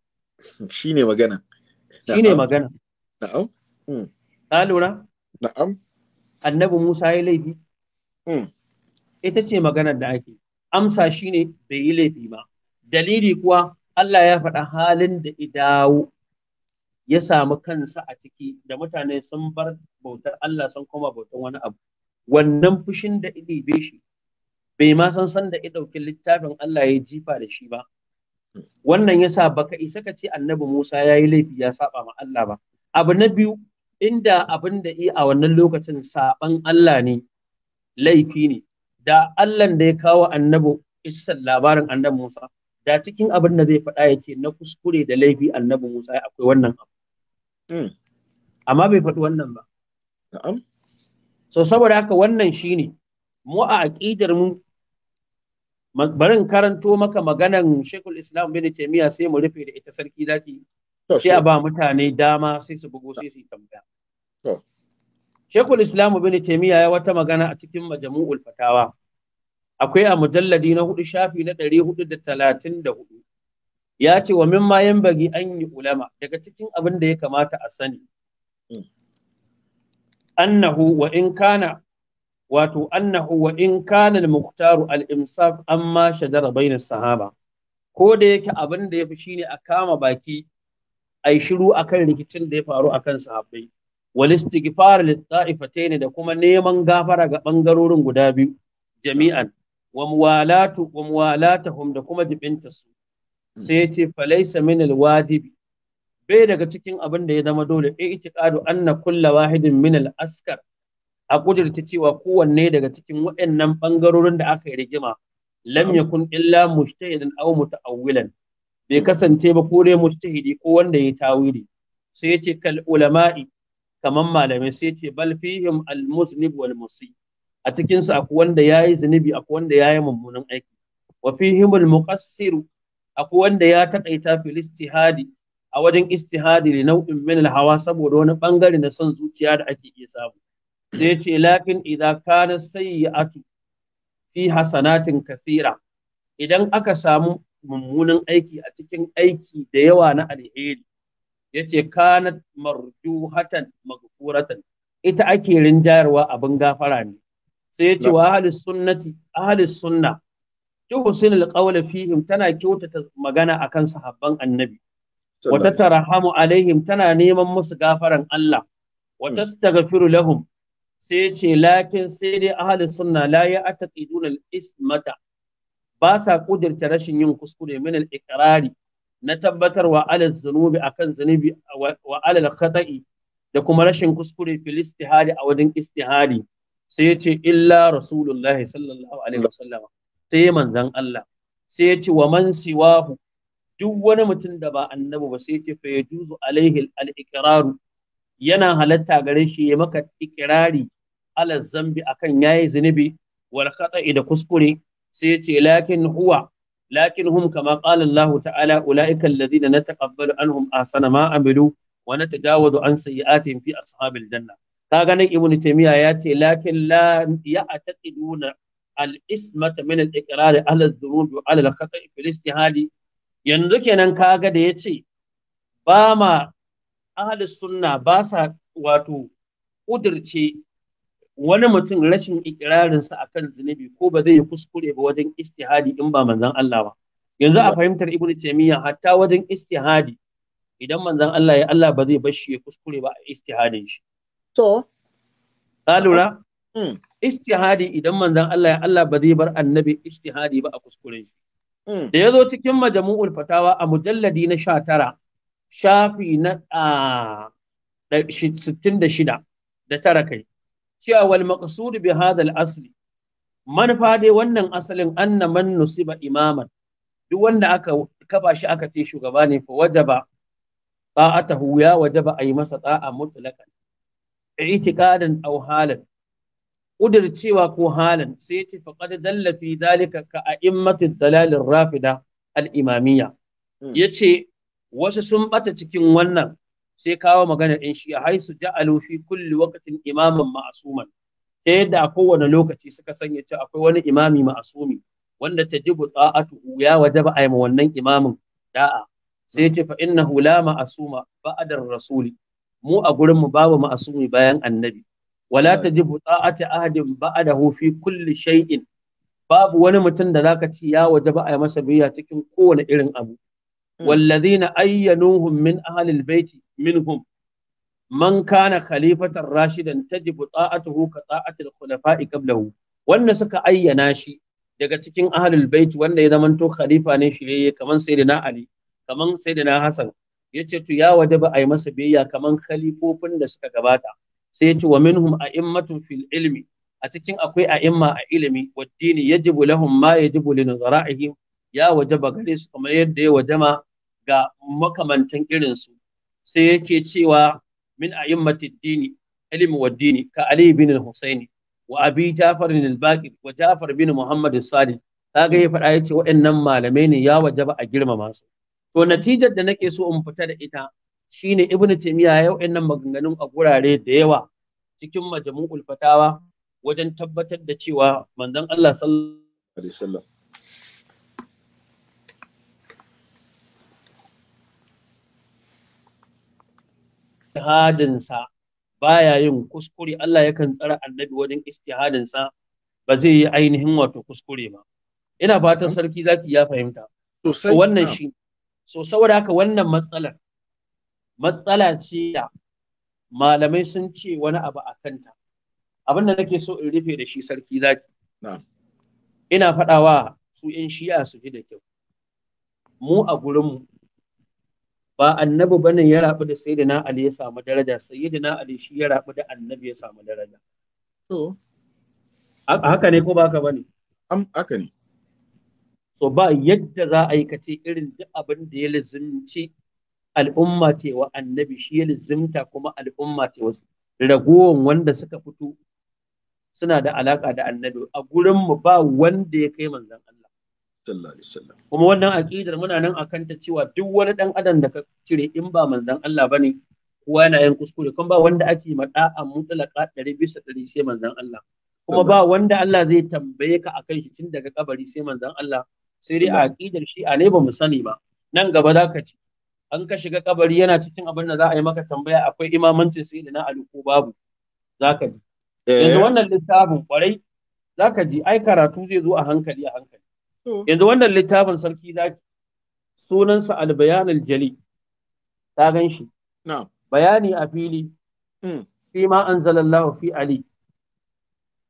Speaker 3: (laughs) shi ne magana shi ne magana Na'am. Ka hmm. lura? Na'am. Annabi Musa ya laifi? Hmm. Ita ce maganar da ake. Amsa shi ne bai yi laifi ba. Dalili kuwa Allah ya faɗa halin da idawo ya samu kansa a ciki da mutane sun bar bautar Allah sun koma bautar wani abu. Wannan fushin da ɗibe shi bai ma san san da ɗauki littafin Allah ya jifa da shi ba. Wannan ya yasa baka isa ka ce annabi Musa ya yi laifi ya saba ma Allah ba. abu na biyu inda abin da yi a wannan lokacin saban Allah ne laifi ne da Allah da ya kawo Annabu, isan labarin annab Musa da cikin abin da zai faɗa yake na kuskure da laifi annabi Musa ya akwai wannan abu hmm. amma bai faɗi wannan ba na'am so saboda haka wannan shine mu a aqidar mu barin karanto maka maganan Sheikhul Islam bin Taymiyyah sai mu rufe da ita sarki zaki sai a ba mutane dama sai su bugo sai su yi tambaya Shekul Islam bin Taimiyya ya wata magana a cikin Majmu'ul Fatawa akwai a mujalladi na hudu shafi na ɗari hudu da talatin da hudu ya ce wa ma yan bagi an yi ulama daga cikin abin da ya kamata a sani hmm. annahu wa in kana wato annahu wa in kana al-muqtaru al imsaf amma shajara bainas sahaba ko da yake abin da yafi shine a kama baki ai shiru akan rikicin da ya faru akan sahabbai wal istighfar lit ta'ifatayn da kuma neman gafara ga ɓangarorin guda biyu jami'an wa muwalatu wa muwalatuhum da kuma jibinta su sai yace falaisa min al wajibi bai daga cikin abin da ya zama dole i'tiqadu anna kulla wahidin min al askar a kudirta cewa kowanne daga cikin waɗannan ɓangarorin da aka yi rigima lam yakun illa mujtahidan aw muta'awwilan bai kasance ba ko dai mujtahidi ko wanda ya tawili sai yace kal ulama'i kaman malamai sai yace bal fihim al muznib wal musi a cikin su akwai wanda yayi zunubi akwai wanda yayi mummunan aiki wa fihim al muqassir akwai wanda ya takaita fil istihadi a wajen istihadi li nau'in min al hawa saboda wani bangare na son zuciya da ake iya samu sai yace lakin idza kana sayyi'atu fi hasanatin kathira idan aka samu mummunan aiki a cikin aiki da yawa na alheri yace kanat marjuhatan maghfuratan ita ake rinjayarwa abin gafara ne sai ce wa ahli sunnati ahli sunna tu husnul fihim tana kyautata magana akan sahabban annabi wa tatarahamu alaihim tana neman musu gafaran Allah hmm. wa tastaghfiru lahum sai ce lakin sai dai ahli sunna la ya'taqiduna al-ismata ba sa kudirta rashin yin kuskure min al-iqrari na tabbatarwa ala zunubi akan zunubi wa ala khata'i da kuma rashin kuskure fil a wajen istihari. sai yace illa rasulullahi sallallahu alaihi wasallam sai manzon Allah sai yace wa man siwahu duk wani mutum da ba annabi ba sai yace fa yajuzu alaihi al-iqraru yana halatta gare shi ya maka ikirari ala zambi akan yayi zunubi wal khata'i da kuskure sai ya ce lakin huwa lakin hum kama qala Allah ta'ala ulaika alladhina nataqabbalu anhum ahsana ma amilu wa natajawazu an sayyi'atihim fi ashabil janna kaga nan ibn taymiya ya ce lakin la ya'taqiduna al-ismata min al-iqrar ala adh-dhunub wa ala al-khata' fi al-istihadi yanzu kenan kaga da yace ba ma ahlus sunna ba sa wato kudirce wani mutum rashin ikirarinsa kan zunubi ko ba zai yi kuskure ba wajen istihadi in ba manzan Allah ba yanzu a fahimtar ibnu taymiya hatta wajen istihadi idan manzan Allah ya Allah ba zai bashi ya kuskure ba a istihadin shi to ka lura hmm. istihadi idan manzan Allah ya Allah ba zai bar annabi istihadi ba a kuskuren shi hmm. da ya zo cikin majamu'ul fatawa a mujalladi na sha tara shafi na ah, sittin da shida da tara kai cewa wal maqsud bi hadha asli manufa dai wannan asalin anna man nusiba imaman duk wanda aka kafa shi aka ce shugaba ne fa wajaba ta'atahu ya wajaba ayi masa ta'a mutlaqan i'tiqadan aw halan cewa ko halan sai ce faqad dalla fi dalika ka a'immatid dalalir rafida al imamiyya hmm. yace wasu sun bata cikin wannan sai kawo magana in shi haisu ja'alu fi kulli waqtin imaman ma'asuman ta yadda a kowane lokaci suka sanya cewa akwai wani imami ma'asumi wanda tajibu ta'atuhu ya wajaba a yi wannan imamin da'a sai ce fa innahu la ma'asuma ba'da rasuli mu a gurin mu babu ma'asumi bayan annabi wala tajibu ta'ati ahadin ba'dahu fi kulli shay'in babu wani mutum da zaka ci ya wajaba a masa biyya cikin kowane irin abu والذين أينوهم من أهل البيت منهم من كان خليفة راشدا تجب طاعته كطاعة الخلفاء قبله وأن suka أي ناشي daga cikin ahlul bait wanda ya zamanto khalifa ne shirye kaman sayyidina ali kaman sayyidina hasan yace to ya wajaba ai masa biyayya kaman khalifofin da suka gabata sai yace wa minhum aimmatu fil ilmi a cikin akwai a'imma a ilimi waddini yajibu lahum ma yajibu li nazara'ihim ya wajaba gare su kamar yadda ya wajama ga makamantan irin su sai yake cewa min a'immatid dini ilmi ilimin dini ka ali bin al-husaini wa abi jafar bin al wa jafar bin muhammad as ka ga ya faɗa yace waɗannan malamai ne ya wajaba a girmama su to natijar da nake so in fita da ita shine ibnu taymiya ya waɗannan maganganun a gurare da yawa cikin majmu'ul fatawa wajen tabbatar da cewa manzon Allah sallallahu alaihi wasallam istihadinsa baya yin kuskure Allah yakan tsara annabi wajen istihadinsa ba zai yi ainihin wato kuskure ba ina fatan sarki zaki ya fahimta wannan shi so saboda haka wannan matsalar matsala ce da malamai sun ce wani abu a kanta abin da nake so in rufe da shi sarki zaki ina faɗawa su 'yan shi'a su ji da kyau mu a gurinmu ba annabi bane ya rabu da sayyidina ali ya samu daraja sayyidina ali shi ya rabu da annabi ya samu daraja to haka ne ko ba haka bane am haka ne so ba yadda za a yi kace irin duk abin da ya lazimci al'umma ce wa annabi shi ya lazimta kuma al'umma ce wasu ragowan wanda suka fito suna da alaka da annabi a gurin mu ba wanda ya kai manzon Allah sallallahu alaihi wasallam kuma wannan aqidar muna nan akan ta cewa duk wani dan adam da ka cire in ba manzon Allah bane kowa yana yin kuskure kuma ba wanda ake mada a mutlaka 100 bisa 100 sai manzon Allah kuma ba wanda Allah zai tambaye ka akan shi tun daga kabari sai manzon Allah sai dai a aqidar shi a ne ba mu sani ba nan gaba za ka ci an ka shiga kabari yana cikin abin da za a yi maka tambaya akwai imamancin sai da na Ali ko babu za ka ji yanzu eh. wannan littafin kwarai za ka ji ai karatu zai zo a hankali a hankali yanzu wannan littafin sarki zaki sunansa albayan aljali ta gan shi bayani a fili hmm. fi ma anzalallahu fi ali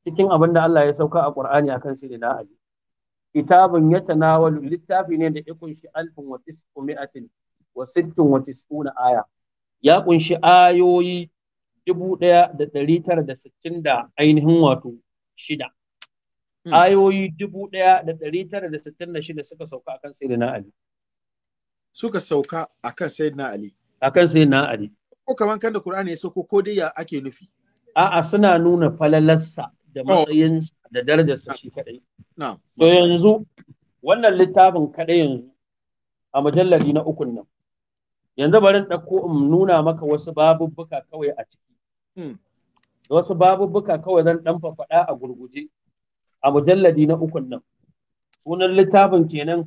Speaker 3: cikin abin da Allah ya sauka a Qur'ani akan shi da Ali kitabun ya yatanawalu littafi ne da ya kunshi alfin wa tis'umi'atin wa sittin wa tis'una aya ya kunshi ayoyi dubu ɗaya da ɗari tara da sittin da ainihin wato shida Hmm. ayoyi dubu ɗaya da ɗari tara da sittin da shida suka sauka akan na ali suka sauka
Speaker 1: akan sayyidina ali akan na ali
Speaker 3: ko kaman kan da qur'ani ya sauko ko dai ya ake nufi a'a suna nuna falalarsa da oh. matsayinsa da darajarsa shi kadai na'am to yanzu wannan littafin kadai yanzu a mujallari na ukun nan yanzu bari ɗauko in nuna maka wasu babubbuka kawai a ciki hmm. wasu babubbuka kawai zan ɗan faɗa a gurguje a mujalladi na ukun nan sunan littafin kenan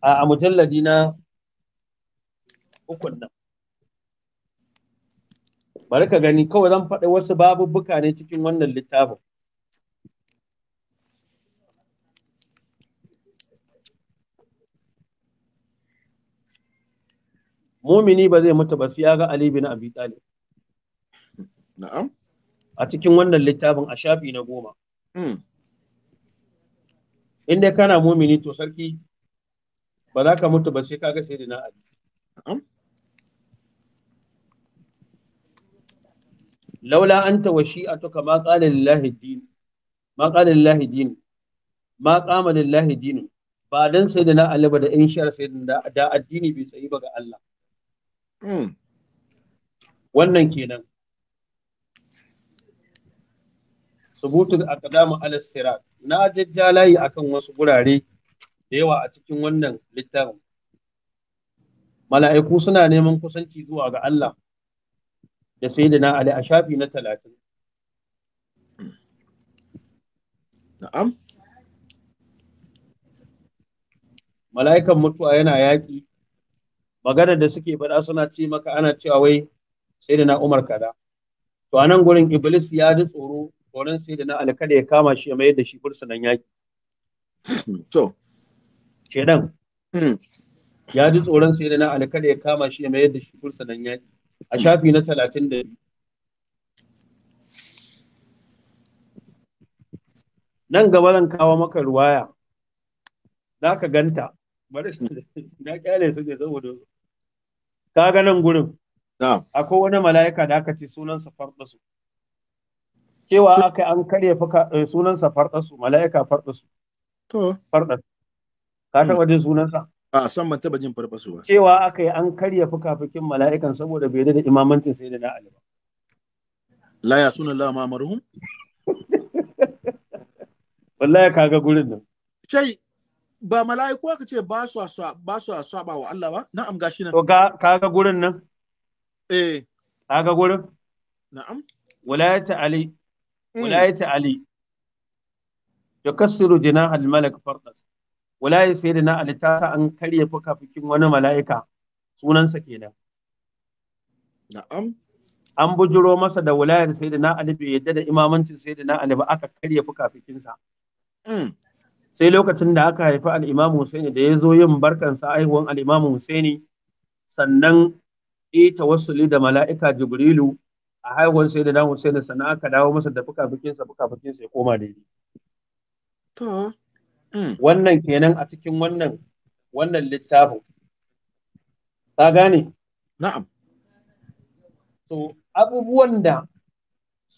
Speaker 3: a mujalladi na ukun nan bari ka gani kawai zan faɗi wasu babubbuka ne cikin wannan littafin mumini ba zai mutu ba sai ya ga Ali bin Abi Talib. Na'am. A cikin wannan littafin a shafi na goma. Hmm. in dai kana mumini to sarki ba za ka mutu ba sai ka sai na ali laula anta wa shi'atuka ma qala lillahi din ma lillahi din ma lillahi din ba dan sayyidina ali ba da in shar sayyidina da addini bai tsayi ba ga Allah hmm. wannan kenan subutul aqdamu ala sirat na jajjalayi akan wasu gurare da yawa a cikin wannan littafin mala'iku suna neman kusanci zuwa ga Allah da sayyidina Ali a shafi na talatin. Na'am. Mala'ikan mutuwa yana yaƙi, magana da suke faɗa suna ce maka ana cewa wai sayyidina Umar kada. To anan gurin Iblis ya ji tsoro tsoron sai da na alkada ya kama shi ya mayar da shi fursunan yaki. To. Shedan. Hmm. Ya ji tsoron sai da na alkali ya kama shi ya mayar da shi fursunan yaki. A shafi na talatin da Nan gaba zan kawo maka ruwaya. Za ka ganta. Bari na kyale su ne saboda ka ga nan gurin. Akwai wani mala'ika da aka ce sunansa farɗasu. su. cewa aka an karya eh, sunansa farɗarsu mala'ika farɗarsu to farɗar ka taɓa jin sunansa a san ban taɓa jin farfasu ba cewa aka yi an karya fukafukin mala'ikan saboda bai da imamancin sai da na ali ba la ya sunan la ma marhum (laughs) wallahi kaga gurin
Speaker 1: nan shai ba mala'iku aka ce ba su ba su saba wa Allah ba na'am
Speaker 3: gashi nan to kaga gurin nan eh kaga gurin na'am wala ta ali ولاية علي يكسر جناح الملك فردس ولاية سيدنا علي تاسا أن كريه فكا فكين وانا ملائكة سونان سكينة نعم an bujiro masa da wulayar sayyidina Ali bai yadda da imamancin sayyidina Ali ba aka karya fukafikinsa. Sai lokacin da aka haifi al-Imam da ya zo yin barkan sa aihuwan al-Imam sannan ita wasuli da mala'ika Jibrilu a haihuwar sai da sai Hussein sana aka dawo masa da fuka-fukinsa fuka ya koma daidai. To. Hmm. Wannan kenan a cikin wannan wannan littafin. Ka gane? Na'am. To abubuwan da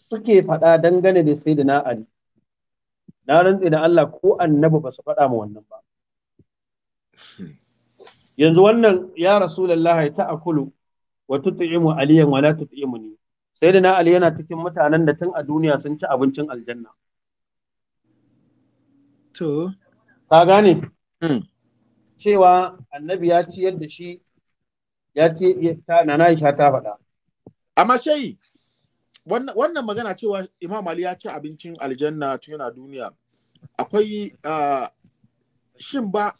Speaker 3: suke faɗa dangane da sai da na Na rantse da Allah ko annabi ba su faɗa ma wannan ba. Hmm. Yanzu wannan ya Rasulallah ya ta'akulu wa tut'imu aliyan wa la ni. sayyidina ali yana cikin mutanen da tun a duniya sun ci abincin aljanna to ka gane hmm. cewa annabi ya ci yadda shi ya ce nana Aisha ta faɗa amma shayi
Speaker 1: wannan magana cewa imam ali ya ci abincin aljanna tun yana duniya akwai shin ba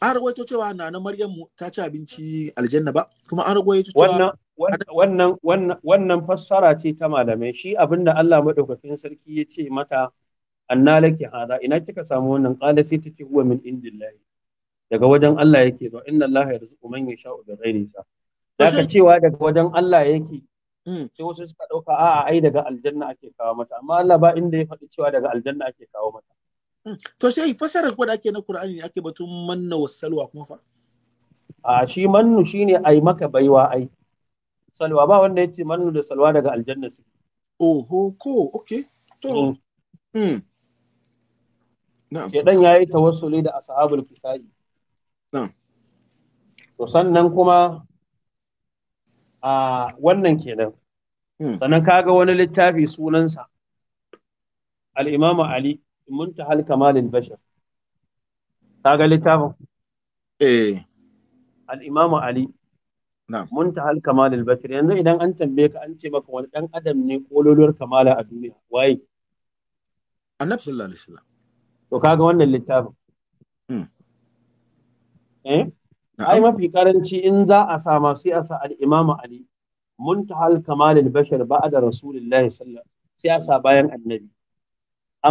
Speaker 1: an rawaito cewa nana maryamu ta ci abinci
Speaker 3: aljanna ba kuma an rawaito cewa wannan fassara ce ta malamai shi abinda Allah madaukakin sarki ya ce mata anna laki hada ina kika samu wannan qala sai take huwa min indillahi daga wajen Allah yake zo inna Allah yarzuqu man yasha'u bi ghairi sa daga cewa daga wajen Allah yake hmm. sai wasu suka dauka a'a ai daga aljanna ake kawo mata amma Allah ba inda ya faɗi cewa daga aljanna ake kawo mata hmm. to sai fassara ko da ake na Qur'ani ne ake batun manna wasalwa kuma fa a shi mannu shine ai maka baiwa ai salwa ba wanda ya ce mannu da salwa daga aljanna su oho ko okay to mm. Hmm. ya yi tawassuli da ashabul kisai to sannan kuma a wannan kenan hmm. sannan kaga wani littafi sunansa Ali, mun ta halka malin bashar kaga littafin eh Al'imamu ali muntaha al-kamal al yanzu idan an tambaye ka an ce maka wani dan adam ne kololuwar kamala a duniya waye annabi sallallahu alaihi wasallam to kaga wannan littafin hmm. eh ai mafi karanci in za a sama sai a sa al-imamu ali muntaha al-kamal al-bashar ba'da rasulillahi sallallahu sai a sa bayan annabi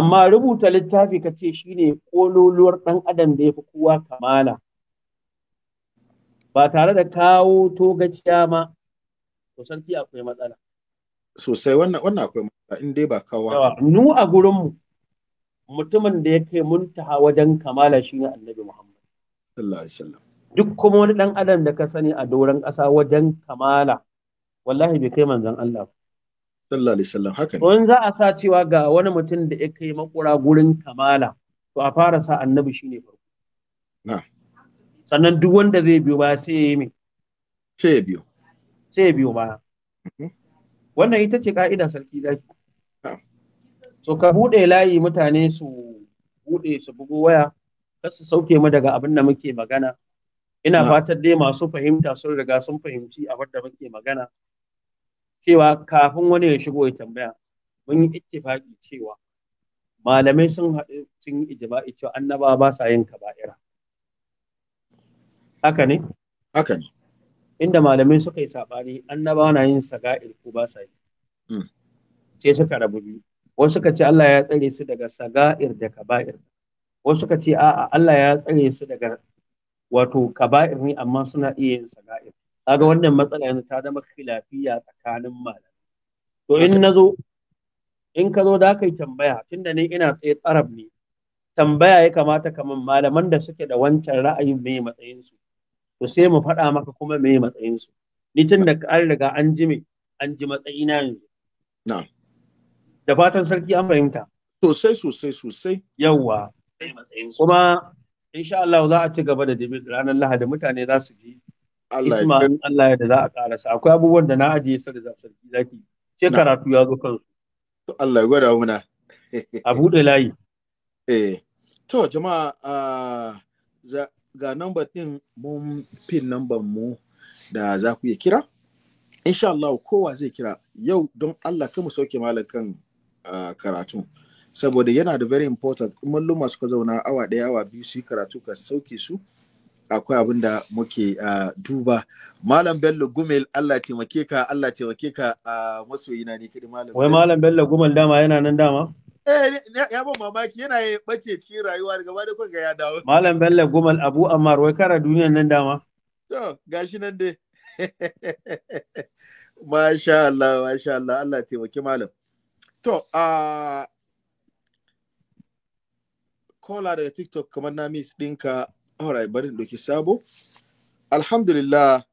Speaker 3: amma rubuta littafi ka ce shine kololuwar dan adam da yafi kowa kamala ba tare da kawo togaciya ma to ki akwai matsala
Speaker 1: sosai wannan wannan akwai
Speaker 3: matsala in dai ba kawo nu a gurin mu mutumin da ya kai muntaha wajen kamala shine annabi Muhammad sallallahu alaihi wasallam duk kuma wani dan adam da ka sani a doron ƙasa wajen kamala wallahi bai kai manzon Allah sallallahu alaihi wasallam haka ne za a sa cewa ga wani mutum da ya kai makura gurin kamala to a fara sa annabi shine farko na'am sannan duk wanda zai biyo ba sai ya yi mai sai ya biyo sai ya biyo ba. Mhm. wannan ita ce ka'ida sarki zaki ah. so ka buɗe layi mutane su buɗe su bugo waya kar su sauke mu daga abin da muke magana ina ah. fatan dai masu fahimta sun riga sun fahimci abin da muke magana cewa kafin wani ya shigo ya tambaya mun yi ittifaki cewa malamai sun haɗu sun yi ijma'i cewa annaba ba sa yin kaba'ira haka ne haka ne inda malamin suka yi saɓani annabawa na yin saga'ir ko ba sa yi hmm. sai suka rabu biyu wasu suka ce Allah ya tsare su daga saga'ir da kaba'ir wasu suka ce a'a Allah ya tsare su daga wato kaba'ir ne amma suna iya yin saga'ir kaga wannan matsala yanzu ta zama khilafiya tsakanin malamai to in nazo in ka zo da kai tambaya tunda ni ina tsaye tsarab ne tambaya ya kamata kamar malaman da suke da wancan ra'ayin mai matsayin su to sai mu faɗa maka kuma me matsayin su ni tun da an riga an ji me an ji na yanzu na da fatan sarki an fahimta sosai sosai sosai yawa kuma insha Allah za a ci gaba da dibi ranar Lahadi mutane za su ji Isma in Allah ya za a karasa akwai abubuwan da na ajiye su da sarki zaki ce karatu ya zo kansu to Allah ya gwada muna a buɗe layi (laughs) eh to jama'a
Speaker 1: ah, ga number ɗin mun pin number mu da za ku iya kira insha Allah kowa zai kira yau don Allah mu sauke malakan uh, karatu saboda yana da very important malluma suka zauna awa ɗaya awa biyu su karatu ka sauke su akwai abin da muke uh, duba malam bello gumel allah taimake ka allah taimake ka a uh, masoyina ne kidi malam wai malam
Speaker 3: bello gumel dama yana nan dama
Speaker 1: Eh, ya ba mamaki yana ya bace cikin rayuwa daga bada kwan ga ya dawo. Malam
Speaker 3: Bello Gumal Abu Ammar wai kara duniyan nan dama.
Speaker 1: To gashi nan dai. (laughs) Masha Allah, masha Allah, Allah taimaki malam. To, a kola daga TikTok kamar na miss ɗinka, alright, bari doki sabo. Alhamdulillah,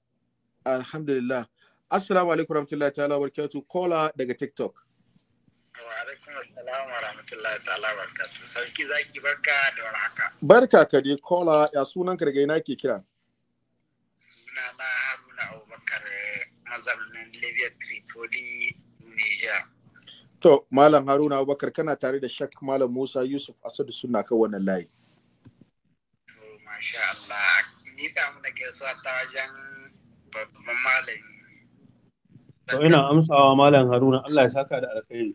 Speaker 1: alhamdulillah. Assalamu alaikum warahmatullahi ta'ala wa kola daga TikTok.
Speaker 6: wa rahmatullahi barka
Speaker 1: barka ka dai kola ya sunan ka daga ina ke kira suna na haruna abubakar mazaunin libya tripoli niger to malam haruna abubakar kana tare da shak malam musa yusuf asadu suna kan wannan layi to masha Allah ni ka muna gaisuwa
Speaker 3: ta wajen babban malami to ina amsawa malam haruna Allah ya saka da alkhairi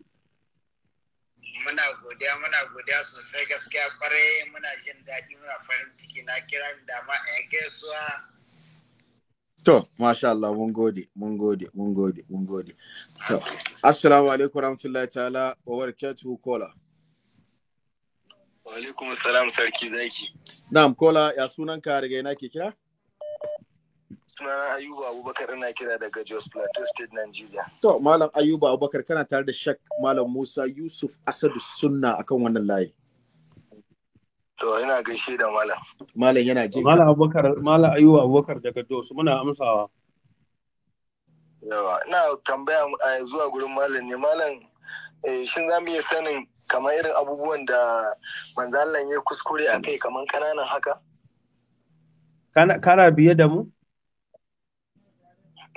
Speaker 3: muna godiya muna godiya sosai gaskiya kwarai muna
Speaker 6: jin daɗi muna farin ciki na kira da ma
Speaker 1: a gaisuwa To, masha Allah, mun gode, mun gode, mun gode, mun gode. To, assalamu alaikum rahmatullahi ta'ala wa barakatuhu kola.
Speaker 7: Wa alaikum salam sarki
Speaker 1: zaki. Na'am kola, ya sunan ka daga ina ke kira?
Speaker 7: Sunana Ayuba Abubakar ina kira daga Jos Plateau State, Nigeria.
Speaker 1: To, Malam Ayuba Abubakar kana tare da Shak Malam Musa Yusuf Asadu Sunna akan wannan layi.
Speaker 3: To, ina gaishe da Malam. Malam yana je. Malam Abubakar, Malam Ayuba Abubakar daga Jos, muna amsawa.
Speaker 7: Yawa, ina tambaya eh, zuwa gurin Malam ne, Malam eh, shin za mu iya sanin kamar irin abubuwan da manzo ya kuskure a kai kamar kananan haka?
Speaker 3: Kana biye da mu?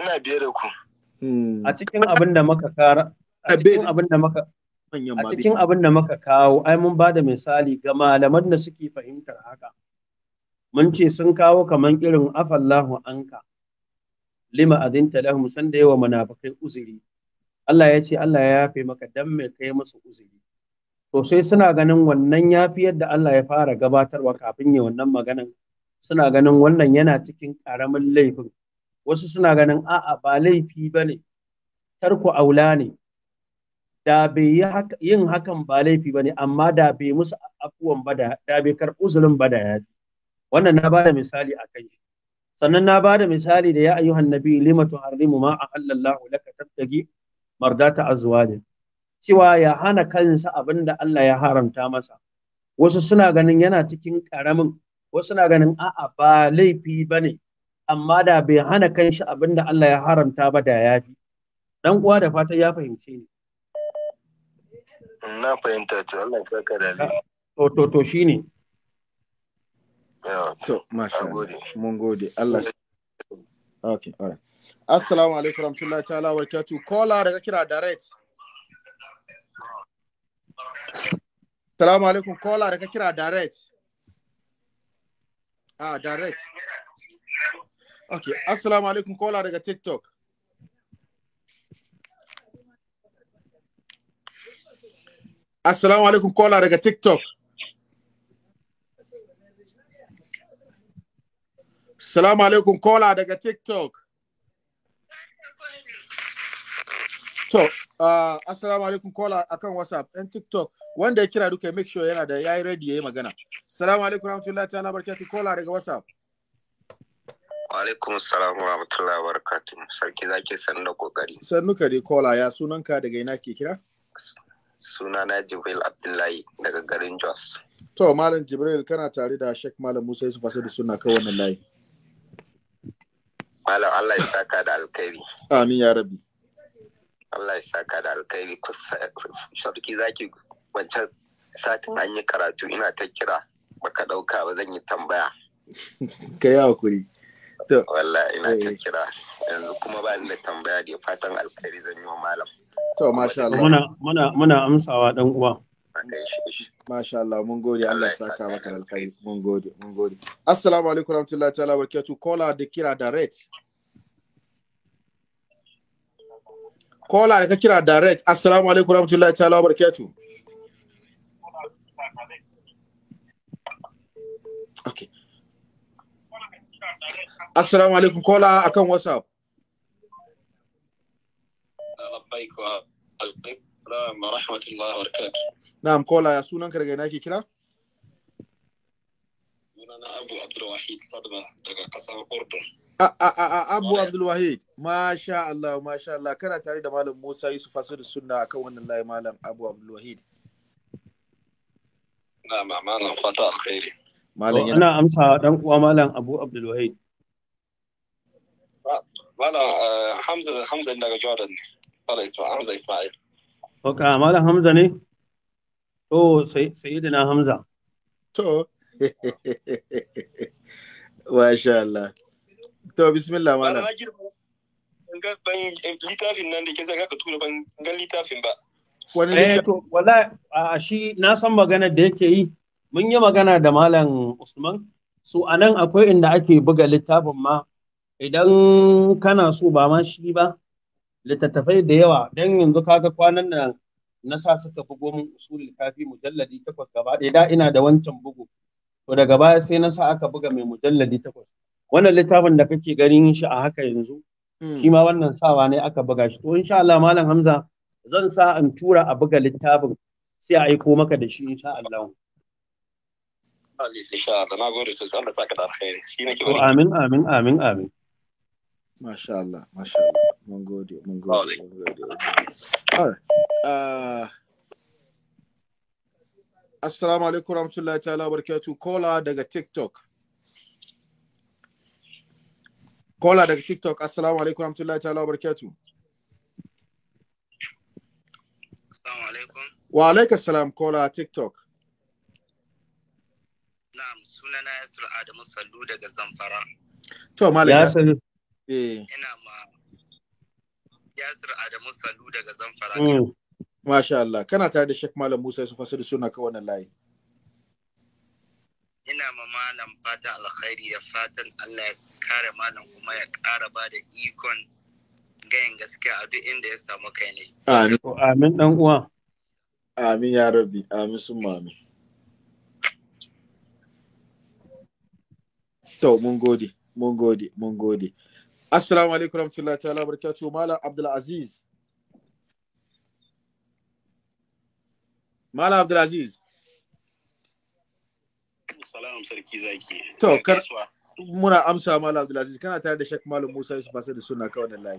Speaker 7: ina biye da ku
Speaker 3: hmm. a cikin abin da muka kara a cikin abin da muka a cikin abin da muka kawo ai mun ba da misali ga malaman da suke fahimtar haka mun ce sun kawo kamar irin afallahu anka lima azinta lahum san da yawa munafikai uzuri Allah ya ce Allah ya yafe maka dan mai kai musu uzuri to sai suna ganin wannan yafi yadda Allah ya fara gabatarwa kafin ya wannan maganan suna ganin wannan yana cikin ƙaramin laifin wasu suna ganin a'a ba laifi ba ne tarko aula ne da bai yin hakan ba laifi ba ne amma da bai musu afuwan ba da da bai karɓi uzurin ba da ya ji wannan na bada misali a kai sannan na bada misali da ya ayyuhan nabi lima tuharrimu ma ahallallahu laka tabtagi mardata azwajin cewa ya hana kansa abin da Allah ya haramta masa wasu suna ganin yana cikin ƙaramin wasu suna ganin a'a ba laifi ba ne amma da bai hana kan shi abinda Allah ya haramta ba da ya fi dan uwa da fata ya fahimce ni
Speaker 7: na fahimta to Allah ya saka da
Speaker 3: to to to shine
Speaker 1: to masha Allah mun gode Allah okay all right assalamu alaikum warahmatullahi ta'ala wa barakatuh kola daga kira direct Assalamu alaikum kola daga kira direct. Ah, direct. Okay, assalamu alaikum kola daga TikTok. Assalamu alaikum kola daga TikTok. Assalamu alaikum kola daga TikTok. To, uh, assalamu alaikum kola akan WhatsApp ɗan TikTok wanda ya kira duka make sure yana da yayi ready yayi magana. Assalamu alaikum rahmatullahi ta'ala kola daga WhatsApp.
Speaker 8: alaikum salam wa rahmatullahi wa barakatuh sarki zaki sannu kokari
Speaker 1: sannu ka dai kola ya ka daga ina ke kira
Speaker 6: sunana jibril abdullahi daga garin jos
Speaker 1: to malam jibril kana tare da shek malam musa yusuf asadi suna kan wannan layi
Speaker 6: malam allah ya saka da alkhairi amin ya rabbi allah ya saka da alkhairi sarki zaki wancan satin an yi karatu ina ta kira baka dauka ba zan yi tambaya
Speaker 1: (laughs) ka yi hakuri
Speaker 6: wallahi ina eh. kira
Speaker 1: yanzu kuma ba ni da tambaya da fatan alkhairi zan yi wa malam to masha Allah muna
Speaker 3: muna muna amsawa dan uwa
Speaker 1: Masha Allah, mun gode Allah ya saka maka alkhairi, mun gode, mun gode. Assalamu alaikum warahmatullahi ta'ala barakatuh. Kola da kira direct. Kola da ka kira direct. Assalamu alaikum warahmatullahi ta'ala barakatuh. Okay. Assalamu alaikum kola akan WhatsApp.
Speaker 7: Labbaik wa alaikum rahmatullahi wa barakatuh.
Speaker 1: Na'am kola ya sunan ka daga ina ke kira?
Speaker 7: Sunana Abu Abdulwahid Sadma daga ƙasar Urdun.
Speaker 1: A a a Abu Abdulwahid, masha Allah, masha Allah, kana tare da Malam Musa Yusuf Asir Sunna akan wannan layi
Speaker 3: Malam Abu Abdulwahid. ma malam fata alkhairi. Malam yana amsa dan uwa Malam Abu Abdulwahid.
Speaker 7: Malam eh, Hamza Hamza daga Jordan ne. Malam Hamza Ismail.
Speaker 3: Ok, Malam Hamza ne? To, Sayyidina Hamza. To, (laughs)
Speaker 1: Masha Allah.
Speaker 3: To, bismillah Malam.
Speaker 9: Ban littafin nan da ke zaka ka tura ban gan littafin ba.
Speaker 3: Wani eh, wala, a shi na san magana da yake yi, mun yi magana da Malam Usman, Su a nan akwai inda ake buga littafin ma idan kana so ba ma shi ba littattafai da yawa don yanzu kaga kwanan nan na sa suka bugo min usulul kafi mujalladi takwas gaba ɗaya da ina da wancan bugu to daga baya sai na sa aka buga mai mujalladi takwas wannan littafin da kake ganin shi a haka yanzu hmm. shi ma wannan sawa ne aka buga shi to insha Allah malam Hamza zan sa an tura a buga littafin sai a aiko maka da shi insha Allah
Speaker 7: Allah Allah saka da alkhairi shi nake amin
Speaker 3: amin amin amin
Speaker 5: Masha Allah, Masha Allah. Mun gode, mun gode,
Speaker 1: mun gode. Uh, Assalamu alaikum warahmatullahi ta'ala barakatuh. Kola daga TikTok. Kola daga TikTok. Assalamu alaikum warahmatullahi ta'ala barakatuh. Assalamu alaikum. Wa alaikum salam Kola TikTok. Na'am, sunana Yasir Adamu Sallu daga Zamfara. To malam. Ya Eh. Ina ma Yasir Adamu Salu daga Zamfara. Mm. Masha Allah, kana tare da Sheikh Malam Musa Yusuf Asiru suna ka wannan layi. Ina ma malam fata alkhairi da fatan Allah ya
Speaker 3: kare malam kuma ya kara ba da ikon gayin gaskiya a duk inda ya samu kai ne. Amin. Amin dan uwa.
Speaker 1: Amin ya rabbi, amin sun amin. To mun gode, mun gode, mun gode. Assalamu alaikum warahmatullahi ta'ala barakatuhu Malam Abdul Aziz. Malam Abdul Aziz. Salam
Speaker 8: sarki zaki. To kar
Speaker 1: muna amsa Malam Abdul Aziz kana tare da Sheikh Malam Musa Yusuf Asad
Speaker 3: da sunna kawai da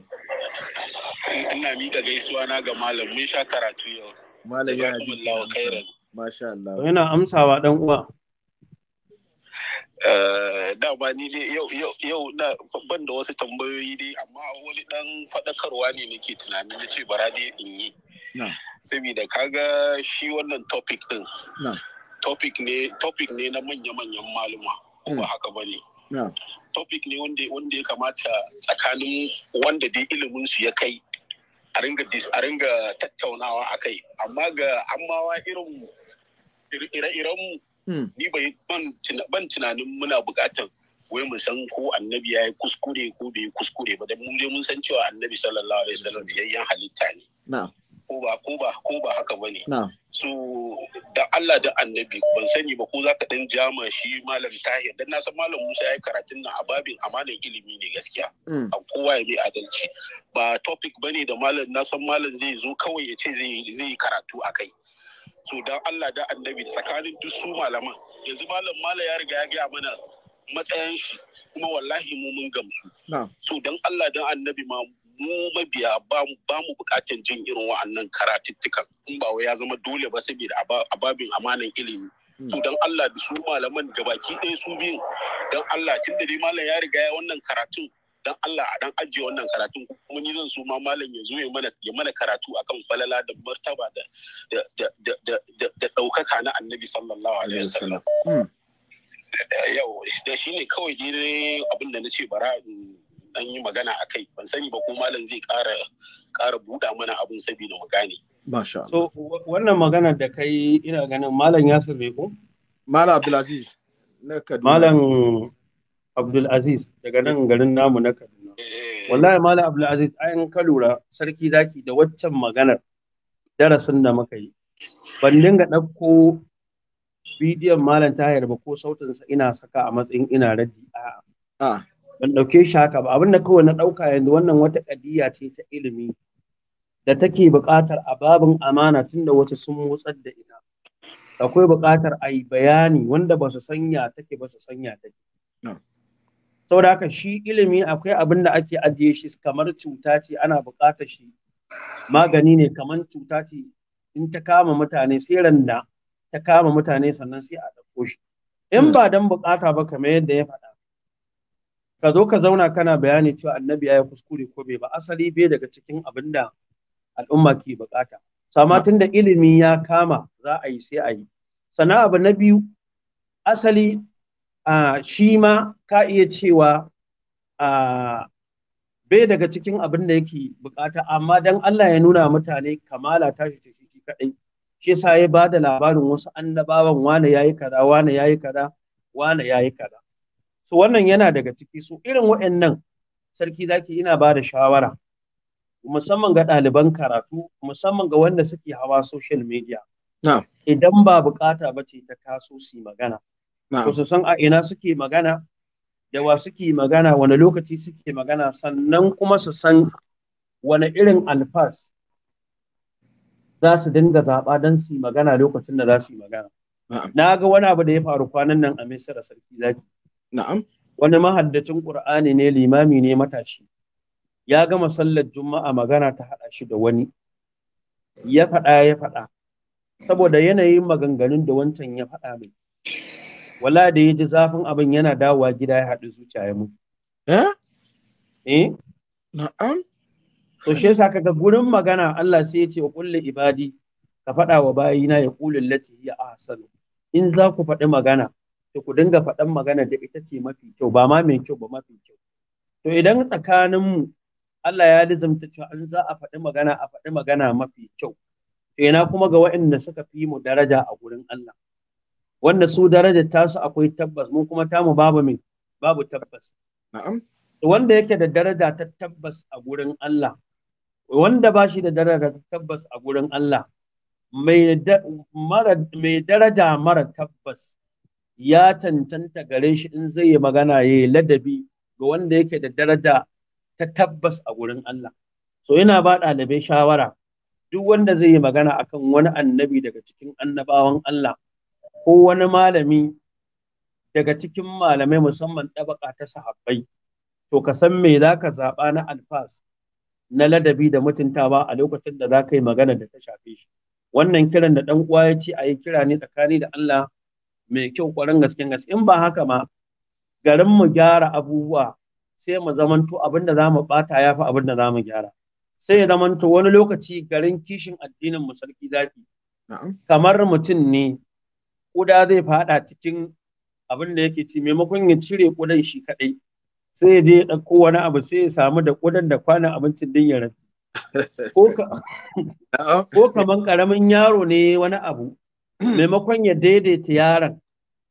Speaker 8: Ina mika gaisuwa na ga malam mun sha karatu yau. Malam yana kairan. Masha
Speaker 3: Allah. Yana amsawa dan uwa.
Speaker 8: Eh, dama ni yau yau ban da wasu tambayoyi dai amma wani dan faɗakarwa ne nake tunanin na ce bara dai in yi saboda kaga shi wannan topic din topic ne topic ne na manya-manyan maluma ba mm. haka ba ne topic ne wanda ya kamata tsakanin wanda dai ilimin su ya kai a ringa tattaunawa a kai amma ga amma irin ire-iren Hmm. ni ban tunanin muna buƙatar wai mu san ko annabi ya yi kuskure ko bai kuskure ba dan mu je mun san cewa annabi sallallahu alaihi wasallam yayyan halitta ne ko ba ko ba ko ba haka bane so da Allah da annabi ban sani ba ko zaka dan jama shi malam tahir dan na san malam Musa ya karatun nan a babin amalan ilimi ne gaskiya hmm. a kowa ya bi adalci ba topic bane da malam na san malam zai zo kawai ya ce zai zai karatu akai so dan Allah da annabi tsakanin duk su malaman yanzu malam mala ya riga ya gaya mana matsayin shi kuma wallahi mu mun gamsu so dan Allah dan annabi ma mu mabiya ba mu bukatan jin irin wa'annan karatuttukan in ba ya zama dole ba saboda ababin amanan ilimi hmm. su dan Allah da su malaman gabaki ɗaya su biyun dan Allah tunda dai malam ya riga ya wannan karatun dan Allah a dan ajiye wannan karatu kuma ni zan so ma malam ya zo ya mana karatu akan falala da martaba da da daukaka na Annabi sallallahu alaihi
Speaker 5: wasallam hmm.
Speaker 8: yau da shi ne kawai dai abin da nace bara dan yi magana a kai ban sani ba ko malam zai ƙara ƙara buɗa mana abin saboda mu gane
Speaker 3: masha so wannan magana da kai ina ganin malam Yasir bai ko malam Abdulaziz na Kaduna malam Abdulaziz daga nan garin namu na Kaduna eh. wallahi malam Abdulaziz ayan ka lura sarki zaki da waccan maganar darasin da muka yi ban dinga ɗauko bidiyon malam tahir ba ko sautin sa ina saka a matsayin ina raddi a ah. ban ɗauke shi haka ba abinda kawai na ɗauka yanzu wannan wata ƙadiyya ce ta ilimi da take buƙatar a babin amana tunda wasu sun motsar da ina, akwai buƙatar a yi bayani wanda ba su sanya take ba su sanya take saboda haka shi ilimi akwai abin da ake ajiye shi kamar cuta ce ana buƙatar shi magani ne kamar cuta ce in ta kama mutane sai randa ta kama mutane sannan sai a ɗauko shi in ba dan buƙata ba kamar yadda ya faɗa ka zo ka zauna kana bayani cewa annabi ya yi kuskure ko bai ba asali bai daga cikin abin da al'umma ke buƙata amma tun da ilimi ya kama za a yi sai a yi sannan abu na biyu asali shi ma ka iya cewa bai daga cikin abin da yake bukata amma dan Allah ya nuna mutane kamala ta shi kadai shi yasa ya ba da labarin wasu annabawan wane yayi kaza wane yayi kaza wane yayi kaza so wannan yana daga ciki so irin waɗannan sarki zaki ina ba da shawara musamman ga ɗaliban karatu musamman ga wanda suke hawa social media idan ba bukata ba ce ta taso su magana ba su san a ina suke magana da wa suke magana wani lokaci suke magana sannan kuma su san wani irin alfas za su dinga zaɓa don su yi magana lokacin da za su yi magana. Na ga wani abu da ya faru kwanan nan a Misira Sarki zafi. Wani mahaddacin Ƙur'ani ne limami ne matashi. Ya gama sallar Juma'a magana ta haɗa shi da wani. Ya faɗa ya faɗa. Saboda yanayin maganganun da wancan ya faɗa mai. wala da ya ji zafin abin yana dawowa gida ya haɗu zuciya ya mutu eh eh na'am to shi yasa kaga gurin magana Allah sai ya ce wa kulli ibadi ka faɗa wa bayina ya kulli lati ya ahsanu in za ku faɗi magana to ku dinga faɗan magana da ita ce mafi kyau ba ma mai kyau ba mafi kyau to idan tsakanin Allah ya lizamta cewa an za a faɗi magana a faɗi magana mafi kyau to ina kuma ga waɗanda suka fi mu daraja a gurin Allah wanda su darajar tasu akwai tabbas mu kuma tamu babu min babu tabbas na'am wanda yake da daraja ta tabbas a gurin Allah wanda ba shi da daraja ta tabbas a gurin Allah mai daraja mara tabbas ya cancanta gare shi in zai yi magana ya yi ladabi ga wanda yake da daraja ta tabbas a gurin Allah. So yana ba ɗalibai shawara duk wanda zai yi magana akan wani annabi daga cikin annabawan Allah ko wani malami daga cikin malamai musamman ɗabaka ta sahabbai to ka san me za ka zaɓa na alfas na ladabi da mutuntawa a lokacin da za ka yi magana da ta shafe shi wannan kiran da ɗan uwa ya ce a yi kira ne tsakani da Allah mai kyau ƙwarin gaskin gaske in ba haka ma garin mu gyara abubuwa sai mu zamanto abin da za mu ɓata ya fi abin da za mu gyara sai ya zamanto wani lokaci garin kishin addinin mu sarki zaki kamar mutum ne ƙuda zai faɗa cikin abin da yake ci maimakon ya cire ƙudan shi kaɗai sai ya ya ɗauko wani abu sai ya samu da ƙudan da kwanan abincin din ya rafi (laughs) (laughs) ko kaman ƙaramin yaro ne wani abu maimakon ya daidaita yaron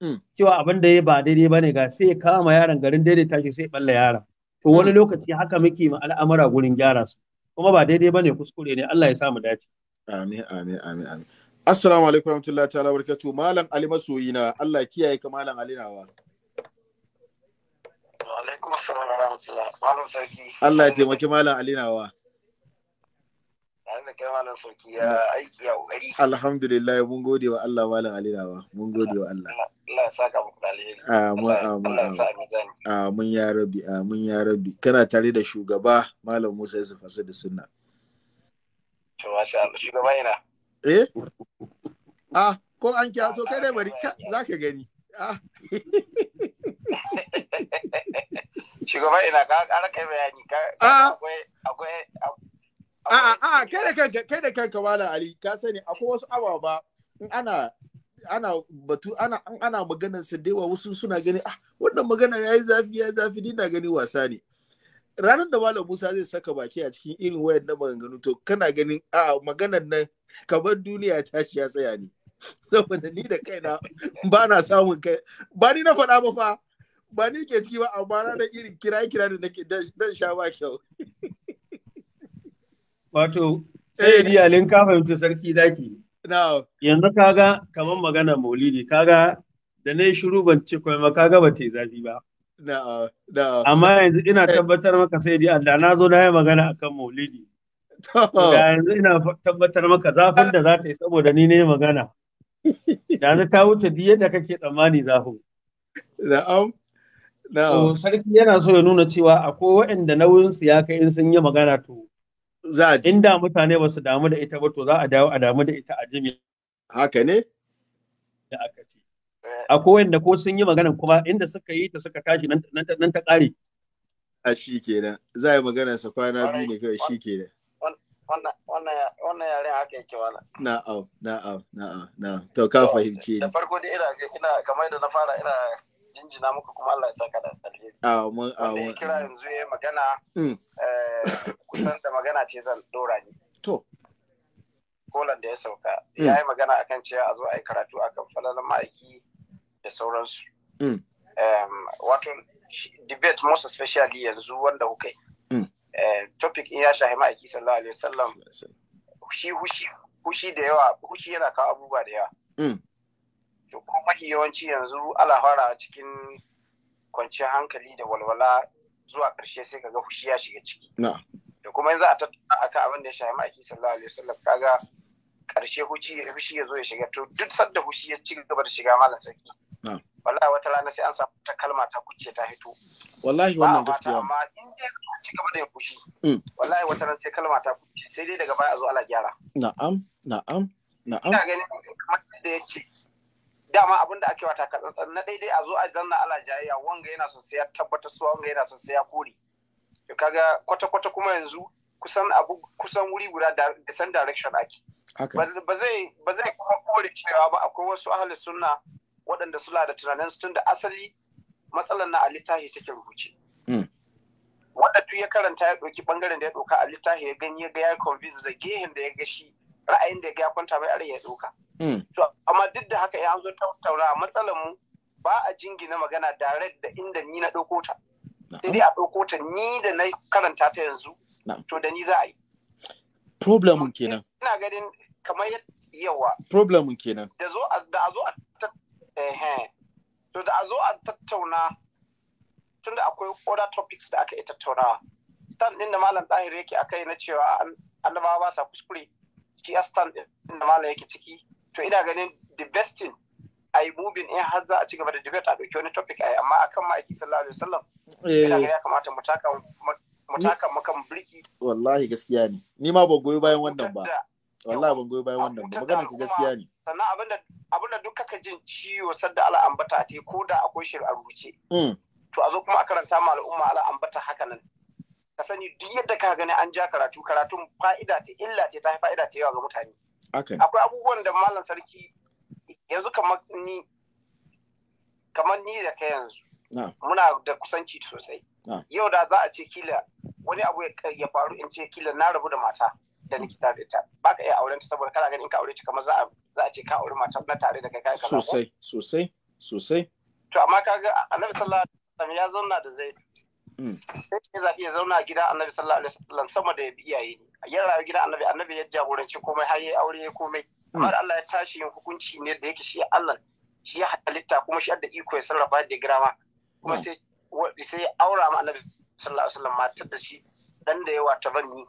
Speaker 3: hmm. cewa abin da ya ba daidai ba ne ga sai ya kama yaron garin daidaita shi sai ɓalla yaron to wani hmm. lokaci haka muke ma al'amura gurin gyara su kuma ba daidai ba ne kuskure ne Allah ya sa mu dace amin amin amin amin
Speaker 1: Assalamu alaikum warahmatullahi ta'ala barkatu malam Ali masoyina Allah kiyaye ka malam Ali nawa
Speaker 6: Alaikum assalam warahmatullahi malam sarki
Speaker 1: Allah ya taimaki malam Ali nawa Alhamdulillah mun gode wa Allah malam alinawa mun gode wa Allah Allah ya saka muku dalilin amin amin amin ya rabbi amin ya rabbi kana tare da shugaba malam Musa Yusuf Asad da sunna to masha Allah shugaba ina eh (laughs) ah ko an kya so kai dai bari za ka gani ah.
Speaker 6: (laughs) shugaba ina ka ƙara kai bayani ka ah. akwai akwai
Speaker 1: a a ah, kai da kanka kai da kanka wala ali ka sani akwai wasu ababa in ana ana batu ana ana maganar su da wasu suna gani ah wannan magana yayi zafi yayi zafi dina gani wasa ne ranar da Malam Musa zai saka baki a cikin irin wayar na maganganu to kana ganin a maganar nan kamar duniya ta shi ya tsaya ne. Saboda ni da kaina ba na samun kai ba ni na faɗa ba fa ba ni ke ciki ba amma ranar irin kira-kira da nake dan sha ba kyau.
Speaker 3: Wato eh. sai riyalin ka fahimci sarki zaki. Yanzu kaga kamar magana maulidi kaga da na yi shiru ban ce kuma kaga ba yi zafi ba. na na amma yanzu ina tabbatar maka sai dai Allah na zo na yi magana akan maulidi da yanzu ina tabbatar maka zafin da za ta yi saboda ni ne magana yanzu ta wuce duk yadda kake tsammani zafin na'am na'am sarki yana so ya nuna cewa akwai waɗanda nauyinsu ya kai in sun yi magana to za a inda mutane ba su damu da ita ba to za a dawo a damu da ita a jimi haka ne da aka akwai wanda ko sun yi magana kuma inda suka yi ta suka tashi nan ta ƙare. A shi kenan za a yi magana
Speaker 1: sa kwana biyu ne kawai shi kenan.
Speaker 6: Wannan yaren haka yake wala.
Speaker 1: Na'am, na'am, na'am, na'am. To ka fahimce ni. Da farko
Speaker 6: dai ina ina kamar da na fara ina jinjina muku kuma Allah ya saka da alheri.
Speaker 1: Amin, amin. Wanda ya kira
Speaker 6: yanzu ya magana mm. eh, kusan da magana ce zan dora ni. To, kolan da ya sauka mm. ya yi magana akan cewa a zo a yi karatu akan falalan ma'aiki da sauransu mm. wato debate most especially yanzu wanda kuka yi mm. eh, topic in ya shahi ma'aiki sallallahu alaihi wasallam hushi hushi hushi da yawa hushi yana kawo abubuwa da yawa mm. to kuma mafi yawanci yanzu ala fara cikin kwanciyar hankali da walwala zuwa ƙarshe sai kaga Hushi ya shiga ciki da kuma yanzu a tattauna akan abin da ya shafi ma'aiki sallallahu alaihi wasallam kaga ƙarshe Hushi ya zo ya shiga to duk sadda Hushi ya ci gaba da shiga malam sarki wallahi wata rana sai an samu ta kalma ta kuce ta hito
Speaker 1: wallahi wannan gaskiya amma
Speaker 6: in dai ka ci gaba da yin fushi mm. wallahi wata rana sai kalma ta kuce sai dai daga baya a zo ala gyara
Speaker 5: na'am na'am na'am ina
Speaker 6: ganin kamar da ce. dama abin da ake wata katsantsan na daidai a zo a zanna ala jayayya wanga yana son sai ya tabbatar su wanga yana son sai ya kore to kaga kwata kwata kuma yanzu kusan abu kusan wuri guda da san direction ake ba zai ba zai kuma kore cewa ba akwai wasu ahalin sunna waɗanda suna da tunanin tun da asali matsalar na a littafi take rubuce. Hmm. Waɗanda ya karanta ya ɗauki ɓangaren da ya ɗauka a littafi ya gani ya ga ya convince da gehen da ya ga shi ra'ayin da ya ga ya kwanta mai arai ya ɗauka. Hmm. To amma duk da haka ya zo tattauna matsalar mu ba a jingina magana direct da inda ni na ɗauko ta. Sai dai a ɗauko ta ni da na karanta ta yanzu. To da ni za a yi.
Speaker 1: Problem kenan.
Speaker 6: Ina ganin kamar yawa.
Speaker 1: Problem kenan.
Speaker 6: Da zo a zo a to da a zo a tattauna tunda akwai other topics da aka yi tattaunawa stand din da malam ɗahir yake kai na cewa annabawa ba sa kuskure shi stand din da malam yake ciki to ina ganin the best thing a yi mu'bin in har za a ci gaba da debate a ɗauki wani topic a yi amma akan ma'aiki sallallahu alaihi wasallam eh. ina ganin ya kamata mu
Speaker 1: taka mu kan birki wallahi gaskiya ne ni ma ban goyi bayan wannan ba wallahi ban goyi bayan wannan ba maganar ka gaskiya ne
Speaker 6: sannan abin da duk kaka jin ciwo sadda ala ambata a ko da akwai shirin a rubuce mm. to a zo kuma a karanta ma al'umma ala ambata haka nan ka sani duk yadda ka gani an ja karatu karatun fa'ida ce illa ce ta fa'ida ce yawa ga mutane akwai abubuwan da malam sarki yanzu kamar ni kamar ni da ka yanzu muna da kusanci sosai yau da za a ce kila wani abu ya faru in ce kila na rabu da mata da likita da ta ba ka iya auren ta saboda kana ganin ka aure ta kamar za a ce ka aure mata na tare da kai kai kaza sosai
Speaker 1: sosai sosai
Speaker 6: to amma kaga annabi sallallahu alaihi wasallam ya zauna da zai sai hmm. ya zaɓi ya zauna a gidan annabi sallallahu alaihi wasallam sama da iyaye ne ya rayu gidan annabi annabi ya jagoranci komai har ya aure ya komai amma Allah ya tashi yin hukunci ne da yake shi Allah shi ya halitta kuma shi da iko ya sarrafa da girama kuma hmm. sai sai aura ma annabi sallallahu alaihi wasallam matar da shi dan da yawa ta banni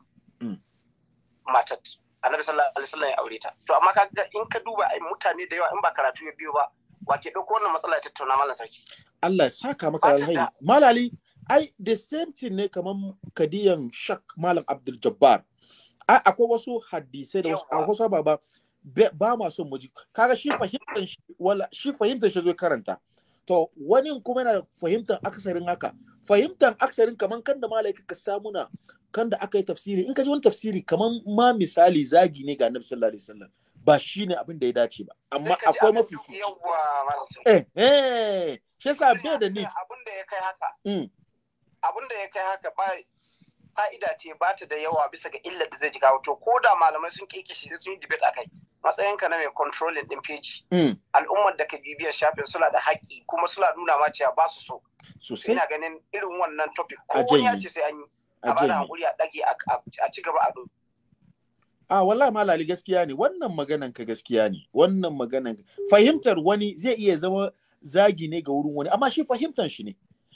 Speaker 6: matat annabi sallallahu alaihi wasallam ya aure ta to amma kaga in ka duba ai mutane da yawa in ba karatu ya biyo ba wa ke dauko wannan matsala ta tattauna mallan sarki
Speaker 1: Allah ya saka maka alheri malali ai the same thing ne kaman kadiyan shak malam Abdul Jabbar ai akwai wasu hadisai da wasu akwai sababa ba ma son mu ji kaga shi fahimtar shi wala shi fahimtar shi zai karanta to wani kuma yana fahimtar aksarin haka fahimtar aksarin kaman kan da malaika ka samuna kan da aka yi tafsiri in ka ji wani tafsiri kaman ma misali zagi ne ga annabi sallallahu alaihi wasallam ba shi ne abin da ya dace ba amma akwai mafi su eh eh shi yasa bai da ni. abin
Speaker 6: da ya kai haka
Speaker 1: mm. abin da ya kai
Speaker 6: haka ba fa'ida ce ba ta da yawa bisa ga illar da zai ji kawo to ko da malamai sun keke shi sun yi debate akai matsayinka na mai controlling din page mm. al'ummar da ka bibiyar shafin suna da haƙƙi kuma suna nuna ma cewa ba su so ina ganin irin wannan topic ko wani ya ce sai an yi a bada hakuri a dage a ci gaba a
Speaker 1: a wallahi malali gaskiya ne wannan maganan ka gaskiya ne wannan maganan fahimtar wani zai iya zama zagi ne ga wurin wani amma shi fahimtar shi ne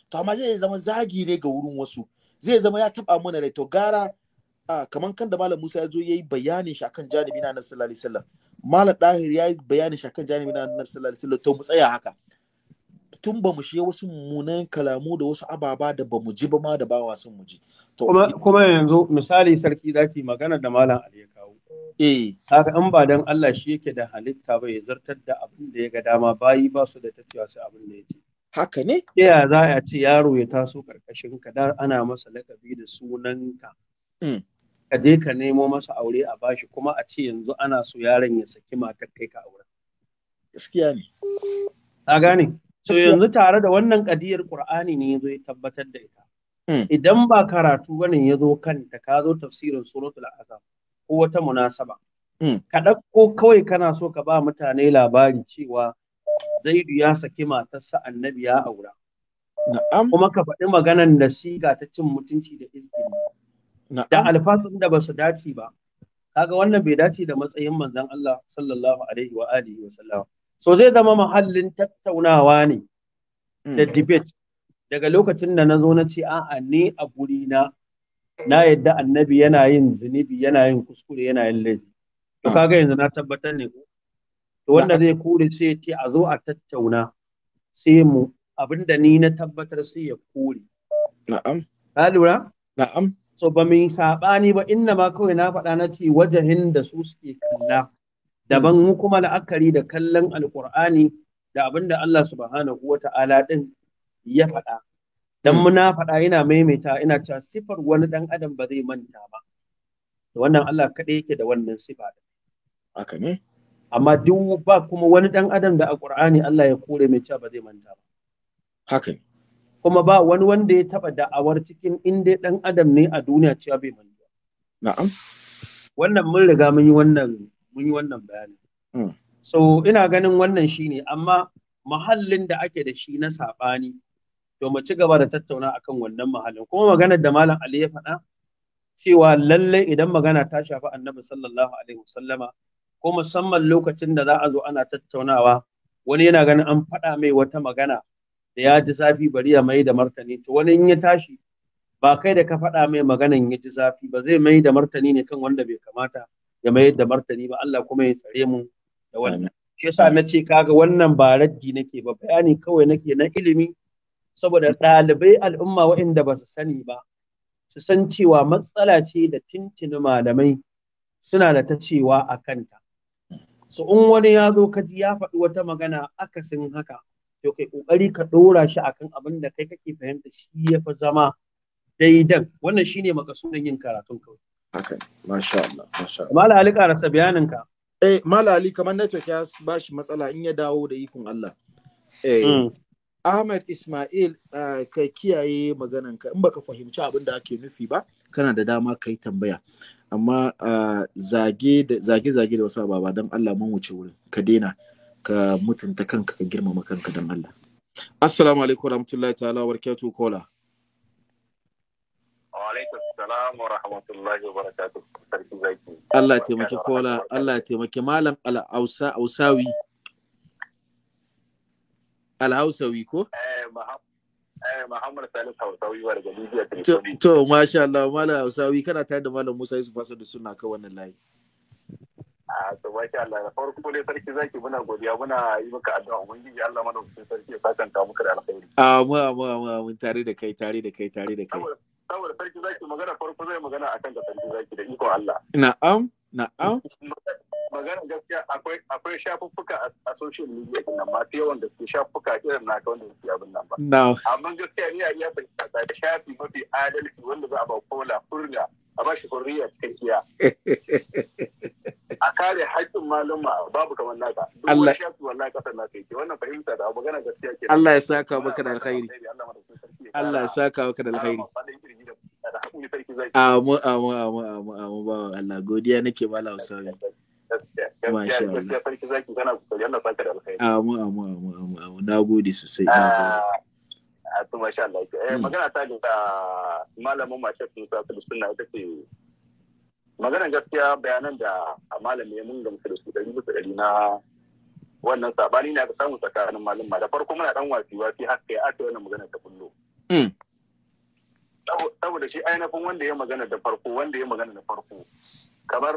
Speaker 1: to amma zai zama zagi ne ga wurin wasu zai zama ya taba mana rai to gara kamar kan da malam Musa ya zo yayi bayanin shi akan janibi na Annabi sallallahu alaihi wasallam malam Dahir yayi bayanin shi akan janibi na Annabi sallallahu alaihi wasallam to mu tsaya haka tun ba mu shi wasu munan kalamu da wasu ababa da ba mu ji ba ma da ba wasu mu ji.
Speaker 3: Kuma yanzu misali sarki zaki magana da Malam Ali ya kawo. Eh. Haka in ba dan Allah shi yake da halitta ba ya zartar da abin da ya ga dama bayi ba su da tafiya sai abin da ya ce. haka ne ya za a ce yaro ya taso ƙarƙashin ka da ana masa lakabi da sunanka mm. ka je ka nemo masa aure a bashi kuma a ce yanzu ana so yaron ya saki matar kai ka aure gaskiya ne a gane so yanzu tare da wannan kadiyar qur'ani ne yazo ya tabbatar da ita mm. idan ba karatu bane ya zo kanta ka zo tafsirin suratul azab ko wata munasaba mm. ka ɗauko kawai kana so ka ba mutane labari cewa zaidu ya saki matarsa annabi ya aura na'am kuma ka faɗi maganar da siga ta cin mutunci da Na'am. da alfasun da ba su dace ba kaga wannan bai dace da matsayin manzon Allah sallallahu alaihi wa alihi wa sallam so zai zama mahallin tattaunawa ne da mm. debate daga lokacin da na zo na ce a'a ne a guri na na yadda annabi yana yin zunubi yana yin kuskure yana yin laifi kaga yanzu na tabbatar ne ko to wanda zai kore sai ce a zo a tattauna sai mu abinda ni na tabbatar sai ya kore na'am ka lura na'am so ba mai sabani ba inna ma kawai na faɗa na ce wajahin da su suke kalla daban hmm. mu kuma la'akari da kallon alkur'ani da abinda Allah subhanahu wata'ala ɗin ya faɗa dan hmm. muna faɗa ina maimaita ina cewa sifar wani dan adam ba zai manta ba wannan Allah kaɗai yake da wannan sifa haka ne amma duk ba kuma wani dan adam da a ƙur'ani Allah ya kore mai cewa ba zai manta ba haka kuma ba wani wanda ya taba da'awar cikin inda dan adam ne a duniya cewa bai manta na'am wannan mun riga mun yi wannan mun yi wannan bayani hmm. so ina ganin wannan shine amma mahallin da ake da shi na sabani to mu ci gaba da tattauna akan wannan mahallin kuma maganar da malam Ali ya faɗa cewa lallai idan magana ta shafi annabi sallallahu alaihi wasallama ko musamman lokacin da za a zo ana tattaunawa wani yana ganin an faɗa mai wata magana da ya ji zafi bari ya mai da martani to wani in ya tashi ba kai da ka faɗa mai maganan ya ji zafi ba zai mai da martani ne kan wanda bai kamata ya mai da martani ba Allah kuma ya tsare mu da wannan shi yasa na ce kaga wannan ba raddi nake ba bayani kawai nake na ilimi saboda ɗalibai al'umma waɗanda ba su sani ba su san cewa matsala ce da tintini malamai suna da ta cewa a kanta so in wani ya zo ka ji ya faɗi wata magana akasin haka to kai kokari ka ɗora shi akan abin da kai kake fahimta shi ya fi zama daidan wannan shine makasudin yin karatun kawai
Speaker 5: haka masha Allah masha Allah
Speaker 3: mala ali karasa bayanin ka eh mala ali
Speaker 1: kamar network ya ba shi matsala in ya dawo da ikon Allah eh hmm. Ahmed Ismail ka kiyaye maganan ka in baka fahimci abin da ake nufi ba kana da dama kai tambaya amma zage-zage da wasu ababa don Allah mun wuce wurin ka daina ka mutunta kanka ka girmama kanka don Allah assalamu alaikum warahmatullahi ta'ala wa barakatuhu kola Allah taimaki kola Allah taimaki malam al-ausawi al-hausawi ko eh
Speaker 10: Eh, Muhammad Salisu Hausawi wa daga Libya Tripoli.
Speaker 1: To, masha Allah, Malam Hausawi kana tare da Malam Musa Yusuf Asadu suna kan wannan layi.
Speaker 10: A ah, to masha Allah, da farko dai sarki zaki muna godiya muna yi maka addu'a ubangiji Allah mana hukun sarki ya sakanta muka da alkhairi.
Speaker 1: A mu a mu a mu mun tare da kai tare da kai tare da kai. Saboda sarki
Speaker 10: zaki magana farko zai magana akan da sarki zaki da ikon Allah.
Speaker 1: Na'am. Na'am. Magana
Speaker 10: gaskiya akwai shafuffuka a social media din nan masu yawan da suke shafuffuka irin na ga wanda suke abin nan ba. Amma gaskiya ni a iya fahimta da shafi mafi adalci wanda za a ba kola furga a ba shi hurriya cikakkiya
Speaker 1: (laughs)
Speaker 10: a kare haƙƙin malama babu kamar
Speaker 1: naka duk wani shafi wallahi kasar naka yake wannan fahimta da magana gaskiya ke Allah ya saka maka da alkhairi Allah ya saka maka da alkhairi amu amu amu amu amu bawan Allah godiya nake mala Masha Allah. Amu amu amu amu amu na gode sosai. Ah,
Speaker 10: a to masha Allah eh hmm. magana ta ga malamin mashe Musa Filistina ita ce maganar gaskiya bayanan da malami ya mun gamsu da su ɗari bisa ɗari na wannan sabani ne aka samu tsakanin malama da farko muna dan wasi wasi haka ya aka wannan magana ta kullo hmm. saboda shi ainihin wanda ya magana da farko wanda ya magana da farko kamar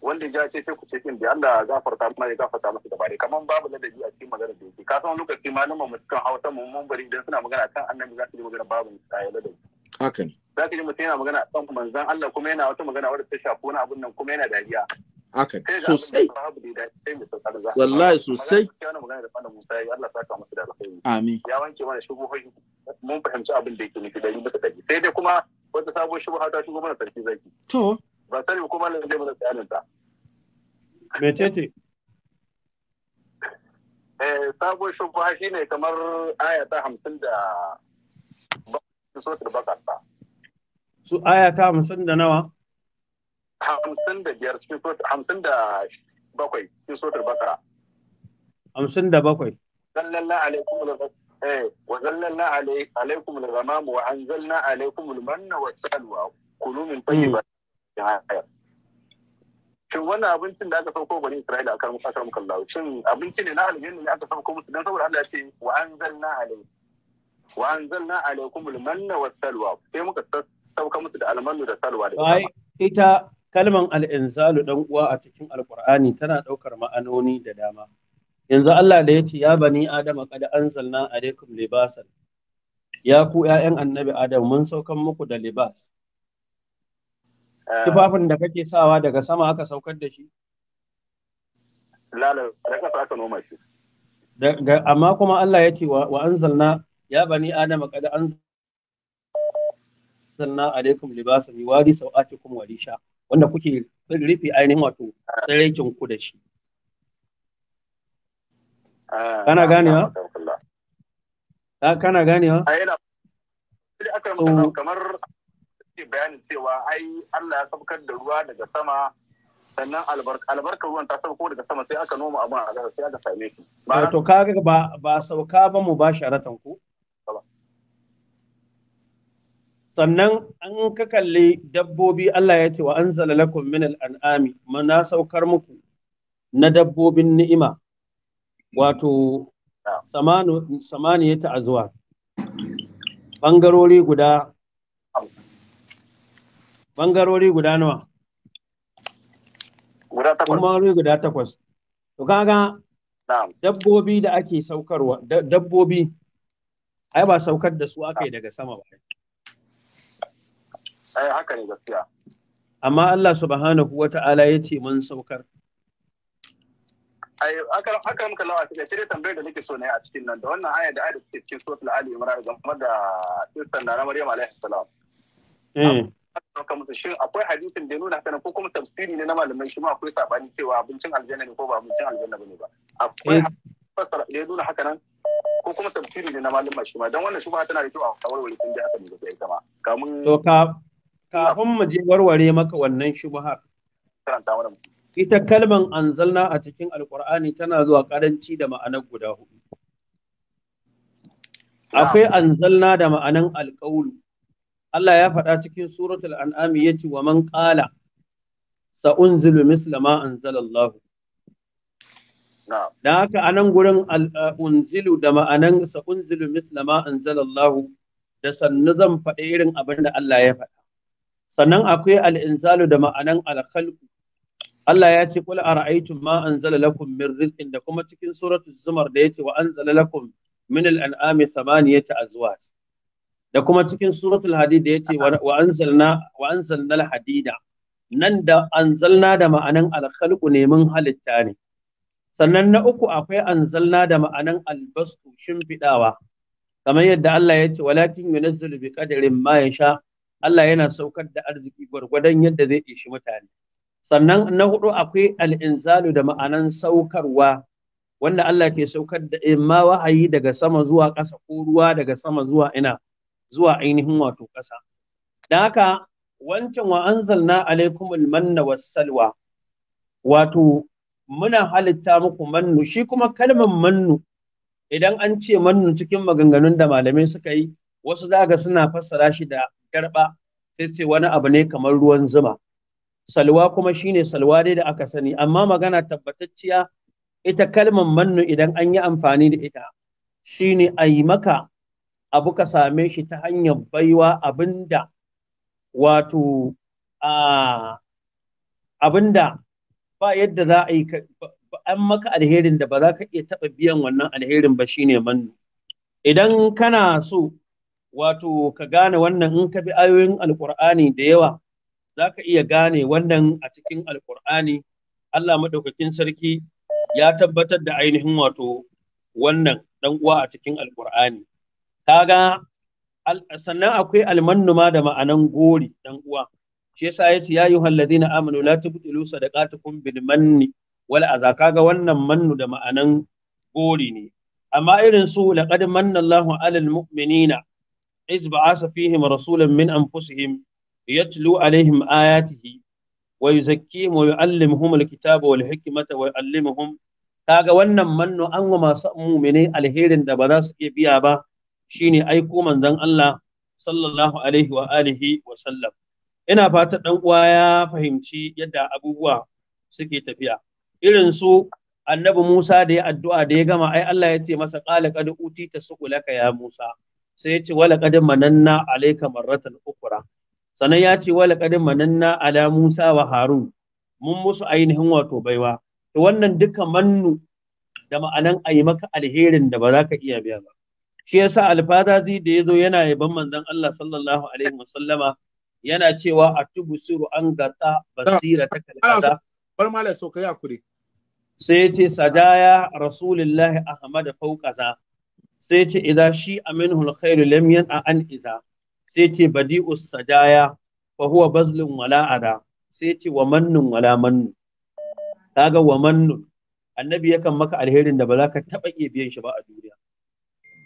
Speaker 10: wanda ya ce ku ce din da Allah gafarta mana ya gafarta masa gaba ne kaman babu ladabi a cikin magana da yake ka san lokaci malaman mu sukan hausa mu mun bari idan suna magana kan annabi za su yi magana babu kayan ladabi haka ne za ka ji mutum yana magana kan manzon Allah kuma yana wata magana wadda ta shafi wani abun nan kuma yana dariya
Speaker 5: haka ne sosai
Speaker 10: wallahi sosai amin ya wanke mana shubuhoyi mun fahimci abin da yake nufi yi bisa dari sai dai kuma wata sabuwar shubuha ta shigo mana sarki zaki to ba sani ko malam zai mana bayanin ta ce? eh sabon shi ne kamar aya ta 50 da baka ta.
Speaker 3: su aya ta 50 da nawa
Speaker 10: biyar cikin da bakwai cikin suratul baqara 57 sallallahu alaihi وظللنا عليكم الغمام وأنزلنا عليكم المن والسلوى كلوا min hmm. tayyibati cikin hayar shin wannan abincin da aka sauko bani isra'ila akan kasar mukallawa shin abinci ne na alheri ne aka sauko musu dan saboda Allah ya ce wa anzalna alayhi wa anzalna alaykum almanna Salwa, sai muka sauka musu da
Speaker 3: almannu da salwa da bai ita al-inzalu dan uwa a cikin alqur'ani tana daukar ma'anoni da dama yanzu Allah da ya ce ya bani adama kada anzalna alaykum libasan ya ku 'ya'yan annabi adam mun saukan muku da libas tufafin da kake sawa daga sama aka saukar da shi lala da kasa aka noma shi amma kuma Allah ya ce wa zalna ya bani adama kada anzalna alaikum sau yuwari sau'atikum wari sha wanda kuke rufe ainihin wato tsirrikin ku da shi
Speaker 8: ah, ah, kana ganewa
Speaker 3: kana ah, ganewa
Speaker 10: kamar suke bayani cewa ai Allah ya sabkar da ruwa daga sama sannan albarkar ruwan ta sauko daga sama sai aka noma abin a ƙasa sai aka same shi.
Speaker 3: To kaga ba ba sauka ba mu ba sharatan ku. Sannan an ka kalli dabbobi Allah ya ce wa an lakum min al’an’ami, mana saukar muku na dabbobin ni'ima wato ah. samanu samaniyata azwa bangarori guda bangarori guda nawa guda takwas bangarori guda takwas to kaga dabbobi da ake saukarwa dabbobi ai ba saukar da su aka yi daga sama ba ai haka ne gaskiya amma Allah subhanahu wa ta'ala ya ce mun saukar
Speaker 10: ai haka haka muka lawa take sai tambayar da nake so ne a cikin nan da wannan aya da aya da cikin suratul ali imran game da kissan da na maryam alaihi salam eh. ɗauka musu shin akwai hadisin da ya nuna haka ko kuma tafsiri ne na malamai shi ma akwai sabani cewa abincin aljanna ne ko ba abincin aljanna bane ba akwai eh. fasara da ya nuna haka nan ko kuma tafsiri ne na malamai shi ma dan wannan shi ba tana da kyau a warware tun da haka ne gaskiya ita ma kamun
Speaker 3: to ka kafin mu je warware maka wannan shi karanta mana ita kalmar anzalna a cikin alqur'ani tana zuwa karanci da ma'anar guda hudu akwai anzalna da ma'anan alqawlu Allah ya faɗa cikin suratul an'ami yace wa man qala sa'unzilu misla ma anzalallahu Da haka a nan gurin unzilu da ma'anan sa'unzilu misla ma anzalallahu da sannu zan faɗi irin abin da Allah ya faɗa. Sannan akwai al'inzalu da ma'anan alkhalku. Allah ya ce kula a ra'aitun ma anzala lakum min rizqin da kuma cikin suratul zumar da ya yace wa anzala lakum min al'an'ami ta azwaj. da kuma cikin suratul hadid da yace wa anzalna wa anzalna al hadida nan da anzalna da ma'anan al khalqu ne mun halitta ne sannan na uku akwai anzalna da ma'anan al basu shimfidawa kamar yadda Allah ya ce walakin yunazzilu bi qadarin ma yasha Allah yana saukar da arziki gwargwadon yadda zai ishi mutane sannan na hudu akwai al inzalu da ma'anan saukarwa wanda Allah ke saukar da imma wahayi daga sama zuwa ƙasa ko ruwa daga sama zuwa ina zuwa ainihin wato ƙasa dan haka wancan wa anzalna alaikumul manna salwa. wato muna halitta muku mannu shi kuma kalmar mannu idan an ce mannu cikin maganganun da malamai suka yi wasu daga suna fassara shi da garba sai ce wani abu ne kamar ruwan zuma salwa kuma shine salwa dai da aka sani amma magana tabbatacciya ita kalmar mannu idan an yi amfani da ita shine a yi maka abu ka same shi ta hanyar baiwa abinda wato abinda ba yadda za a yi an maka alherin da ba za ka iya taɓa biyan wannan alherin ba shine mannu idan kana so wato ka gane wannan in ka bi ayoyin alkur'ani da yawa za ka iya gane wannan a cikin alkur'ani Allah maɗaukakin sarki ya tabbatar da ainihin wato wannan ɗan uwa a cikin alkur'ani kaga sannan akwai almannuma ma da ma'anan gori dan uwa shi yasa yace ya ayyuhal ladina amanu la tubtilu sadaqatukum bil manni wal aza kaga wannan mannu da ma'anan gori ne amma irin su laqad manna Allahu alal mu'minina iz ba'asa fihim rasulan min anfusihim yatlu alaihim ayatihi wa yuzakkihim wa yu'allimuhum alkitaba wal hikmata wa yu'allimuhum kaga wannan mannu an masu mu'mini alherin da ba za su iya biya ba shine aiko manzon Allah sallallahu alaihi wa alihi wa sallam ina fata dan uwa ya fahimci yadda abubuwa suke tafiya irin su annabi Musa da ya addu'a da ya gama ai Allah ya ce masa qala qad utita su'ulaka ya Musa sai ya ce wala qad mananna alayka marratan ukra sannan ya ce wala qad mananna ala Musa wa Harun mun musu ainihin wato baiwa to wannan duka mannu da ma'anan ayi maka alherin da ba za ka iya biya ba shi yasa alfadazi da yazo yana yaban manzon Allah sallallahu alaihi wasallama yana cewa atubusiru an gata basira ta kalada bar malai so kai akure sai yace sadaya rasulullahi ahmad fauqaza sai yace idza shi aminhu khairu lam yan an idza sai yace badi'us sadaya fa huwa bazlun wala ada sai yace wa mannun wala mannun kaga wa mannun annabi yakan maka alherin da ba za ka taɓa iya biyan shi ba a duniya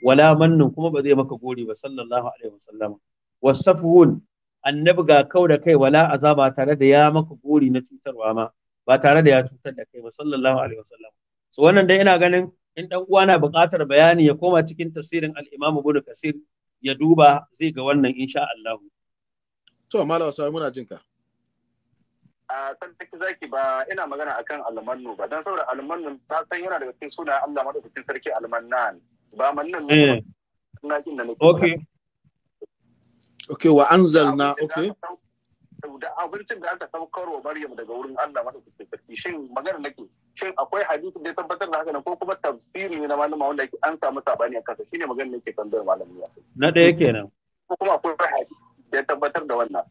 Speaker 3: wala mannun kuma ba zai maka gori ba sallallahu alaihi wasallam annabi ga kau da kai wala azaba tare da ya maka gori na cutarwa ma ba tare da ya cutar da kai ba sallallahu alaihi wasallam so wannan dai ina ganin in dan uwa na buƙatar bayani ya koma cikin tafsirin al-Imam Ibn Kasir ya duba zai ga wannan insha Allah to malam sai muna jinka
Speaker 10: a tsarki zaki ba ina magana akan almannu ba dan saboda almannu ta san yana daga cikin sunayen Allah madaukakin sarki almannan ba mannan ne na kin da ne
Speaker 1: okay okay wa anzalna okay
Speaker 10: da abincin da aka saukar wa Maryam daga wurin Allah madaukakin sarki shin magana nake shin akwai hadisi da ya tabbatar da haka ne ko kuma tafsiri ne na malama wanda yake an samu sabani akan sa shine magana nake kan da malami
Speaker 3: na daya kenan
Speaker 10: ko kuma akwai hadisi da ya tabbatar da wannan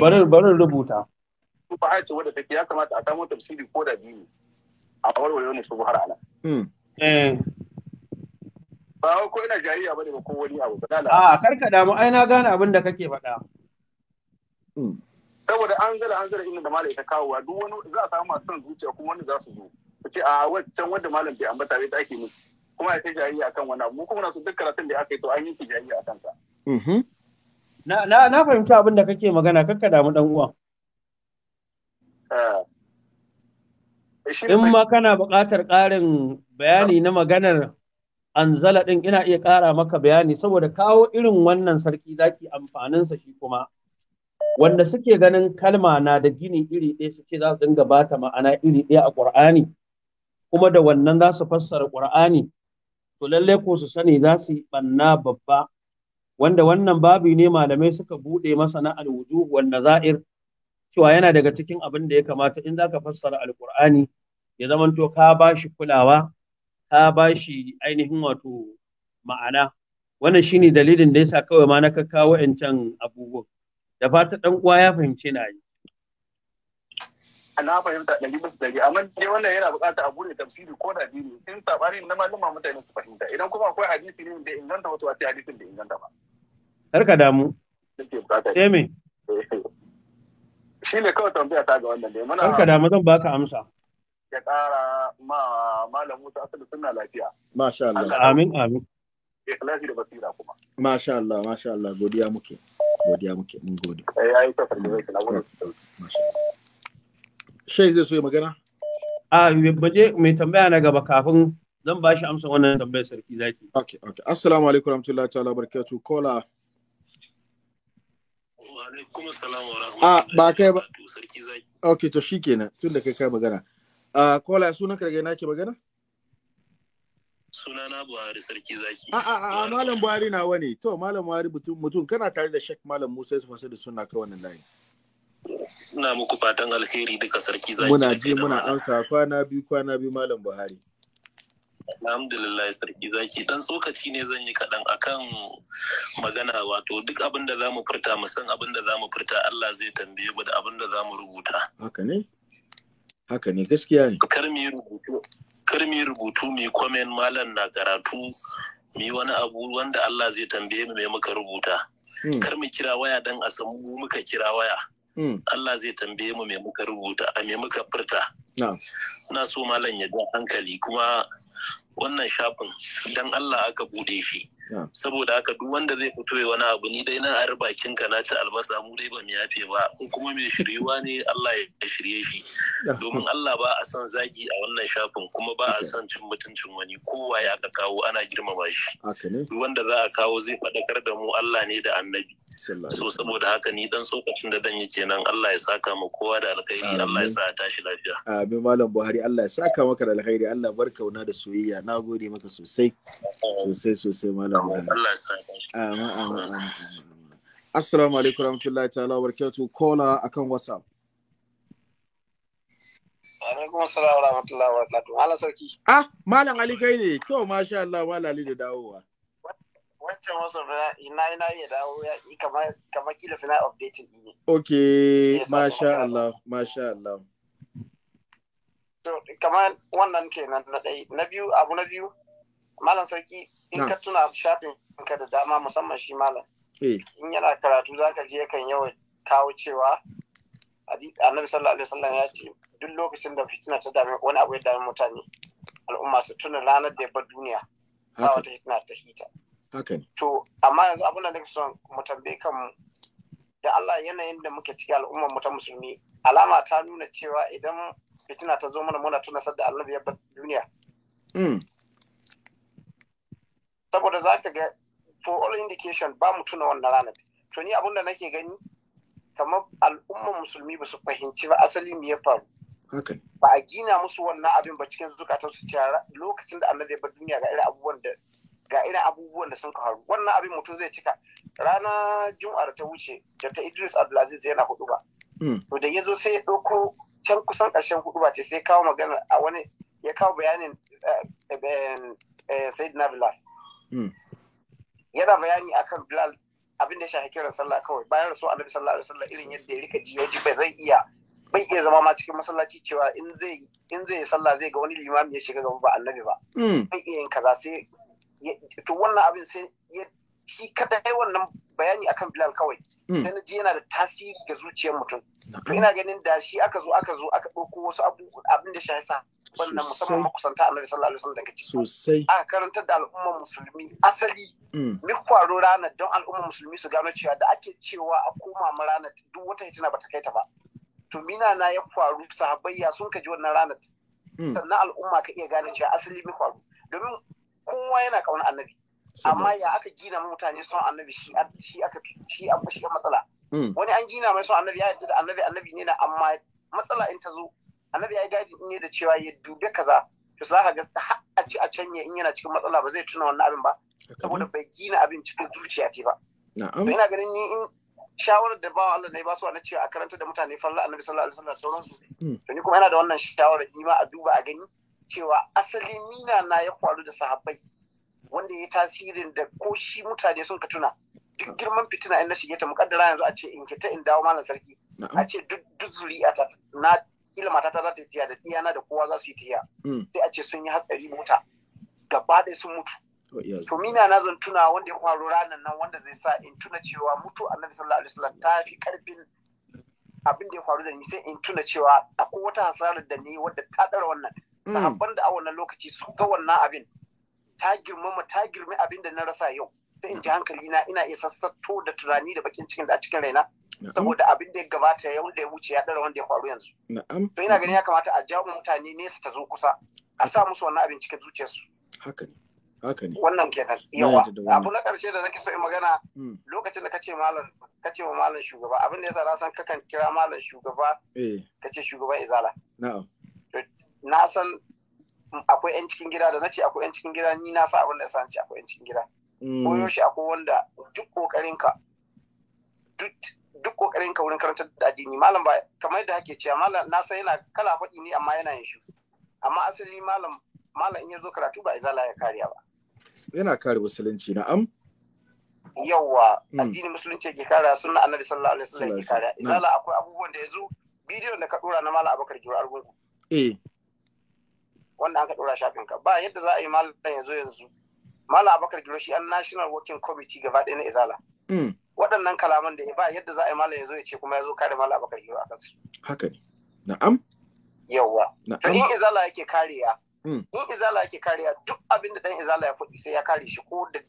Speaker 3: bari bari rubuta
Speaker 10: su ba ce wadda take ya kamata a samu tafsiri ko da biyu
Speaker 3: a warware wani su har ana. Hmm. Eh. Ba ko ina jayayya ba ne ba ko wani abu ba dala. A karka damu ai na gane abin da kake faɗa.
Speaker 5: Hmm.
Speaker 10: Saboda an zara an zara inda da malam ita kawowa duk wani za a samu masu son zuciya kuma wani za su zo. Ku ce a wancan wanda malam bai ambata bai ake musu. Kuma ya ta jayayya akan wani abu kuma na su duk karatun da aka yi to an yi ki jayayya akan sa.
Speaker 3: Hmm. Na fahimci abin da kake magana kakka damu dan uwa. Eh. in ma kana buƙatar ƙarin bayani na maganar anzala ɗin ina iya ƙara maka bayani saboda kawo irin wannan sarki zaki amfaninsa shi kuma wanda suke ganin kalma na da gini iri ɗaya suke za su dinga bata ma'ana iri ɗaya a ƙur'ani kuma da wannan za su fassara ƙur'ani to lallai ko su sani za su yi ɓanna babba wanda wannan babi ne malamai suka buɗe masa na alwujuhu wanda za'ir cewa yana daga cikin abin da ya kamata in za ka fassara Alƙur'ani ya zamanto ka bashi kulawa ka bashi ainihin wato ma'ana wannan shine dalilin da yasa kawai ma na kawo wa'ancan abubuwan da fata dan uwa ya fahimce na yi
Speaker 10: na fahimta ɗari bisa ɗari amma dai wannan yana buƙatar a bude tafsiri ko da dini in sabani na malama mutane su fahimta idan kuma akwai hadisi ne da inganta wato a ce hadisin da inganta ba
Speaker 3: kar ka damu sai me
Speaker 10: (laughs) shi ne kawai tambaya ta ga wannan dai muna kanka da
Speaker 3: mazan baka amsa
Speaker 10: ya ƙara ma malam Musa asali
Speaker 3: suna lafiya masha Allah amin amin
Speaker 10: ikhlasi da basira kuma
Speaker 1: masha Allah masha Allah godiya muke godiya muke mun gode
Speaker 10: eh yayi ta
Speaker 3: farko zai kana wannan masha Allah
Speaker 1: shey zai so ya magana
Speaker 3: a baje mai tambaya na gaba kafin zan ba shi amsa wannan
Speaker 1: tambayar sarki zaki okay okay assalamu alaikum warahmatullahi ta'ala barakatuh kola Kuma ah, ba kai ba. Ok, to shi kenan tun da kai kai magana. Uh, kola sunan karge na ke magana?
Speaker 9: Sunana Buhari Sarki Zaki.
Speaker 1: A a a Malam Buhari na wani. To Malam Buhari mutum kana tare da Sheikh Malam Musa Yusuf Asadu suna kai wannan layi.
Speaker 9: Ina muku fatan alheri duka Sarki Zaki. Muna ji muna
Speaker 1: amsa kwana biyu kwana biyu Malam Buhari. Alhamdulillah sarki zaki dan tsokaci ne zan yi kaɗan akan magana wato duk abin da za mu furta mu san abin da za mu furta Allah zai tambaye
Speaker 9: mu da abin da za mu rubuta. Haka ne? Haka ne gaskiya ne. Kar mu yi rubutu kar mu mu comment malam na karatu mu wani abu wanda Allah zai tambaye mu mai muka rubuta. Hmm. Kar mu kira waya dan a samu muka kira waya. Hmm. Allah zai tambaye mu mai muka rubuta a mai muka furta. Na so malam ya ja hankali kuma wannan shafin don Allah aka buɗe shi saboda haka duk wanda zai fito ya wani abu ni dai na ari bakin ka na ci albasa mu dai ba mu yafe ba in kuma mai shiryuwa ne Allah ya shirye shi domin Allah ba a son zagi a wannan shafin kuma ba a son cin mutuncin wani kowa ya aka kawo ana girmama shi duk wanda za a kawo zai faɗakar da mu Allah ne da annabi so saboda haka ni dan tsokacin da dan yake nan Allah ya saka mu kowa da alkhairi Allah ya sa a
Speaker 1: tashi lafiya amin malam Buhari Allah ya saka maka da alkhairi Allah barkauna da soyayya nagode maka sosai sosai sosai malam assalamu alaikum warahmatullahi ta'ala barakatuh kola akan whatsapp
Speaker 6: alaikum assalam warahmatullahi
Speaker 1: A ah malam ali kai ne to masha Allah malam ali da dawowa
Speaker 6: wancan wasu ina ina ya dawo ya yi kamar kila suna updating ne
Speaker 1: okay masha Allah masha Allah
Speaker 6: kamar wannan kenan na ɗaya na biyu abu na biyu malam sarki in ka tuna shafin ka da dama musamman shi malam eh. in yana karatu za ka je kan yawan kawo cewa annabi sallallahu alaihi wasallam ya ce duk lokacin da fitina ta dame wani abu ya dame mutane al'umma su tuna ranar da ya bar duniya ba wata fitina ta hita to amma yanzu abun da nake son mu tambaye kanmu da Allah yanayin da muke ciki al'umma mu ta musulmi alama ta nuna cewa idan fitina ta zo mana muna tuna sadda Allah ya bar duniya mm. saboda za ka ga for all indication ba mu tuna wannan ranar to ni abinda nake gani kamar al'ummar musulmi ba su fahimci ba asali me ya faru ba a gina musu wannan abin ba cikin zukatan su cewa lokacin da annabi ba duniya ga irin abubuwan da ga irin abubuwan da sun faru wannan abin mutum zai cika rana jum'ar ta wuce da ta Idris Abdulaziz yana hudu ba hmm. to da yazo sai ya dauko can kusan karshen hudu ba ce sai kawo magana a wani ya kawo bayanin eh, eh, eh, Sayyidina Bilal Mm. yana bayani akan Bilal abin da ya shafi kiran sallah kawai bayan rasu annabi sallallahu alaihi wasallam irin yadda ya rika jiyoji bai zai iya bai iya zama ma cikin masallaci cewa in zai in zai sallah zai ga wani limami ya shiga gaba ba annabi ba mm. bai iya yin kaza sai to wannan abin sai shi kadai wannan bayani akan Bilal kawai hmm. sai na ji yana da tasiri ga zuciyar mutum ina ganin da shi aka zo aka zo aka ɗauko wasu abin da shi sa wannan musamman makusanta annabi sallallahu alaihi wasallam daga sosai aka karanta da al'ummar musulmi asali
Speaker 11: ni
Speaker 5: hmm.
Speaker 6: kwaro ranar don al'ummar musulmi su gano cewa da ake cewa a koma ma ranar duk wata hitina ba ta kai ta ba to mina na ya kwaro sahabayya sun kaji wannan ranar hmm. sannan al'umma ka iya gane cewa asali mi kwaro. domin kowa yana kauna annabi amma ya aka gina mutane son annabi shi aka shi abu shi matsala hmm. wani an gina mai son annabi ya yarda da annabi annabi ne na amma matsala in ta zo annabi ya yi gadi ne da cewa ya dube kaza to za ka ga a ci a canye in yana cikin matsala ba zai tuna wannan abin ba saboda bai gina abin cikin zuciya ce ba to ina ganin ni in shawarar da bawa Allah ne ba su na cewa a karanta da mutane falla annabi sallallahu alaihi wasallam sauransu hmm. to ni kuma ina da wannan shawarar ima a duba a gani cewa asali mina na ya faru da sahabbai wanda ya tasirin da ko shi mutane sun ka tuna duk girman fitina in na shige ta mukaddara yanzu a ce in kita in dawo malam sarki a ce duk zuri'a ta na ilma ta za ta yi tiya da iyana da kowa za su yi tiya mm. sai a ce sun yi hatsari mota gaba ɗaya sun mutu to mina na zan tuna wanda ya faru ranar nan wanda zai sa in tuna cewa mutu annabi sallallahu alaihi wasallam ta fi karfin abin da ya faru da ni sai in tuna cewa akwai wata hasarar da ni wadda ta ɗara wannan mm. sahabban da a wannan lokaci su ga wannan abin ta girmama ta girmi abin da na rasa yau sai in ji hankali na ina iya sassato da tunani da bakin cikin da a cikin raina saboda abin da ya gabata ya wanda ya wuce ya dara wanda ya faru yanzu to ina ganin ya kamata a jawo mutane nesa ta zo kusa a sa musu wannan abin cikin zuciyarsu
Speaker 5: haka ne haka ne
Speaker 6: wannan kenan yawa abu na karshe da nake so in magana hmm. lokacin da kace malam kace wa malam shugaba abin da yasa na san kakan kira malam shugaba eh. kace shugaba izala na'am na san akwai yan cikin gida da nace akwai yan cikin gida ni na sa abin da yasa nace akwai yan cikin gida mm. ko yaushe akwai wanda duk kokarin ka duk kokarin ka wurin karanta da addini malam ba kamar yadda ake cewa malam na san yana kala faɗi ne amma yana yin shi amma asali malam malam in ya zo karatu ba izala ya kariya ba
Speaker 1: yana kare musulunci na am
Speaker 6: yawa mm. addinin musulunci ke kare sunna annabi sallallahu alaihi wasallam ke kare izala akwai abubuwan da yazo bidiyon da ka dora na malam abakar giro argungu eh wanda aka ɗora shafin ka ba yadda za a yi malam yanzu yanzu malam abakar giro shi an national working committee gaba ɗaya na izala mm. waɗannan kalaman da ya ba yadda za a yi malam yanzu ya ce kuma ya zo kare malam abakar giro a kansu
Speaker 5: haka ne na'am
Speaker 6: yawwa to in izala yake kariya mm. in izala yake kariya duk abin da dan izala ya faɗi sai ya kare shi ko da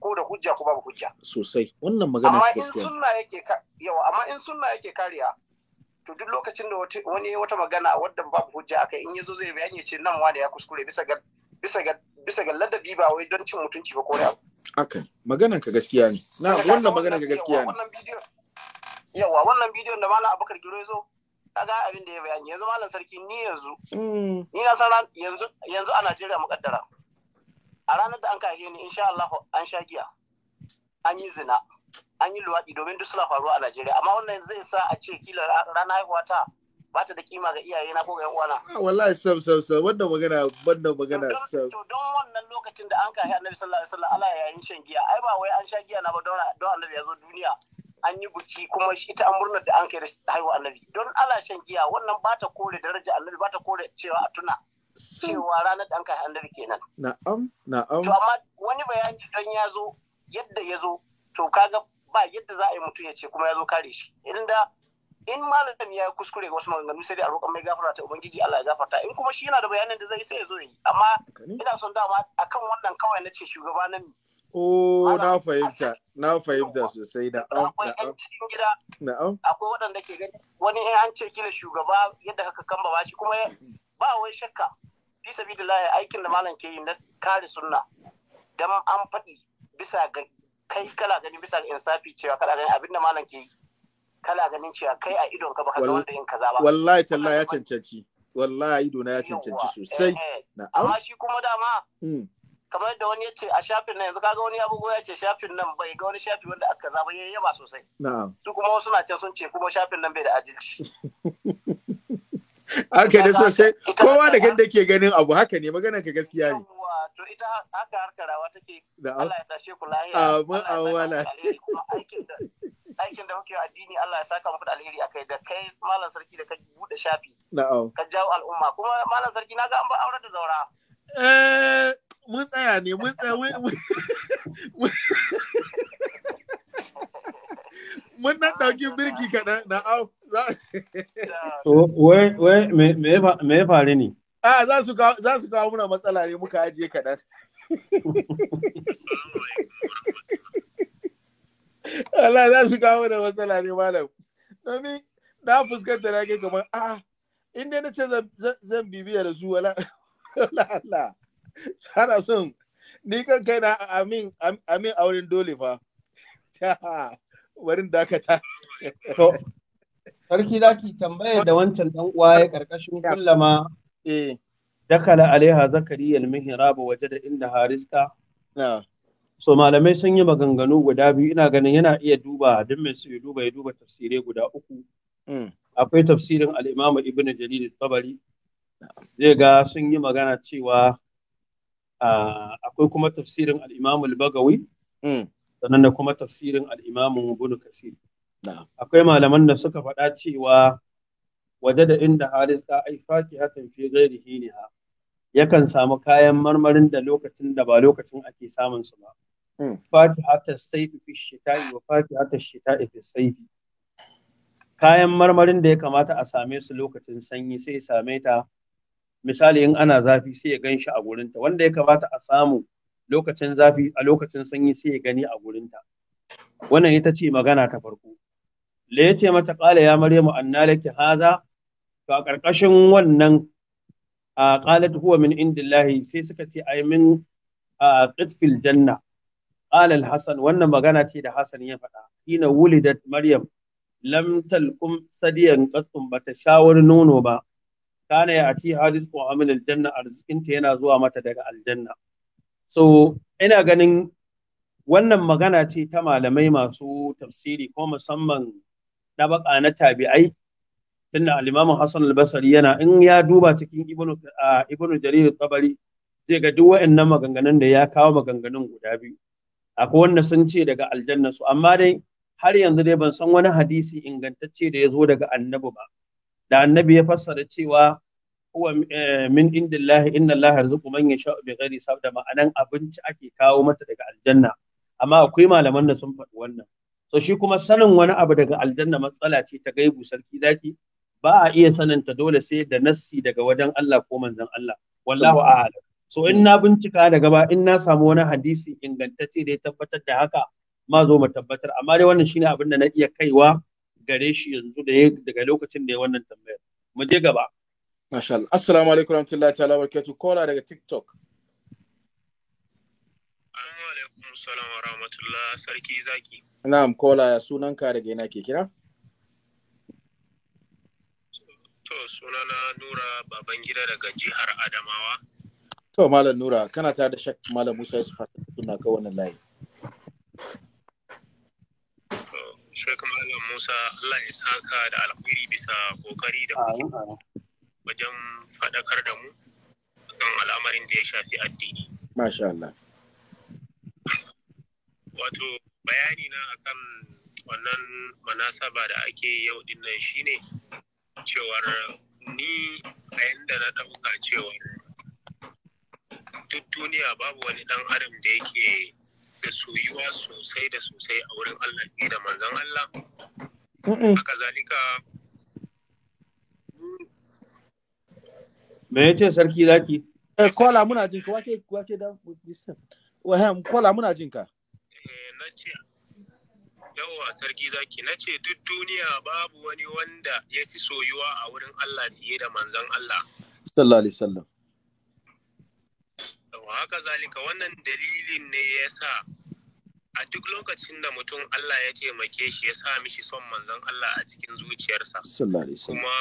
Speaker 6: ko da hujja ko babu hujja
Speaker 1: sosai wannan magana amma in sunna
Speaker 6: yake yawa amma in sunna yake kariya to duk lokacin da wani wata magana wadda babu hujja aka in yazo zai bayani ce nan wani ya kuskure bisa ga bisa ga bisa ga ladabi ba wai don cin mutunci ba ko ne
Speaker 1: aka maganan ka gaskiya ne na wannan maganan ka gaskiya ne
Speaker 6: yawa wannan bidiyon da malam abubakar giro yazo kaga abin da ya bayani yanzu malam sarki ni yanzu hmm. ni na san yanzu yanzu a Najeriya mukaddara a ranar da an kashe ni insha Allah an sha giya an yi zina an yi luwaɗi domin duk suna faruwa a Najeriya amma wannan zai sa a ce kila rana haihuwa ta ba ta da kima ga iyaye na ko ga uwana.
Speaker 1: Ah, wallahi sab sab sab wannan magana wannan magana sab. To
Speaker 6: don wannan lokacin da an kai Annabi sallallahu alaihi wasallam Allah ya yin shan giya ai ba wai an sha giya na ba don don Annabi ya zo duniya an yi buki kuma shi ita an murnar da an kai da haihuwa Annabi don Allah shan giya wannan ba ta kore daraja Annabi ba ta kore cewa a tuna. Cewa ranar da an kai Annabi kenan.
Speaker 5: Na'am na'am. To amma
Speaker 6: wani bayani don ya zo yadda ya zo to kaga ba yadda za a yi mutum ya ce kuma ya zo kare shi inda in malami ya kuskure ga wasu maganganu sai dai a roƙon mai gafara ta ubangiji Allah ya gafarta in kuma shi yana da bayanin da zai sai ya zo yi amma ina son dama akan wannan kawai na ce shugaba na mi
Speaker 1: Oh, na fahimta, na fahimta sosai da an. Akwai
Speaker 6: ƴan cikin gida.
Speaker 1: Na'am. Akwai
Speaker 6: waɗanda ke gani wani ƴan an ce kila shugaba yadda ka kan ba shi kuma ba wai shakka. Fi sabilillah aikin da malam ke yi na kare sunna. Dan an faɗi bisa ga kai kala gani bisa insafi cewa kala gani abin da malam ke kala ganin cewa kai a idon ka baka ga wanda yin kaza ba wallahi
Speaker 1: talla ya cancanci wallahi ido na ya cancanci sosai eh, eh. amma
Speaker 6: shi kuma dama hmm. kamar da wani ya ce a shafin nan yanzu kaga wani abubuwa ya ce shafin nan bai ga wani shafi wanda aka zaba ya yaba sosai su kuma wasu na can sun ce kuma shafin nan bai da adalci (laughs) haka ne sosai kowa da ganda ke
Speaker 1: ganin abu haka ne magana ka gaskiya ne to ita haka harkar rawa take Allah ya tashe ku lahiya amma awala
Speaker 6: aikin da aikin da kuke addini Allah ya saka muku da alheri akai da kai malam sarki da kake bude shafi na'am ka jawo al'umma kuma malam sarki naga an ba aure da zaura
Speaker 1: eh mun tsaya ne mun tsaya mun nan ɗauki birki kaɗan na'am
Speaker 3: wai me ya faru ne
Speaker 1: A za su kawo muna matsala ne muka ajiye kaɗan. (laughs) Allah za su kawo da matsala ne malam. Domin na fuskanta na kai kamar a inda na ce zan bibiya da su wala Allah. Sana son ni kan kai na amin amin auren dole fa. Warin dakata.
Speaker 3: Sarki zaki tambaya da wancan dan uwa ya karkashin kullama Eh. dakala alaiha zakariya al waje da inda Harista. so malamai sun yi maganganu guda biyu ina ganin yana iya duba duk mai su ya duba ya duba tafsirai guda uku hmm. akwai tafsirin al ibn jarir tabari zai ga sun yi magana cewa akwai kuma tafsirin al-imam bagawi hmm. sannan da kuma tafsirin al-imam ibn kasir akwai malaman da suka faɗa cewa wajada inda haris ta ai fakihatan fi ghairi hiniha yakan samu kayan marmarin da lokacin da ba lokacin ake samun su ba hmm. fatihata saifi fi shita'i wa fatihata shita'i fi saifi kayan marmarin da ya kamata a same su lokacin sanyi sai ya same ta misali in ana zafi sai ya gan shi a gurinta wanda ya kamata a samu lokacin zafi a lokacin sanyi sai ya gani a gurinta wannan ita ce magana ta farko la yace mata qala ya maryamu anna laki haza to a ƙarƙashin wannan a ƙalat huwa min indillahi sai suka ce ai min qitfil janna qala al-hasan wannan magana ce da hasan ya faɗa hina wulidat maryam lam talqum sadiyan qattum bata shawar nono ba kana ya ati hadis ko amin arzikin ta yana zuwa mata daga aljanna so ina ganin wannan magana ce ta malamai masu tafsiri ko musamman ɗabaka na tabi'ai inda al-Imam Hassan al-Basri yana in ya duba cikin Ibnu Ibn Jarir al-Tabari zai ga duk waɗannan maganganun da ya kawo maganganun guda biyu akwai wanda sun ce daga aljanna su amma dai har yanzu dai ban san wani hadisi ingantacce da ya zo daga annabi ba da annabi ya fassara cewa huwa eh, min indillahi inna Allah yarzuqu man yasha bi ghairi da ma'anan abinci ake kawo mata daga aljanna amma akwai malaman da sun faɗi wannan so shi kuma sanin wani abu daga aljanna matsala ce ta gaibu sarki zaki ba a iya sananta dole sai da nassi daga wajen Allah ko manzon Allah wallahu a'lam so in na bincika da gaba in na samu wani hadisi ingantacce da ya tabbatar da haka ma zo mu tabbatar amma dai wannan shine abin da na iya kaiwa gare shi yanzu da daga lokacin da ya wannan tambayar mu je gaba
Speaker 1: masha Allah assalamu alaikum warahmatullahi ta'ala barakatuh kola daga tiktok alaikum salam wa rahmatullah sarki zaki na'am kola sunanka daga ina ke kira To sunana Nura Babangida daga jihar Adamawa. To Malam Nura kana ta da shak Malam Musa Yusuf suna ka wannan layi.
Speaker 9: Shek Malam Musa Allah ya saka da alkhairi bisa kokari da kuke wajen faɗakar da mu kan al'amarin da ya shafi addini. Masha Allah. Wato bayani na akan wannan manasaba da ake yau dinnan shine cewar ni a yadda na ɗauka cewar duk duniya babu wani ɗan adam da yake da
Speaker 3: soyuwa sosai da sosai a wurin Allah ne da manzan Allah. Haka zalika Me ya ce sarki zaki?
Speaker 1: Eh, kola muna jinka, wake wake da Wahem, kola muna jinka. Eh, na ce Yawwa sarki zaki na ce duk duniya babu wani wanda ya fi soyuwa a wurin Allah fiye da manzon Allah. Sallallahu alaihi wasallam. haka zalika wannan dalilin ne ya sa a duk lokacin da mutum Allah ya taimake shi ya sa mishi son manzon Allah a cikin
Speaker 9: zuciyarsa. Kuma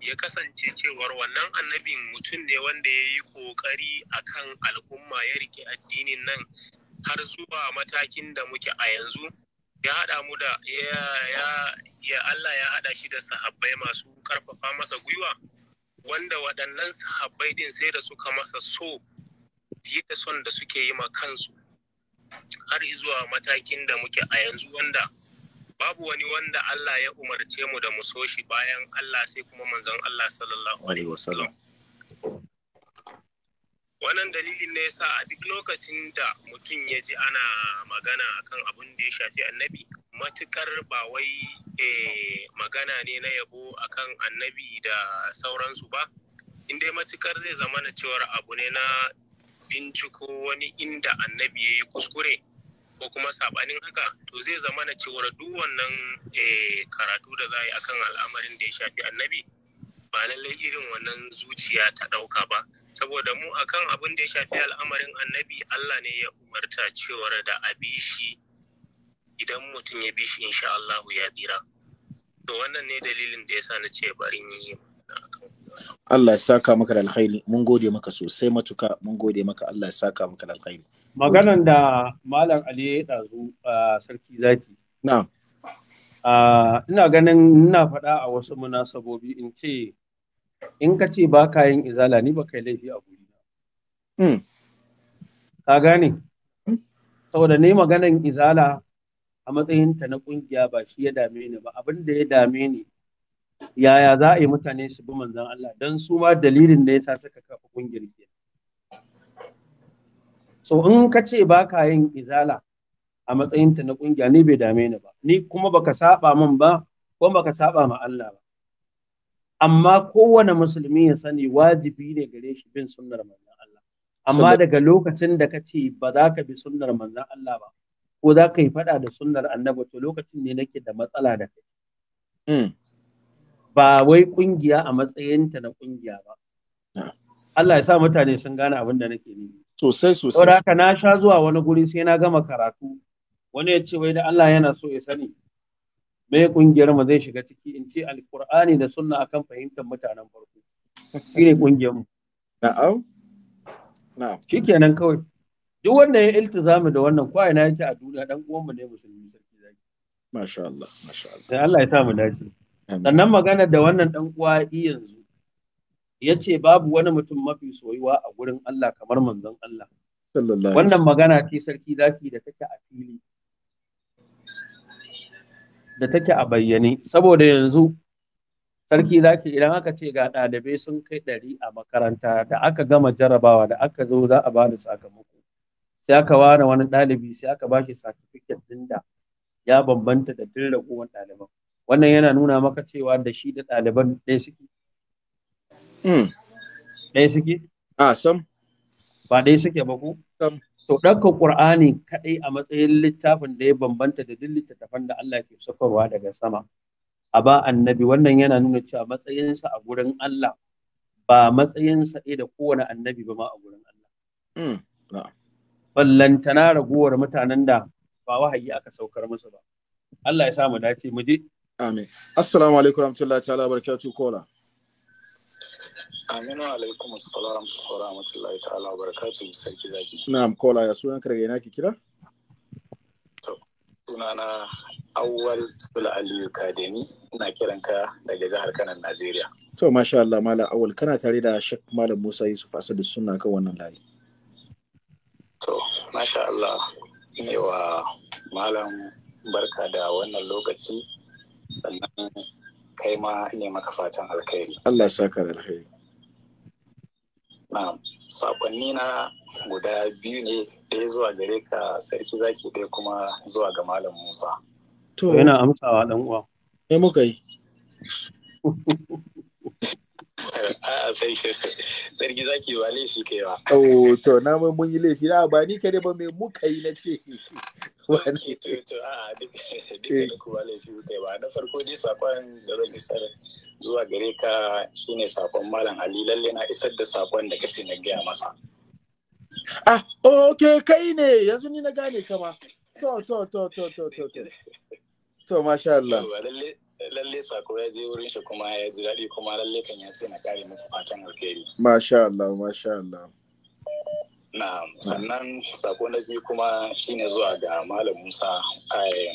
Speaker 9: ya kasance cewar wannan annabin mutum ne wanda ya yi ƙoƙari a kan al'umma ya rike addinin nan har zuwa matakin da muke a yanzu ya haɗa mu da ya Allah ya haɗa shi da sahabbai masu ƙarfafa masa gwiwa wanda waɗannan sahabbai ɗin sai da suka masa so fiye da son da suke yi ma kansu har zuwa matakin da muke a yanzu wanda babu wani wanda Allah ya umarce mu da mu so shi bayan Allah sai kuma manzon Allah sallallahu alaihi wasallam wannan dalilin ne yasa a duk lokacin da mutum ya ji ana magana akan abin da ya shafi annabi matukar ba wai eh, magana ne na yabo akan annabi da sauransu ba inda matukar zai zama na cewar abu ne na binciko wani inda annabi ya yi kuskure ko kuma sabanin haka to zai zama na cewar duk wannan eh, karatu da za a yi akan al'amarin da ya shafi annabi ba lallai irin wannan zuciya ta ɗauka ba saboda mu akan abin da ya shafi al'amarin annabi Allah ne ya umarta cewar da a bi shi idan mutum ya bi shi insha Allah
Speaker 1: ya tsira to wannan ne dalilin da ya sa na ce bari yi Allah ya saka maka da alkhairi mun gode maka sosai matuka mun gode maka Allah ya saka maka da alkhairi maganan da
Speaker 3: malam Ali ya dazu sarki zaki na'am ina ganin ina faɗa a wasu munasabobi in ce in ka ce ba ka yin izala ni ba kai laifi a guri na hmm. ka gane saboda ne maganan izala a matsayinta na kungiya ba shi ya dame ni ba abin da ya dame ni yaya za a yi mutane su bi manzon Allah don su ma dalilin da sa suka kafa kungiyar ke so in ka ce ba ka yin izala a matsayinta na kungiya ni bai dame ni ba ni kuma baka saba min ba ko baka saba ma Allah ba amma kowane musulmi ya sani wajibi ne gare shi bin sunnar manzon Allah amma daga lokacin da ka ce ba za ka bi sunnar manzon Allah ba ko za ka yi faɗa da sunnar annabi to lokacin ne nake da matsala da kai hmm. ba wai kungiya a matsayinta na kungiya ba Allah ya sa mutane sun gane abin da nake nufi sosai sosai saboda haka na sha zuwa wani guri sai na gama karatu wani ya ce wai da Allah yana so ya sani me kungiyar mu zai shiga ciki in ce alkur'ani da sunna akan fahimtar mutanen farko shine kungiyar mu na'am na'am shikenan kawai duk wanda ya iltizami da wannan kwa ina yake a duniya dan uwan mu ne musulmi sarki zaki
Speaker 5: masha Allah masha Allah sai Allah ya sa mu dace sannan magana da wannan
Speaker 3: dan uwa yanzu yace babu wani mutum mafi soyuwa a gurin Allah kamar manzon Allah wannan magana ce sarki zaki da take a fili da take a bayyane saboda yanzu sarki zaki idan aka ce ga ɗalibai sun kai ɗari a makaranta da aka gama jarabawa da aka zo za a ba da sakamako sai aka ware wani ɗalibi sai aka ba shi satifiket ɗin da ya bambanta da duk ragowar ɗaliban wannan yana nuna maka cewa da shi da ɗaliban ɗaya suke hmm. ɗaya suke a ah, sam ba ɗaya suke ba ko sam to ɗaukar ƙur'ani kaɗai a matsayin littafin da ya bambanta da duk littattafan da Allah ke saukarwa daga sama a ba annabi wannan yana nuna cewa matsayinsa a gurin Allah ba matsayinsa ɗaya da kowane annabi ba ma a gurin Allah. Mm, Ballantana ragowar mutanen da
Speaker 4: ba wahayi aka saukar musu ba.
Speaker 3: Allah ya sa mu dace mu je. Amin. Assalamu alaikum
Speaker 1: warahmatullahi ta'ala barakatuh kola.
Speaker 4: Aminu alaikum assalam wa rahmatullahi ta'ala wa barakatuhu sarki zaki.
Speaker 1: Na'am kola ya sunan karge na ki kira? To sunana
Speaker 4: Awwal Sula Aliyu Kadeni ina kiran ka daga jihar Kano Najeriya.
Speaker 1: To masha Allah mala Awwal kana tare da shek Malam Musa Yusuf Asadu suna kan wannan layi. To masha Allah ne wa malam barka da wannan lokaci sannan kai ma ne maka fatan alkhairi. Allah ya saka da alkhairi. na sakonni na guda biyu ne ɗaya zuwa gare ka sarki zaki ɗaya kuma zuwa ga malam musa to yana amsawa ɗan uwa eh muka yi (laughs)
Speaker 4: A'a sai sarki zaki ba laifi kai ba.
Speaker 1: Oh to na mai mun yi laifi na ba ni kare ba mai muka yi na ce. Wani to
Speaker 4: to a'a eh. ba laifi kai ba na farko dai sakon da zan isar zuwa gare ka shine sakon malam Ali lalle na isar da sakon da kace na gaya masa.
Speaker 1: Ah okay kai ne yanzu ni na gane kama to
Speaker 4: To to to to to to.
Speaker 1: To masha Allah.
Speaker 4: lalle sako ya je wurin shi kuma ya ji daɗi kuma lalle kan ya ce na kare muku fatan alkhairi. Masha Allah, masha Allah. Na'am, sannan sako na biyu kuma shine zuwa ga Malam Musa.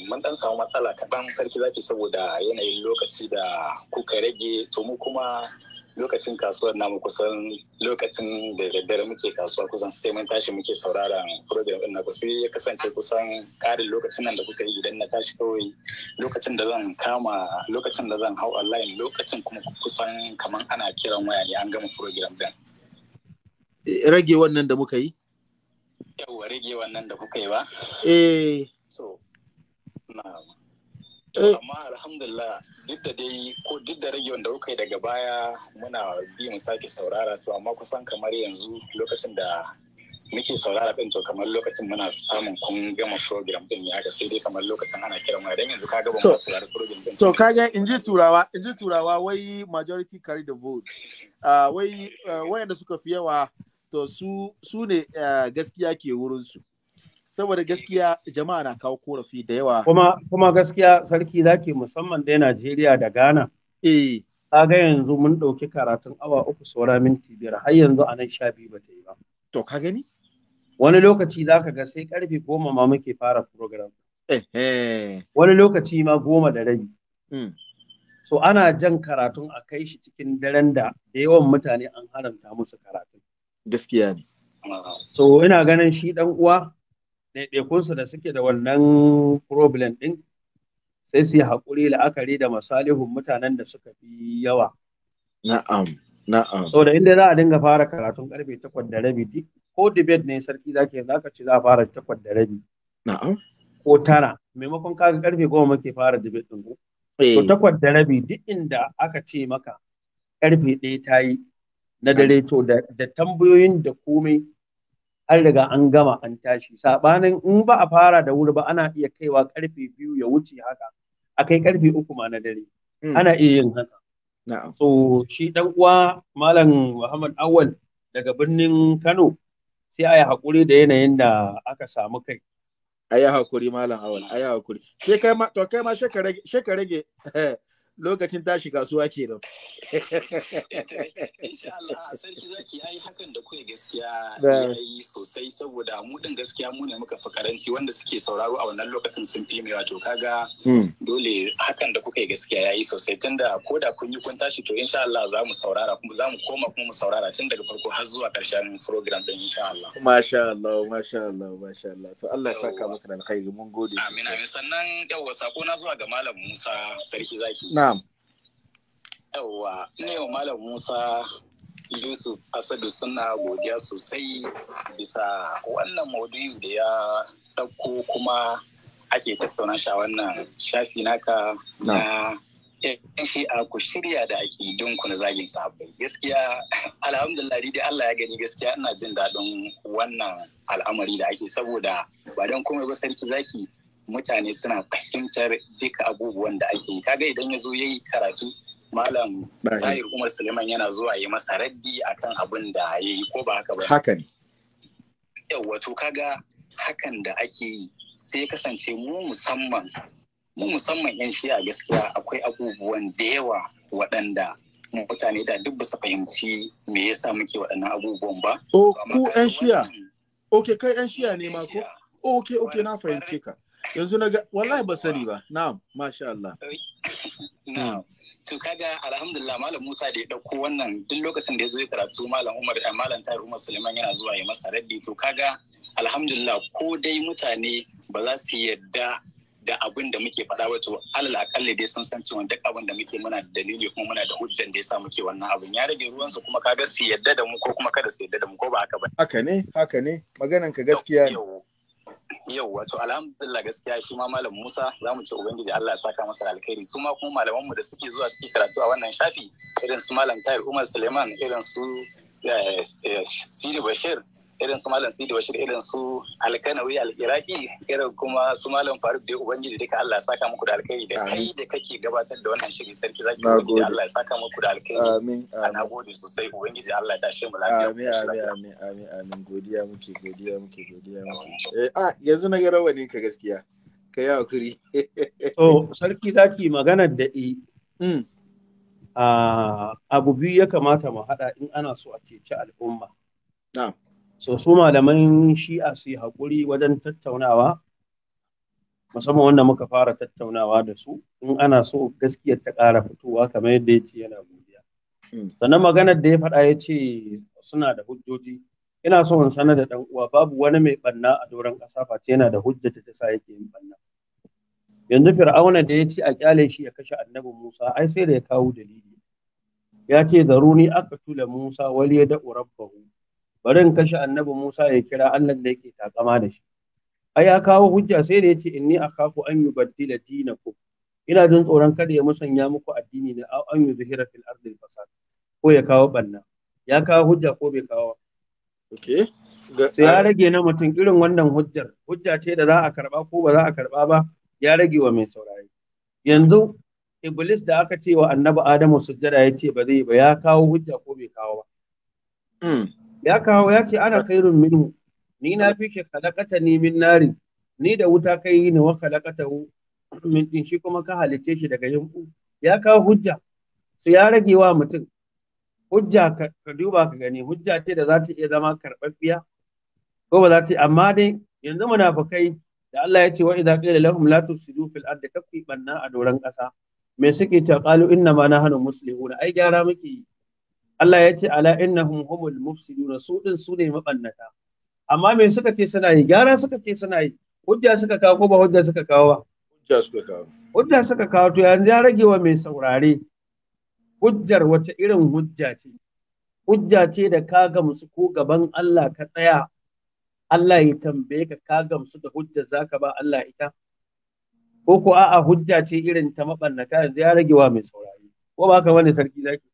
Speaker 4: Mun ɗan samu matsala kaɗan sarki zaki saboda yanayin lokaci da kuka rage to mu kuma lokacin kasuwar namu kusan lokacin da daddare muke kasuwa kusan sai mun tashi muke saurara program din naku sai ya kasance kusan karin lokacin nan da kuka yi idan na tashi kawai lokacin da zan kama lokacin da zan hau online lokacin kuma kusan kaman ana kiran waya ne an gama program din
Speaker 1: rage wannan da muka yi
Speaker 4: yawa rage wannan da kuka yi ba
Speaker 1: eh
Speaker 4: so na'am Eh. amma alhamdulillah duk da dai ko duk da rage wanda kuka yi daga baya muna mu sake saurara to amma kusan kamar yanzu lokacin da muke saurara din to kamar lokacin muna samun kun gama program din ya ga sai dai kamar lokacin ana kiran waya dan yanzu ka ga ba saurara program din
Speaker 1: to kaga in ji turawa in ji turawa wai majority carry the vote ah, wai ah, wayanda suka fi yawa to su su ne ah, gaskiya ke wurin su saboda gaskiya jama'a na kawo korafi da yawa
Speaker 3: kuma gaskiya sarki zaki musamman dai Najeriya da Ghana eh ga yanzu mun ɗauki karatun awa uku saura minti biyar har yanzu a nan sha biyu ba yi ba to ka gani wani lokaci za ka ga sai karfe goma ma muke fara program wani lokaci ma goma da rabi hmm. so ana jan karatun a kai shi cikin daren da da yawan mutane an haramta musu karatun gaskiya ne so ina ganin shi ɗan uwa ɗaiɗaikunsu da suke da wannan problem ɗin sai su yi haƙuri la'akari da masalihun mutanen da suka fi yawa.
Speaker 1: Na'am, na'am. So
Speaker 3: da inda za a dinga fara karatun ƙarfe takwas da rabi ko debate ne sarki za ka ce za a fara takwas da rabi. Na'am. Ko tara maimakon kaga ƙarfe goma muke fara debate ɗin ko. To eh. takwas da rabi duk inda aka ce maka ƙarfe ɗaya ta yi na dare to da tambayoyin da komai an riga an gama an tashi sabanin in ba a fara da wuri ba ana iya kaiwa karfe biyu ya wuce haka a kai karfe uku ma na dare hmm. ana iya yin haka so shi dan uwa malam Muhammad Awal daga birnin Kano sai a yi hakuri da yanayin da aka samu kai a yi hakuri
Speaker 1: malam Awal a yi hakuri shekara kai ma rage lokacin tashi kasuwa ke nan. Insha Allah sarki zaki ai hakan da kuwa gaskiya (laughs) ya yi sosai saboda mu din gaskiya mu ne muka fi karanci wanda suke sauraro
Speaker 4: a wannan lokacin sun fi mai wato kaga hmm. dole hakan da kuka yi gaskiya ya yi sosai tunda ko da kun yi kun tashi to insha Allah za mu saurara kuma za mu koma kuma mu saurara tun daga farko har zuwa karshen program din insha Allah.
Speaker 1: Masha Allah masha Allah masha Allah to Allah ya saka maka da alkhairi mun gode. Amin amin sannan yawa sako na
Speaker 4: zuwa ga malam Musa sarki zaki. Na Yawwa, ni wa Malam Musa Yusuf Asadu suna godiya sosai bisa wannan maudu'in da ya ɗauko kuma ake tattauna shi wannan shafi naka na yan a ku shirya da ake ku na zagin sahabbai gaskiya alhamdulillah dai Allah ya gani gaskiya ina jin daɗin wannan al'amari da ake saboda ba don komai ba sarki zaki mutane suna fahimtar duka abubuwan da ake kaga idan ya zo ya yi karatu malam Tahir Umar Suleiman yana zuwa yi masa raddi akan abin da ya yi ko ba haka ba. Haka ne. Yawwa to kaga hakan da ake yi sai kasance mu musamman mu musamman 'yan shi'a gaskiya akwai abubuwan da yawa waɗanda mutane da duk basu fahimci me yasa muke waɗannan abubuwan ba.
Speaker 1: O ku 'yan shiya? Ok kai 'yan shiya ne ma ko? Ok ok na fahimce ka. Yanzu na ga wallahi ba sani ba. Na'am masha Allah. (laughs) Na'am. Hmm.
Speaker 4: to kaga alhamdulillah malam Musa da ya dauko wannan duk lokacin da ya zo ya karatu malam Umar eh, malam Tahir Umar Suleiman yana zuwa ya masa raddi to kaga alhamdulillah ko dai mutane ba za su yadda da abin da muke faɗa ba to alal akalli dai sun san cewa duk abin da muke muna da dalili kuma muna da hujjan da yasa muke wannan abin ya rage ruwan su kuma
Speaker 1: kaga su yadda da mu ko kuma kada su yadda da mu ko ba haka ba haka ne haka ne maganan ka gaskiya ne
Speaker 4: yau wato alhamdulillah gaskiya shi ma malam Musa za mu ce ubangiji Allah ya saka masa alkhairi su ma kuma malaman mu da suke zuwa suke karatu a wannan shafi irin su malam Tahir Umar Suleiman irin su eh, eh, Sidi Bashir irin su malam sidi bashir irin su alkanawi al-iraki irin kuma su malam faruk da ubangiji duka Allah saka muku da alkhairi da kai da kake gabatar da wannan shiri sarki zaki ubangiji Allah ya saka muku da alkhairi amin ana gode sosai ubangiji Allah ya tashe mu lafiya amin amin amin
Speaker 1: amin amin godiya muke godiya muke godiya muke eh a ah, yanzu na ga rawani ka gaskiya
Speaker 3: ka yi hakuri to sarki zaki magana da i hmm. ah, abu biyu ya kamata mu haɗa in ana so a ceci al'umma na'am so su malaman shi'a su yi haƙuri wajen tattaunawa musamman wanda muka fara tattaunawa da su in ana so gaskiyar ta ƙara fitowa kamar yadda ya ce yana godiya hmm. sannan maganar da ya faɗa ya ce suna da hujjoji ina so in sanar da ɗan uwa babu wani mai ɓanna a doron ƙasa face yana da hujja ta sa yake yin ɓanna yanzu fir'auna da ya ce a ƙyale shi ya kashe annabi musa ai sai da ya kawo dalili ya ce zaruni aka tula musa wali ya da'u rabbahu bari in kashe annabi Musa ya kira Allah da yake takama da shi ai ya kawo hujja sai da yace inni akhafu an yubaddila dinakum ina jin tsoron kada ya musanya muku addini da an yuzhira fil ardi fasad ko ya kawo banna ya kawo hujja ko bai kawo okay ya rage na mutum irin wannan hujjar hujja ce da za a karba ko ba za a karba ba ya rage wa mai saurayi. yanzu iblis da aka ce wa annabi adamu sujjada ya ce ba zai ba ya kawo hujja ko bai kawo ba hmm. ya kawo ya ce ana kairun minhu ni na fi shi kalakata ni min nari ni da wuta kai yi ni wa kalakata min din shi kuma ka halicce shi daga yimbu ya kawo hujja su ya rage wa mutum hujja ka duba ka gani hujja ce da za ta iya zama karɓaɓɓiya ko ba za ta amma dai yanzu munafukai da Allah ya ce wa idza qila lahum la tufsidu fil ardi kafi banna a doran ƙasa me suke ta qalu inna ma nahnu muslimuna ai gyara muke yi Allah ya ce ala innahum humul mufsiduna su din su ne mabannata amma me suka ce suna yi gyara suka ce suna yi hujja suka kawo ko ba hujja suka kawo ba
Speaker 5: hujja suka kawo
Speaker 3: hujja suka kawo to yanzu ya rage wa mai saurare hujjar wata irin hujja ce hujja ce da ka gamsu ko gaban Allah ka tsaya Allah ya tambaye ka ka gamsu da hujja zaka ba Allah ita ko ko a'a hujja ce irin ta mabannata yanzu ya rage wa mai saurare ko ba ka wani sarki zaki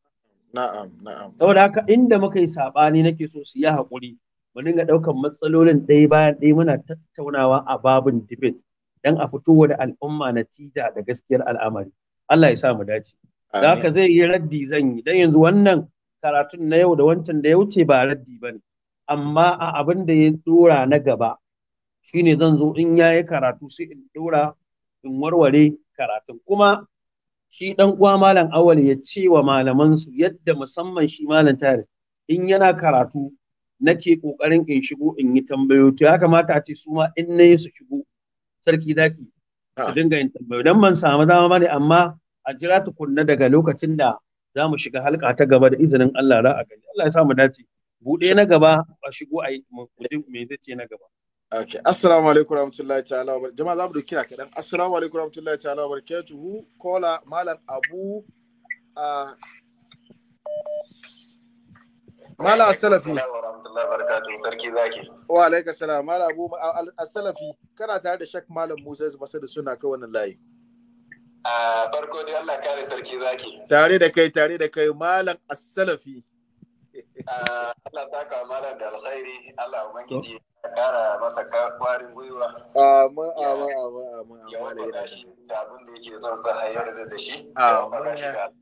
Speaker 3: Na'am, na'am. Saboda haka inda muka yi saɓani nake so su yi haƙuri, mu dinga ɗaukar matsalolin ɗaya bayan ɗaya muna tattaunawa a babin debate don a fito wa da al'umma natija da gaskiyar al'amari. Allah ya sa mu dace. Da haka zai yi raddi zan yi, don yanzu wannan karatun na yau da wancan da ya wuce ba raddi ba ne. Amma a abin da ya dora na gaba, shine zan zo in ya yi karatu sai in ɗora in warware karatun. Kuma shi dan uwa malam awal ya ce wa malamansu yadda musamman shi malam tare in yana karatu nake kokarin in shigo in yi tambayoyi ya kamata a ce su ma in nayi su shigo sarki zaki su ah. dinga yin tambayoyi dan ban samu dama bane amma a jira tukunna daga lokacin da za mu shiga halka ta gaba da izinin Allah za a gani Allah ya sa mu dace buɗe na gaba
Speaker 1: a shigo a yi me zai ce na gaba
Speaker 3: Okay. Assalamu
Speaker 1: alaikum warahmatullahi ta'ala wa barakatuhu. Jama'a za mu da kira kaɗan. Assalamu alaikum warahmatullahi ta'ala wa barakatuhu. Kola Malam Abu uh, Malam Asalafi. Wa alaika salam. Malam Abu Salafi kana tare da Shak Malam Musa Yusuf da suna kai wannan layi.
Speaker 7: A ah, farko dai Allah kare sarki zaki.
Speaker 1: Tare da kai tare da kai Malam Asalafi.
Speaker 7: Allah saka malam da alkhairi Allah ubangiji ya kara masa kwarin gwiwa amin amin amin amin ya da shi da abin da yake son sa hayar da da shi amin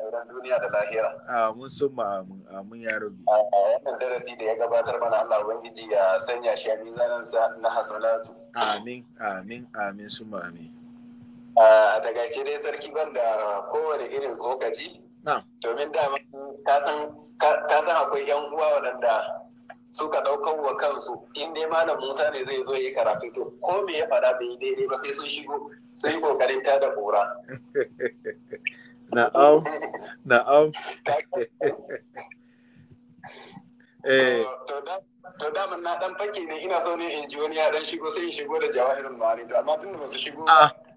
Speaker 7: ya duniya da lahira
Speaker 1: amin sun ma amin amin ya rubi
Speaker 7: wannan darasi da ya gabatar mana Allah ubangiji ya sanya shi a mizanin sa na hasanatu amin amin amin sun ma amin a daga dai sarki ban da kowane irin tsokaci domin dama ka san akwai yan uwa waɗanda suka ɗaukar wa kansu in dai malam musa ne zai zo yi karatu to ko me ya faɗa bai daidai
Speaker 1: ba sai sun shigo sun yi kokarin ta da kura (laughs) na'am na'am (laughs) eh
Speaker 7: to daman na dan fake ne ina so ne in ji wani ya dan shigo sai in shigo da jawahirin ma'ani to amma tun da su shigo
Speaker 6: ba
Speaker 1: ah.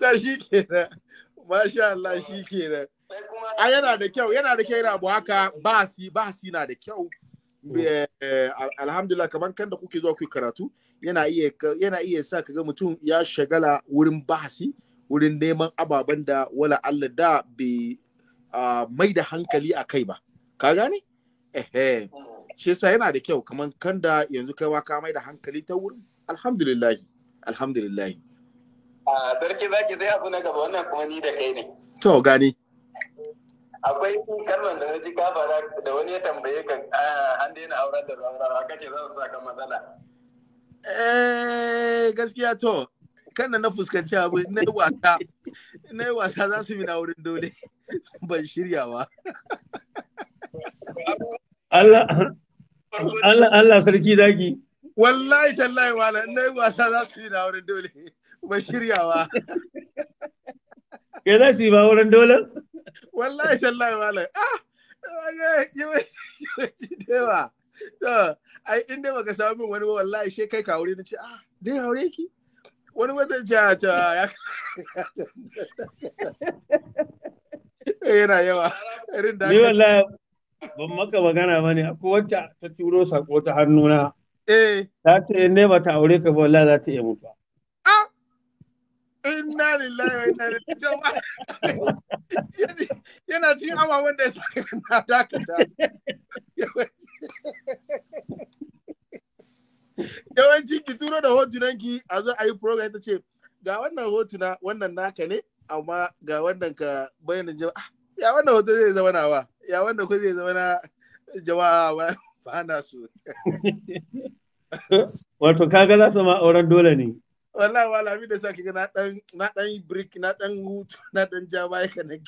Speaker 1: ta shi kenan masha Allah shi kenan a yana da kyau yana da kyau yana abu haka ba si na da kyau mm. eh, eh, alhamdulillah kamar kan da kuke zuwa ku karatu yana iya yana iya sa kaga mutum ya shagala wurin bahasi wurin neman ababen da wala Allah da bai mai da hankali a kai ba ka gane ehe shi yasa yana da kyau kamar kan da yanzu kai ma ka mai da hankali ta wurin alhamdulillah alhamdulillah
Speaker 7: sarki zaki sai abu na gaba wannan kuma ni da kai ne
Speaker 1: to gani akwai kalmar da na ji kafara da wani ya tambaye ka ah, an daina aurar da zaurawa kace za su saka matsala eh gaskiya to kan na fuskanci abu na yi wasa na yi wasa za su mina wurin dole ban shirya ba Allah
Speaker 3: Allah sarki zaki
Speaker 1: wallahi tallahi wala na yi wasa za su mina wurin dole ba shiryawa Ke za su yi ba wurin dole wallahi tallahi malam ah da yawa? to ai inda baka samu min wani wallahi shi kai ka na ce ah dai haure ki wani wata a ta ya (laughs)
Speaker 3: eh, yana yawa irin da ni wallahi ban maka magana ne, ko wacce ta turo sako ta hannuna eh ta ce ne ba ta aure ka ba wallahi za ta iya mutuwa
Speaker 1: inna lillahi wa inna ilaihi jama'a yana cikin ababen da ya saka na yawanci ki turo da hotunan ki a zo a yi program ta ce ga wannan hotuna wannan naka ne amma ga wannan ka bayyana jama'a ah, ya wannan hoto zai zama wa? ya wannan ko zai zama na jama'a ba na su (laughs)
Speaker 3: wato kaga za su ma auren dole ne
Speaker 1: wallahi mi da saki ga na dan na dan brick na dan hutu na dan ja baya kenan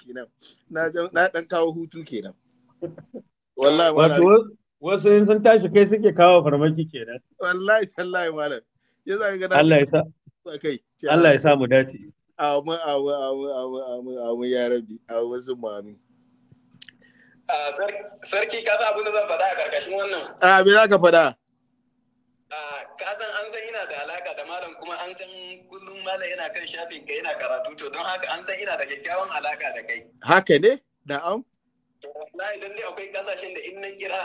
Speaker 1: na na dan kawo hutu kenan wallahi wallahi
Speaker 3: wasu yin sun tashi kai suke kawo farmaki
Speaker 1: kenan wallahi wallahi malam ya zaka ga Allah ya sa kai Allah ya sa mu dace amu amu amu amu amu amu ya rabi amu sun mami ah,
Speaker 7: sarki ka sa abin da zan faɗa a karkashin wannan
Speaker 1: a ah, me za ka faɗa ka san an san ina da alaka da malam kuma an san kullum malam yana kan shafin ka yana karatu to don haka an san ina da kyakkyawan alaka da kai haka ne na'am to
Speaker 7: wallahi dan dai akwai kasashen da in na kira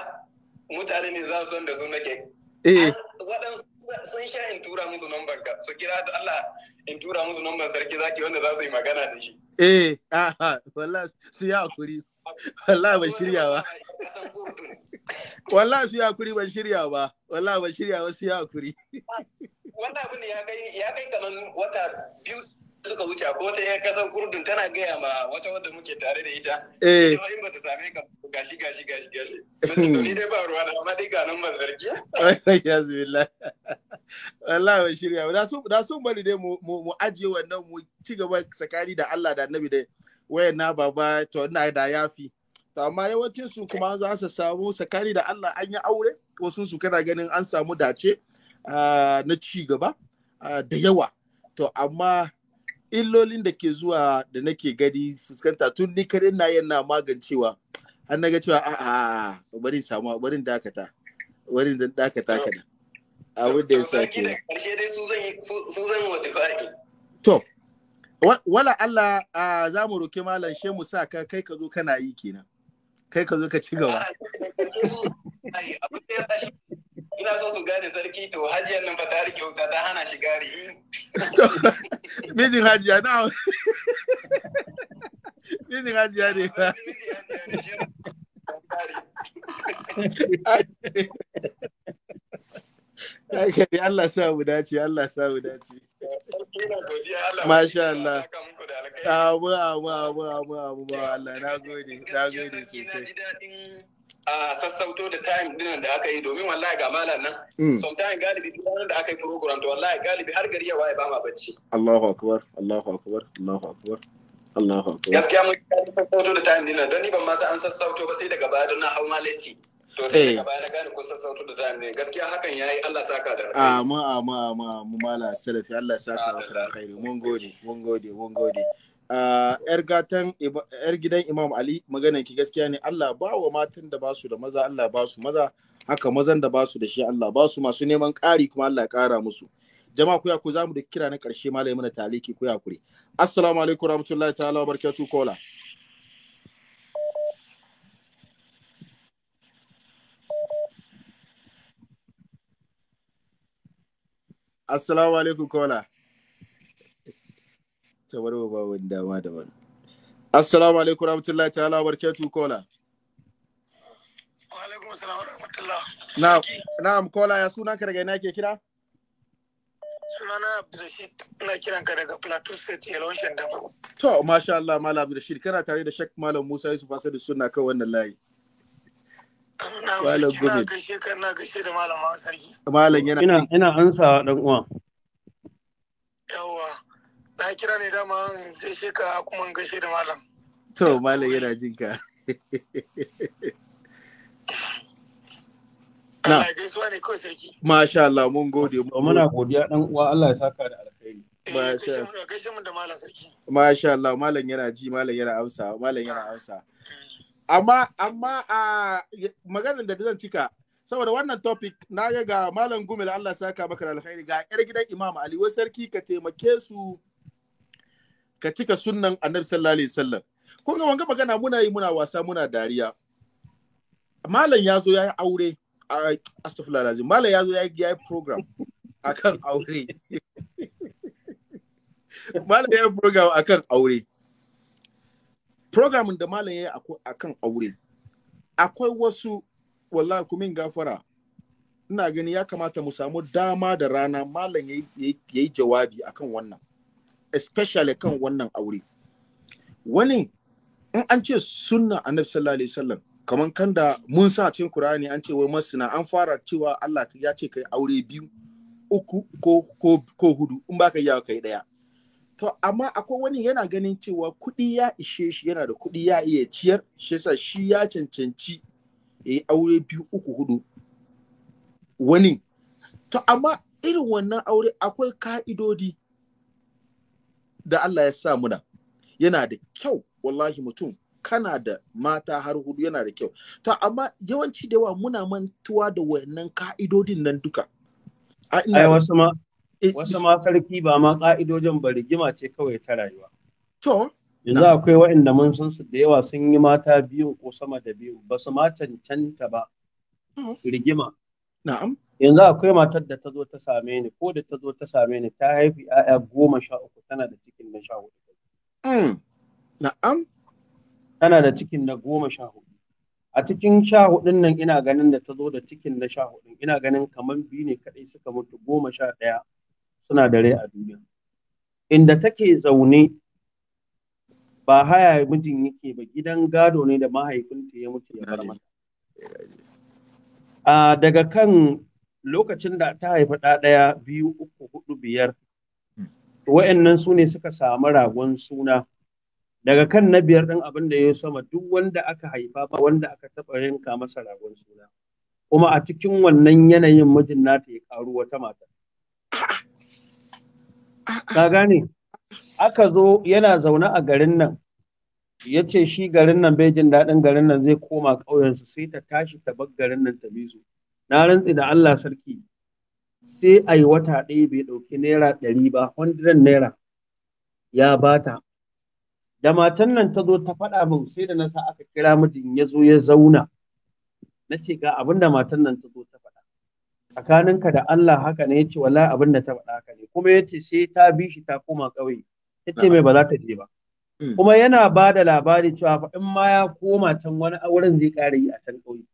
Speaker 7: mutane ne za su san da su nake eh waɗansu sun sha in tura musu number ka su kira da Allah in tura musu number sarki zaki wanda za su yi magana da shi
Speaker 1: eh aha wallahi su ya hakuri wallahi ba shiryawa wallahi su yakuri ban shirya ba wallahi ban shirya ba su yakuri wannan abin ya kai ya kai kaman wata
Speaker 7: biyu suka wuce ko ta yan kasan kurdun tana gaya ma wata wadda muke tare da
Speaker 1: ita eh
Speaker 7: in ba ta same ka gashi gashi gashi gashi ni dai ba ruwa na amma ga nan ban
Speaker 1: zargi ya zubillah wallahi ban shirya da su da sun bari dai mu mu ajiye wannan mu ci gaba tsakani da Allah da Annabi dai wayan na baba to ina da yafi amma yawancin su kuma za su samu sakari da Allah an yi aure wasu su kana ganin an samu dace na ci gaba da yawa to amma illolin da ke zuwa da nake gani fuskanta tun ni kadai na yana magancewa an naga cewa a'a bari samu bari dakata bari dakata kana abin da ya sa ke to wala Allah za mu roki malam shemu sa ka kai ka zo kana yi kenan kai ka zo ka ci gaba
Speaker 7: ina so su gane sarki to hajiyar nan ba ta rike wuta ta hana shi gari
Speaker 1: mijin hajiya na mijin hajiya ne ba (laughs) Aka yi Allah sa mu dace, Allah sa mu dace. Masha Allah. Abu, abu, abu, abu, abu, Allah, na gode, na gode sosai.
Speaker 7: a sassauto da time dinan da aka yi domin wallahi ga malam nan hmm. sometimes galibi duk da aka yi program to wallahi galibi har gari ya waye ba ma bacci
Speaker 1: Allahu akbar Allahu akbar Allahu akbar Allahu akbar gaskiya
Speaker 7: mun sassauto da time dinan don ni ban ma an sassauto ba sai daga baya don na hau ma To sai daga baya na gane kun sassautu da time ne gaskiya hakan yayi Allah saka da alkhairi. Amma
Speaker 1: ah, amma amma mu mala salafi Allah saka da alkhairi mun gode mun gode mun gode. Ah, yar gatan yar gidan Imam Ali maganan ki gaskiya ne Allah ba wa matan da basu da maza Allah ba su maza haka mazan da basu da shi Allah ba su masu neman ƙari kuma Allah ƙara musu jama'a ku ya ku zamu da kira na ƙarshe malai mana taliki ku ya kure assalamu alaikum warahmatullahi ta'ala wa barakatuh kola Assalamu alaikum kola. Ta bari ba wani dama da wani. Assalamu alaikum rahmatullahi ta'ala barkatu kola. Wa alaikum assalam rahmatullah. Na'am, kola ya suna ka daga ina ke kira?
Speaker 9: Sunana Abdulrashid na kiran ka daga Plateau State Yalwan Shandam.
Speaker 1: To, masha Allah Malam Abdulrashid kana tare da Sheikh Malam Musa Yusuf Asadu suna kan wannan layi.
Speaker 7: Malam Gumi. gaishe ka na gaishe da malama sarki.
Speaker 3: Malam yana ina ina ansa dan uwa.
Speaker 7: Yawa Na kira ne dama
Speaker 4: gaishe ka kuma gaishe da malam.
Speaker 1: To malam yana jin ka. (laughs) Na.
Speaker 4: gaisuwa ne kawai sarki.
Speaker 1: Masha Allah mun gode. Muna godiya dan uwa Allah ya saka da alkhairi. Eh, Masha Allah. Masha Allah malam yana ji malam yana amsa malam yana amsa. amma amma a maganar da zan cika saboda wannan topic na ga ga malam gumel Allah sa ka maka alkhairi ga yar gidan Imam Ali wai sarki ka taimake su ka cika sunnan Annabi sallallahu alaihi wasallam kun ga wanga magana muna yi muna wasa muna dariya malam ya zo ya yi aure astaghfirullah lazim malam ya zo ya yi program akan aure (laughs) malam ya yi program akan aure programin da malam ya yi a kan aure akwai wasu wallahi kumin gafara ina gani ya kamata mu samu dama da rana malam ya yi jawabi akan wannan especially kan wannan aure wani in an ce sunna annabi sallallahu alaihi wasallam kamar kan da mun sa cikin Qur'ani an ce wai masina an fara cewa Allah ya ce kai aure biyu uku ko ko ko hudu in baka yawa kai daya To, amma akwai wani yana ganin cewa kuɗi ya ishe shi yana da kuɗi ya iya ciyar, shi yasa shi ya cancanci ya yi aure biyu uku hudu. Wani. To, amma irin wannan aure akwai ka'idodi da Allah ya sa muna. Yana da kyau, wallahi mutum, kana da mata har hudu yana da kyau. To, amma yawanci da yawa muna mantuwa da wannan ka'idodin nan duka. A ina
Speaker 3: Eh, Wasu ma sarki ba ma ƙa'idojin ba rigima ce kawai ta rayuwa. To. Yanzu akwai waɗanda mun san su da yawa sun yi mata biyu ko sama da biyu ba su ma cancanta ba. Rigima. Na'am. Yanzu akwai matar da ta zo ta same ni ko da ta zo ta same ni ta haifi 'ya'ya goma sha uku tana da cikin na sha hudu. Hmm. Na'am. Tana da cikin na goma sha hudu. a cikin sha hudun nan ina ganin da ta zo da cikin na sha hudun ina ganin kamar biyu ne kaɗai suka mutu goma sha ɗaya suna da rai a duniya inda take zaune ba haya mijin yake ba gidan gado ne da mahaifinta ya mutu ya bar a daga kan lokacin da ta haifi ɗa ɗaya biyu uku hudu biyar wa'annan su ne suka samu ragon suna daga kan na biyar ɗin abin da ya sama duk wanda aka haifa ba wanda aka taɓa yanka masa ragon suna kuma a cikin wannan yanayin mijin nata ya ƙaru wata mata Ka gane? Aka zo yana zaune a garin nan, ya ce shi garin nan bai jin daɗin garin nan zai koma ƙauyensu sai ta tashi ta bar garin nan ta su. Na rantsi da Allah sarki sai a yi wata ɗaya bai ɗauki naira ɗari ba, hundred naira ya bata. Da matan nan ta zo ta faɗa min sai da na sa aka kira mijin ya zo ya zauna. Na ce ga abin da matan nan ta zo tsakaninka da Allah haka ne yace wallahi abin da ta faɗa haka ne kuma yace sai ta bi shi ta koma ƙauye yace mai ba za ta je ba mm. kuma yana ba da labari cewa fa in ma ya koma can wani auren zai ƙara yi a can ƙauye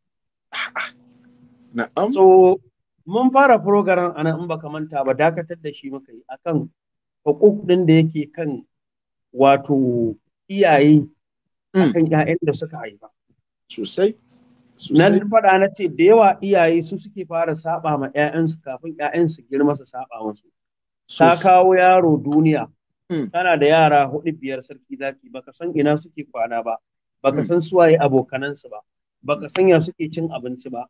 Speaker 3: na'am so mun fara program anan in baka manta ba dakatar da shi muka yi akan hukuk din da yake kan wato iyaye mm. akan ƴaƴan da suka haifa sosai nan faɗa na ce da yawa iyaye su suke fara saɓa ma 'ya'yansu kafin 'ya'yansu girma su saba musu ta kawo yaro duniya tana hmm. da yara hudu biyar sarki zaki baka san ina suke kwana ba baka hmm. san waye abokanansu ba baka san ya suke cin abinci ba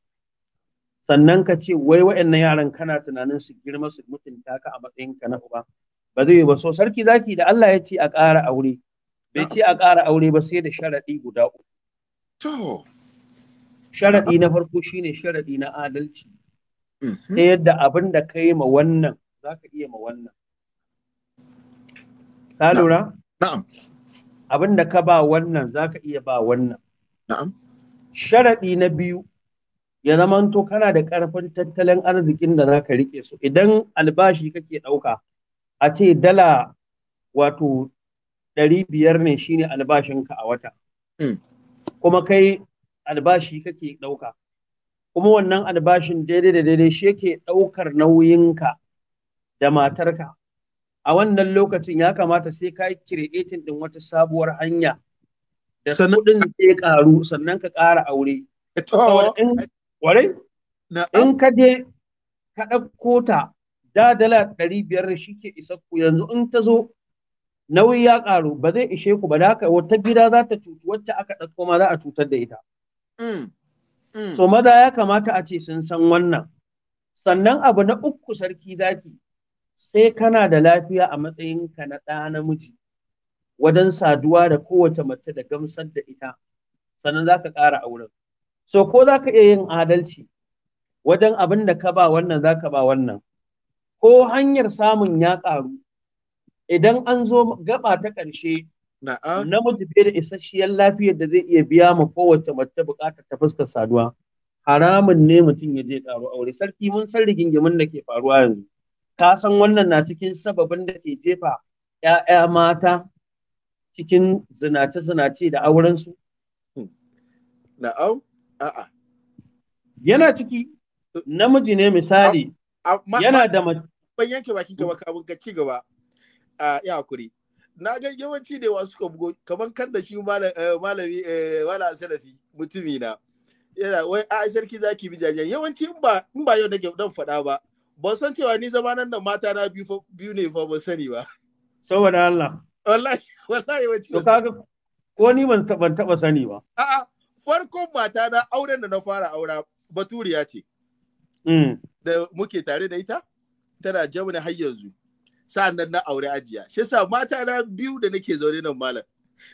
Speaker 3: sannan ka ce wai waɗannan yaran kana tunanin su girma su mutunta ka a matsayin ka na uba ba zai ba so sarki zaki da Allah ya ce a ƙara aure bai ce a ƙara aure ba sai da sharaɗi guda uku sharaɗi na farko shine sharaɗi na adalci mm-hmm. ta yadda abin da ka yi ma wannan za ka iya ma wannan ka lura abin da ka ba wannan za ka iya ba wannan na'am sharaɗi na biyu ya zamanto kana da ƙarfin tattalin arzikin da za ka riƙe su idan albashi kake ɗauka a ce dala wato ɗari biyar ne shine albashinka a wata mm. kuma kai albashi kake ɗauka kuma wannan albashin daidai da daidai shi yake ɗaukar nauyinka da matarka a wannan lokacin ya kamata sai ka kiretin din wata sabuwar hanya da kuɗin zai ƙaru sannan ka ƙara aure eh, in ka je ka ɗauko ta da dala ɗari biyar da shi ke isa yanzu in ta zo nauyi ya ƙaru ba zai ishe ku ba da haka wata gida za ta tutu wacce aka ɗauko ma za a cutar da ita Mm. Mm. So maza ya kamata a ce sun san wannan. Sannan abu na uku sarki zaki sai kana da lafiya a matsayinka na ɗa namiji wajen saduwa da kowace mace da gamsar da ita sannan za ka ƙara auren. So ko za ka iya yin adalci wajen abin da ka ba wannan za ka ba wannan. Ko hanyar samun ya ƙaru idan an zo gaba ta ƙarshe namiji bai da isasshiyar lafiyar da zai iya biya ma kowace mace bukatar ta fuskar saduwa haramun ne mutum ya je karo aure sarki mun san rigingimin da ke faruwa yanzu ka san wannan na cikin sababin da ke jefa ‘ya'ya mata cikin zinace-zinace da aurensu? Hmm. Na'am, a'a. Yana ciki namiji ne misali yana da mace.
Speaker 1: Ban yanke bakin gaba kafin ka ci gaba a ah, yakuri. na ga yawanci da wasu ka bugo kamar kan da shi eh, malami wala eh, salafi mutumi na yana wai a sarki zaki bi jajen yawanci in ba in ba yau nake dan faɗa ba ban san cewa ni zama nan da mata na biyu ne fa ba sani ba
Speaker 3: saboda Allah
Speaker 1: wallahi (laughs) wallahi wace to
Speaker 3: kaga ko ni ban ban taba sani ba a'a
Speaker 1: farkon mata na auren da na fara aura baturiya ce mm. da muke tare da ita tana jamani har yanzu sa'an nan na aure ajiya shi yasa mata na biyu da nake zaune nan malam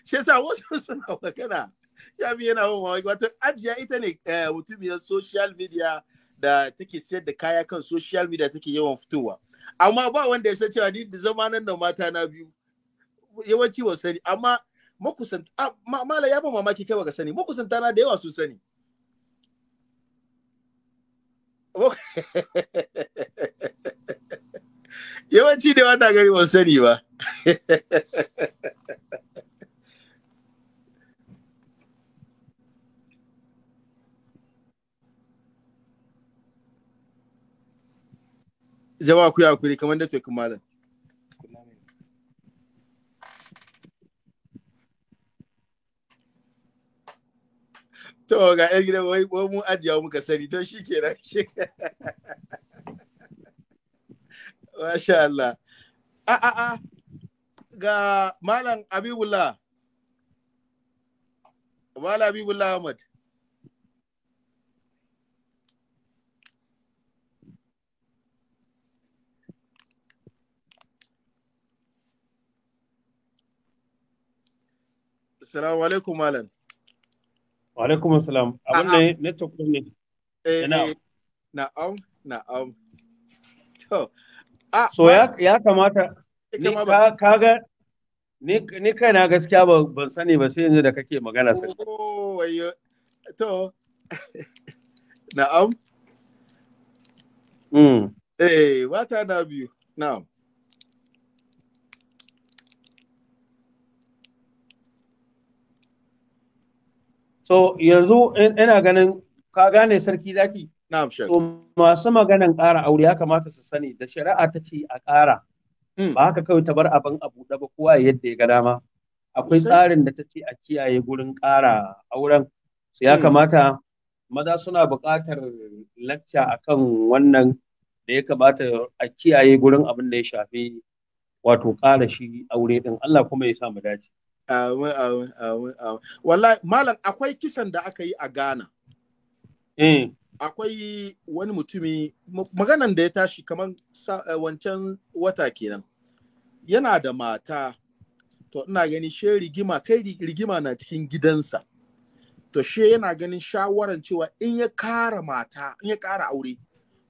Speaker 1: shi yasa wasu (laughs) suna magana ya bi yana mun mamaki wato ajiya ita ne eh, mutumiyar social media da take sayar da kaya kan social media take yawan fitowa amma ba wanda ya san cewa ni da zama nan mata na biyu yawanci wa sani amma makusanta ah, malam ya ba mamaki kai baka sani makusanta na da yawa sun sani (laughs) yawanci da wanda gari ban sani ba (laughs) jama'a ku ya kuri kamar da teku malam to ga yar gidan wai mu ajiya muka sani to shikenan (laughs) Masha Allah. A a a ga Malam Abibullah. Malam Abibullah Ahmad. Assalamu alaikum Malam. Wa
Speaker 3: alaikum assalam. Abin da network ne. Eh, na'am. Eh.
Speaker 1: Na'am. Na'am. To,
Speaker 3: so ya ya kamata ni ka, ka ga ni ni kaina gaskiya ba ban sani ba sai yanzu da kake magana sai
Speaker 1: oh, to (laughs) na'am mm eh wata na biyu na'am
Speaker 3: so yanzu ina ganin ka gane sarki zaki To masu maganan ƙara aure ya kamata su sani da shari'a ta ce a ƙara. Hmm. Ba haka kawai ta bar abin a buɗe ba kowa yadda ya ga dama. Akwai tsarin da ta ce a kiyaye gurin ƙara auren. Ya hmm. kamata maza suna buƙatar lacca akan wannan da ya kamata a kiyaye gurin abin da ya shafi wato ƙara shi aure ɗin Allah kuma ya sa mu dace.
Speaker 1: Amin Wallahi malam akwai kisan da aka yi a Ghana. Eh. akwai wani mutumi maganan da ya tashi kamar eh, wancan wata kenan yana da mata to ina gani she rigima kai rigima na cikin gidansa to she yana ganin shawaran cewa in ya kara mata in ya kara aure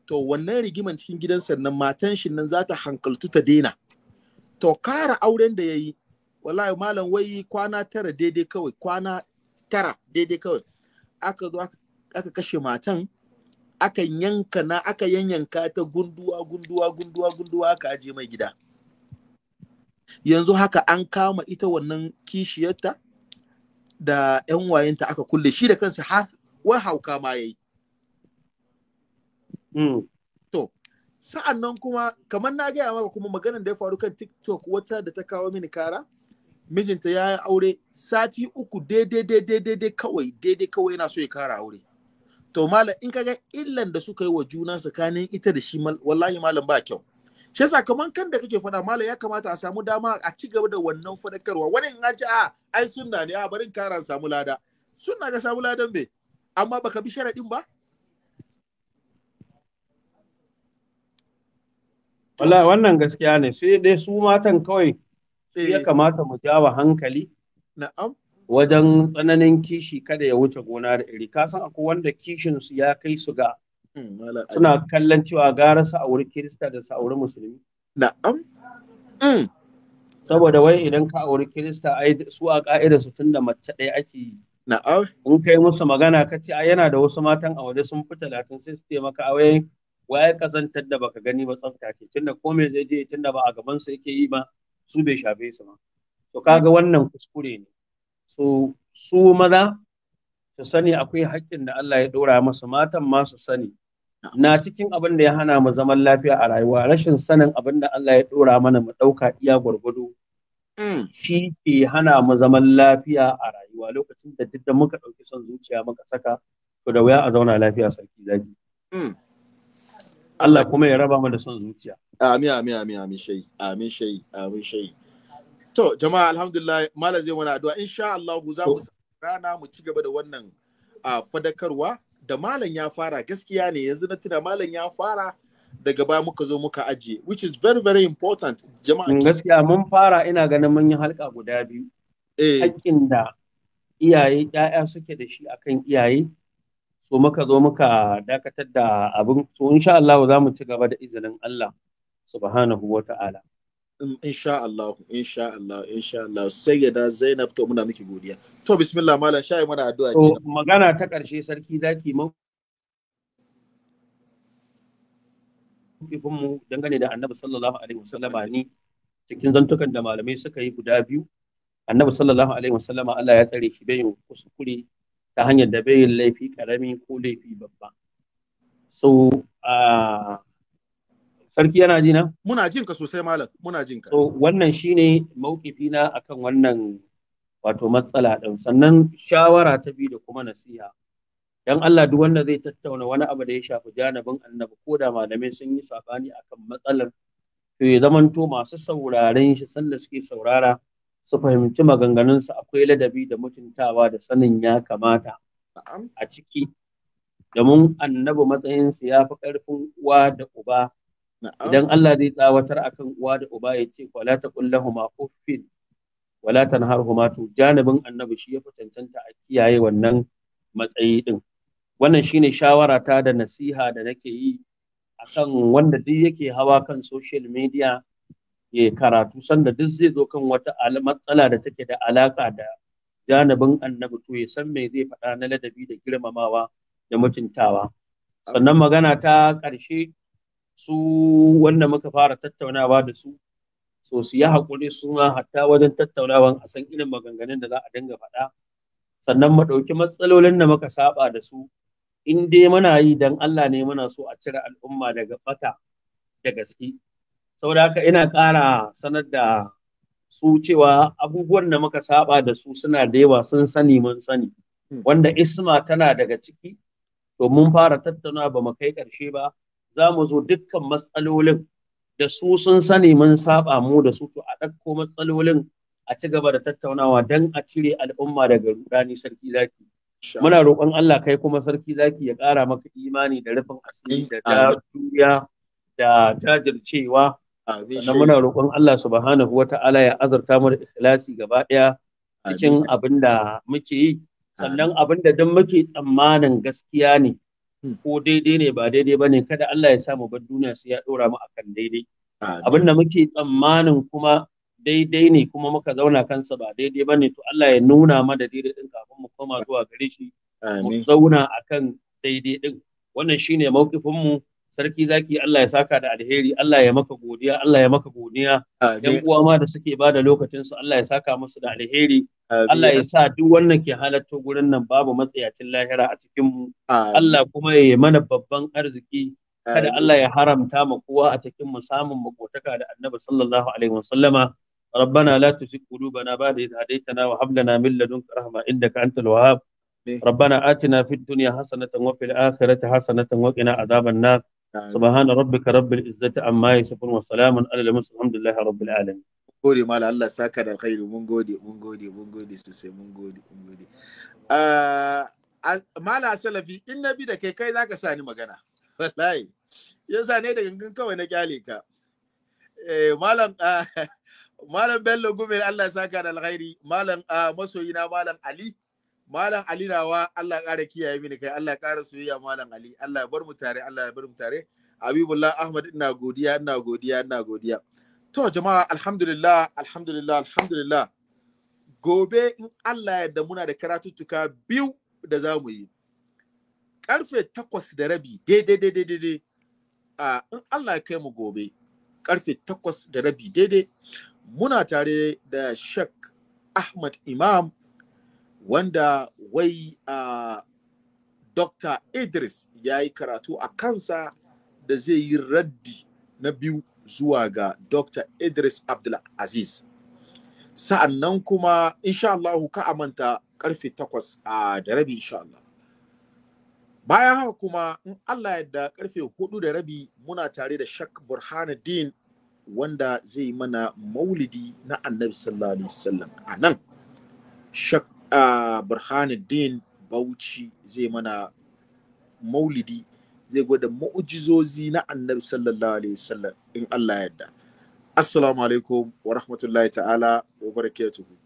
Speaker 1: to wannan rigiman cikin gidansa nan matan shi nan za ta hankaltu ta daina to kara auren da ya yi wallahi malam wai kwana tara daidai kawai kwana tara daidai kawai aka zo aka kashe matan aka yanka na aka yanyanka ta gunduwa gunduwa gunduwa gunduwa aka aje mai gida yanzu haka an kama ita wannan kishiyarta da yan wayenta aka kulle shi da kansa har wai hauka ma yayi mm. to sa'an nan kuma kamar na gaya maka kuma maganar da ya faru kan tiktok wata da ta kawo mini kara mijinta ya yi aure sati uku daidai daidai daidai kawai daidai kawai yana so ya kara aure to malam in kaga illan da suka yi wa juna tsakanin ita da shi wallahi malam ba kyau shi yasa kaman kan da kake faɗa malam ya kamata a samu dama a ci gaba da wannan fadakarwa wani in ji a ah, ai sunna ne a ah, barin karan samu lada sunna ga samu ladan be amma baka bi sharadin ba
Speaker 3: Wala wannan gaskiya ne sai dai su matan kawai eh. ya kamata mu jawa hankali. Na'am. wajen tsananin kishi kada ya wuce gona da iri ka san akwai wanda kishin su ya kai su ga hmm, suna kallon cewa gara su auri kirista da su auri musulmi na'am hmm. saboda wai idan ka auri kirista ai su a ka'ida su tunda mace ɗaya ake yi na'am in kai musu magana ka ce yana da wasu matan a waje sun fi talatin sai su ce maka awai waye kazantar da baka gani ba tsafta ce tunda me zai je tunda ba a gaban su yake yi ba su bai shafe su ba. to kaga wannan kuskure ne so su maza su sani akwai haƙƙin da Allah ya ɗora masa matan ma su sani na cikin abin da ya hana mu zaman lafiya a rayuwa rashin sanin abin da Allah ya ɗora mana mu ɗauka iya gwargwado hmm. shi ke hana mu zaman lafiya a rayuwa lokacin da duk da muka ɗauki son zuciya muka saka to da wuya a zauna lafiya sarki zaki hmm. Allah kuma ya raba mu da son zuciya
Speaker 1: amin amin amin amin shai amin shai amin shai To jama'a alhamdulillah malam zai wani addu'a insha Allah za mu rana mu ci gaba da wannan fadakarwa da malam ya fara gaskiya ne yanzu na tuna malam ya fara daga ba muka zo muka
Speaker 3: ajiye which is very very important jama'a mm, gaskiya mun fara ina ganin mun yi halka guda biyu eh. hakkin da iyaye ƴaƴa suke da shi akan iyaye so muka zo muka dakatar da abin so insha Allah za mu ci gaba da izinin Allah subhanahu wa ta'ala
Speaker 1: Mm, insha Allah insha Allah insha Allah sai ya da Zainab to muna miki godiya to bismillah malam sha mana addu'a to magana ta
Speaker 3: karshe sarki zaki mu mu dangane da Annabi sallallahu alaihi wasallam ni cikin zantukan da malamai suka yi guda biyu Annabi sallallahu alaihi wasallama Allah ya tsare shi bai kuskure ta hanyar da bayin laifi karami ko laifi babba so a ah, sarki yana ji muna jin ka sosai malam muna jin ka to wannan shine mawkifi na akan wannan wato matsala din sannan shawara ta bi da kuma nasiha dan Allah duk wanda zai tattauna wani abu da ya shafi janabin annabi ko da malamai sun yi sabani akan matsalar to ya zamanto masu sauraren shi sanda suke saurara su fahimci maganganun su akwai ladabi da mutuntawa da sanin ya kamata a ciki domin annabi matsayin ya fi ƙarfin uwa da uba idan Allah zai tsawatar akan uwa da uba ya ce wala taqul lahumu uffin wala tanharhuma to janibin annabi shi ya cancanta a kiyaye wannan matsayi din wannan shine shawara ta da nasiha da nake yi akan wanda duk yake hawa kan social media ya karatu sanda duk zai zo kan wata matsala da take da alaka da janibin annabi to ya san me zai faɗa na ladabi da girmamawa da mutuntawa sannan magana ta ƙarshe su wanda muka fara tattaunawa da su so su yi haƙuri suna hatta wajen tattaunawan a san irin maganganun da za a dinga faɗa sannan mu ɗauki matsalolin da muka saba da su in dai muna yi dan Allah ne muna so a cire al'umma daga bata da gaske saboda haka ina ƙara sanar da su cewa abubuwan da muka saba da su suna da yawa sun sani mun sani hmm. wanda isma tana daga ciki to mun fara tattauna ba mu kai ƙarshe ba za mu zo dukkan matsalolin da su sun sani mun saba mu da su to a ɗauko matsalolin a ci gaba da tattaunawa don a cire al'umma daga rudani sarki zaki muna roƙon Allah kai kuma sarki zaki ya ƙara maka imani da rufin asiri da juriya da
Speaker 4: jajircewa
Speaker 3: sannan muna roƙon Allah subhanahu wata'ala ya azurta mu da ikhlasi gaba ɗaya cikin abin da muke yi sannan abin da duk muke tsammanin gaskiya ne Hmm. ko daidai ne ba daidai ba ne kada Allah ya samu mu duniya sai ya ɗora mu akan daidai abin da muke tsammanin kuma daidai ne kuma muka zauna kansa ba daidai ba ne to Allah ya nuna ma da daidai din kafin mu koma zuwa gare shi mu zauna akan daidai din wannan shine mauƙifin mu sarki zaki Allah ya saka da alheri Allah ya maka godiya Allah ya maka godiya yan uwa ma da suke bada lokacin su Allah ya saka musu da alheri Allah ya sa duk wannan ke halatto gurin nan babu matsayacin lahira a cikin mu Allah kuma ya mana babban arziki kada Allah ya haramta ma kowa a cikin mu samun makotaka da Annabi sallallahu alaihi wasallama ربنا لا تزغ قلوبنا بعد إذ هديتنا وهب لنا من لدنك رحمة إنك أنت الوهاب ربنا آتنا في الدنيا حسنة وفي الآخرة حسنة وقنا عذاب النار subhana rabbika rabbil izzati amma yasifun wa salamun alal mursalin alhamdulillahi rabbil alamin gode ma Allah saka da alkhairi mun gode mun
Speaker 1: gode mun gode sosai mun gode mun gode ah, ah, mala salafi in na bi da kai kai zaka sa ni magana (laughs) wallahi yasa ne da gangan kawai na kyale ka eh malam (laughs) ah, Malam Bello Gumel Allah saka da alkhairi, Malam masoyina Malam Ali Malam Ali nawa Allah ƙara kiyaye mini kai Allah ƙara soyayya Malam Ali Allah ya bar mu tare Allah ya bar mu tare Habibullah Ahmad ina godiya ina godiya ina godiya to jama'a alhamdulillah alhamdulillah alhamdulillah gobe in Allah ya da muna da karatuttuka biyu da za mu yi karfe takwas da rabi daidai daidai daidai a in Allah ya kai mu gobe karfe takwas da rabi daidai muna tare da Sheikh Ahmad Imam wanda wai ah, a Dr. Idris ya yi karatu a kansa da zai yi raddi na biyu zuwa ga Dr. Idris Abdulaziz. Sa'an nan kuma, insha Allah, ka amanta karfe takwas a ah, da rabi, insha Allah. Bayan haka kuma, in Allah yadda karfe hudu da rabi muna tare da Shak Burhanuddin wanda zai mana maulidi na annabi sallallahu alaihi wasallam a nan. Shak uh, burhanuddin bauchi zai mana maulidi zai gwada mu'ujizozi na annabi sallallahu alaihi wasallam in allah yadda assalamu alaikum wa rahmatullahi ta'ala wa barakatuhu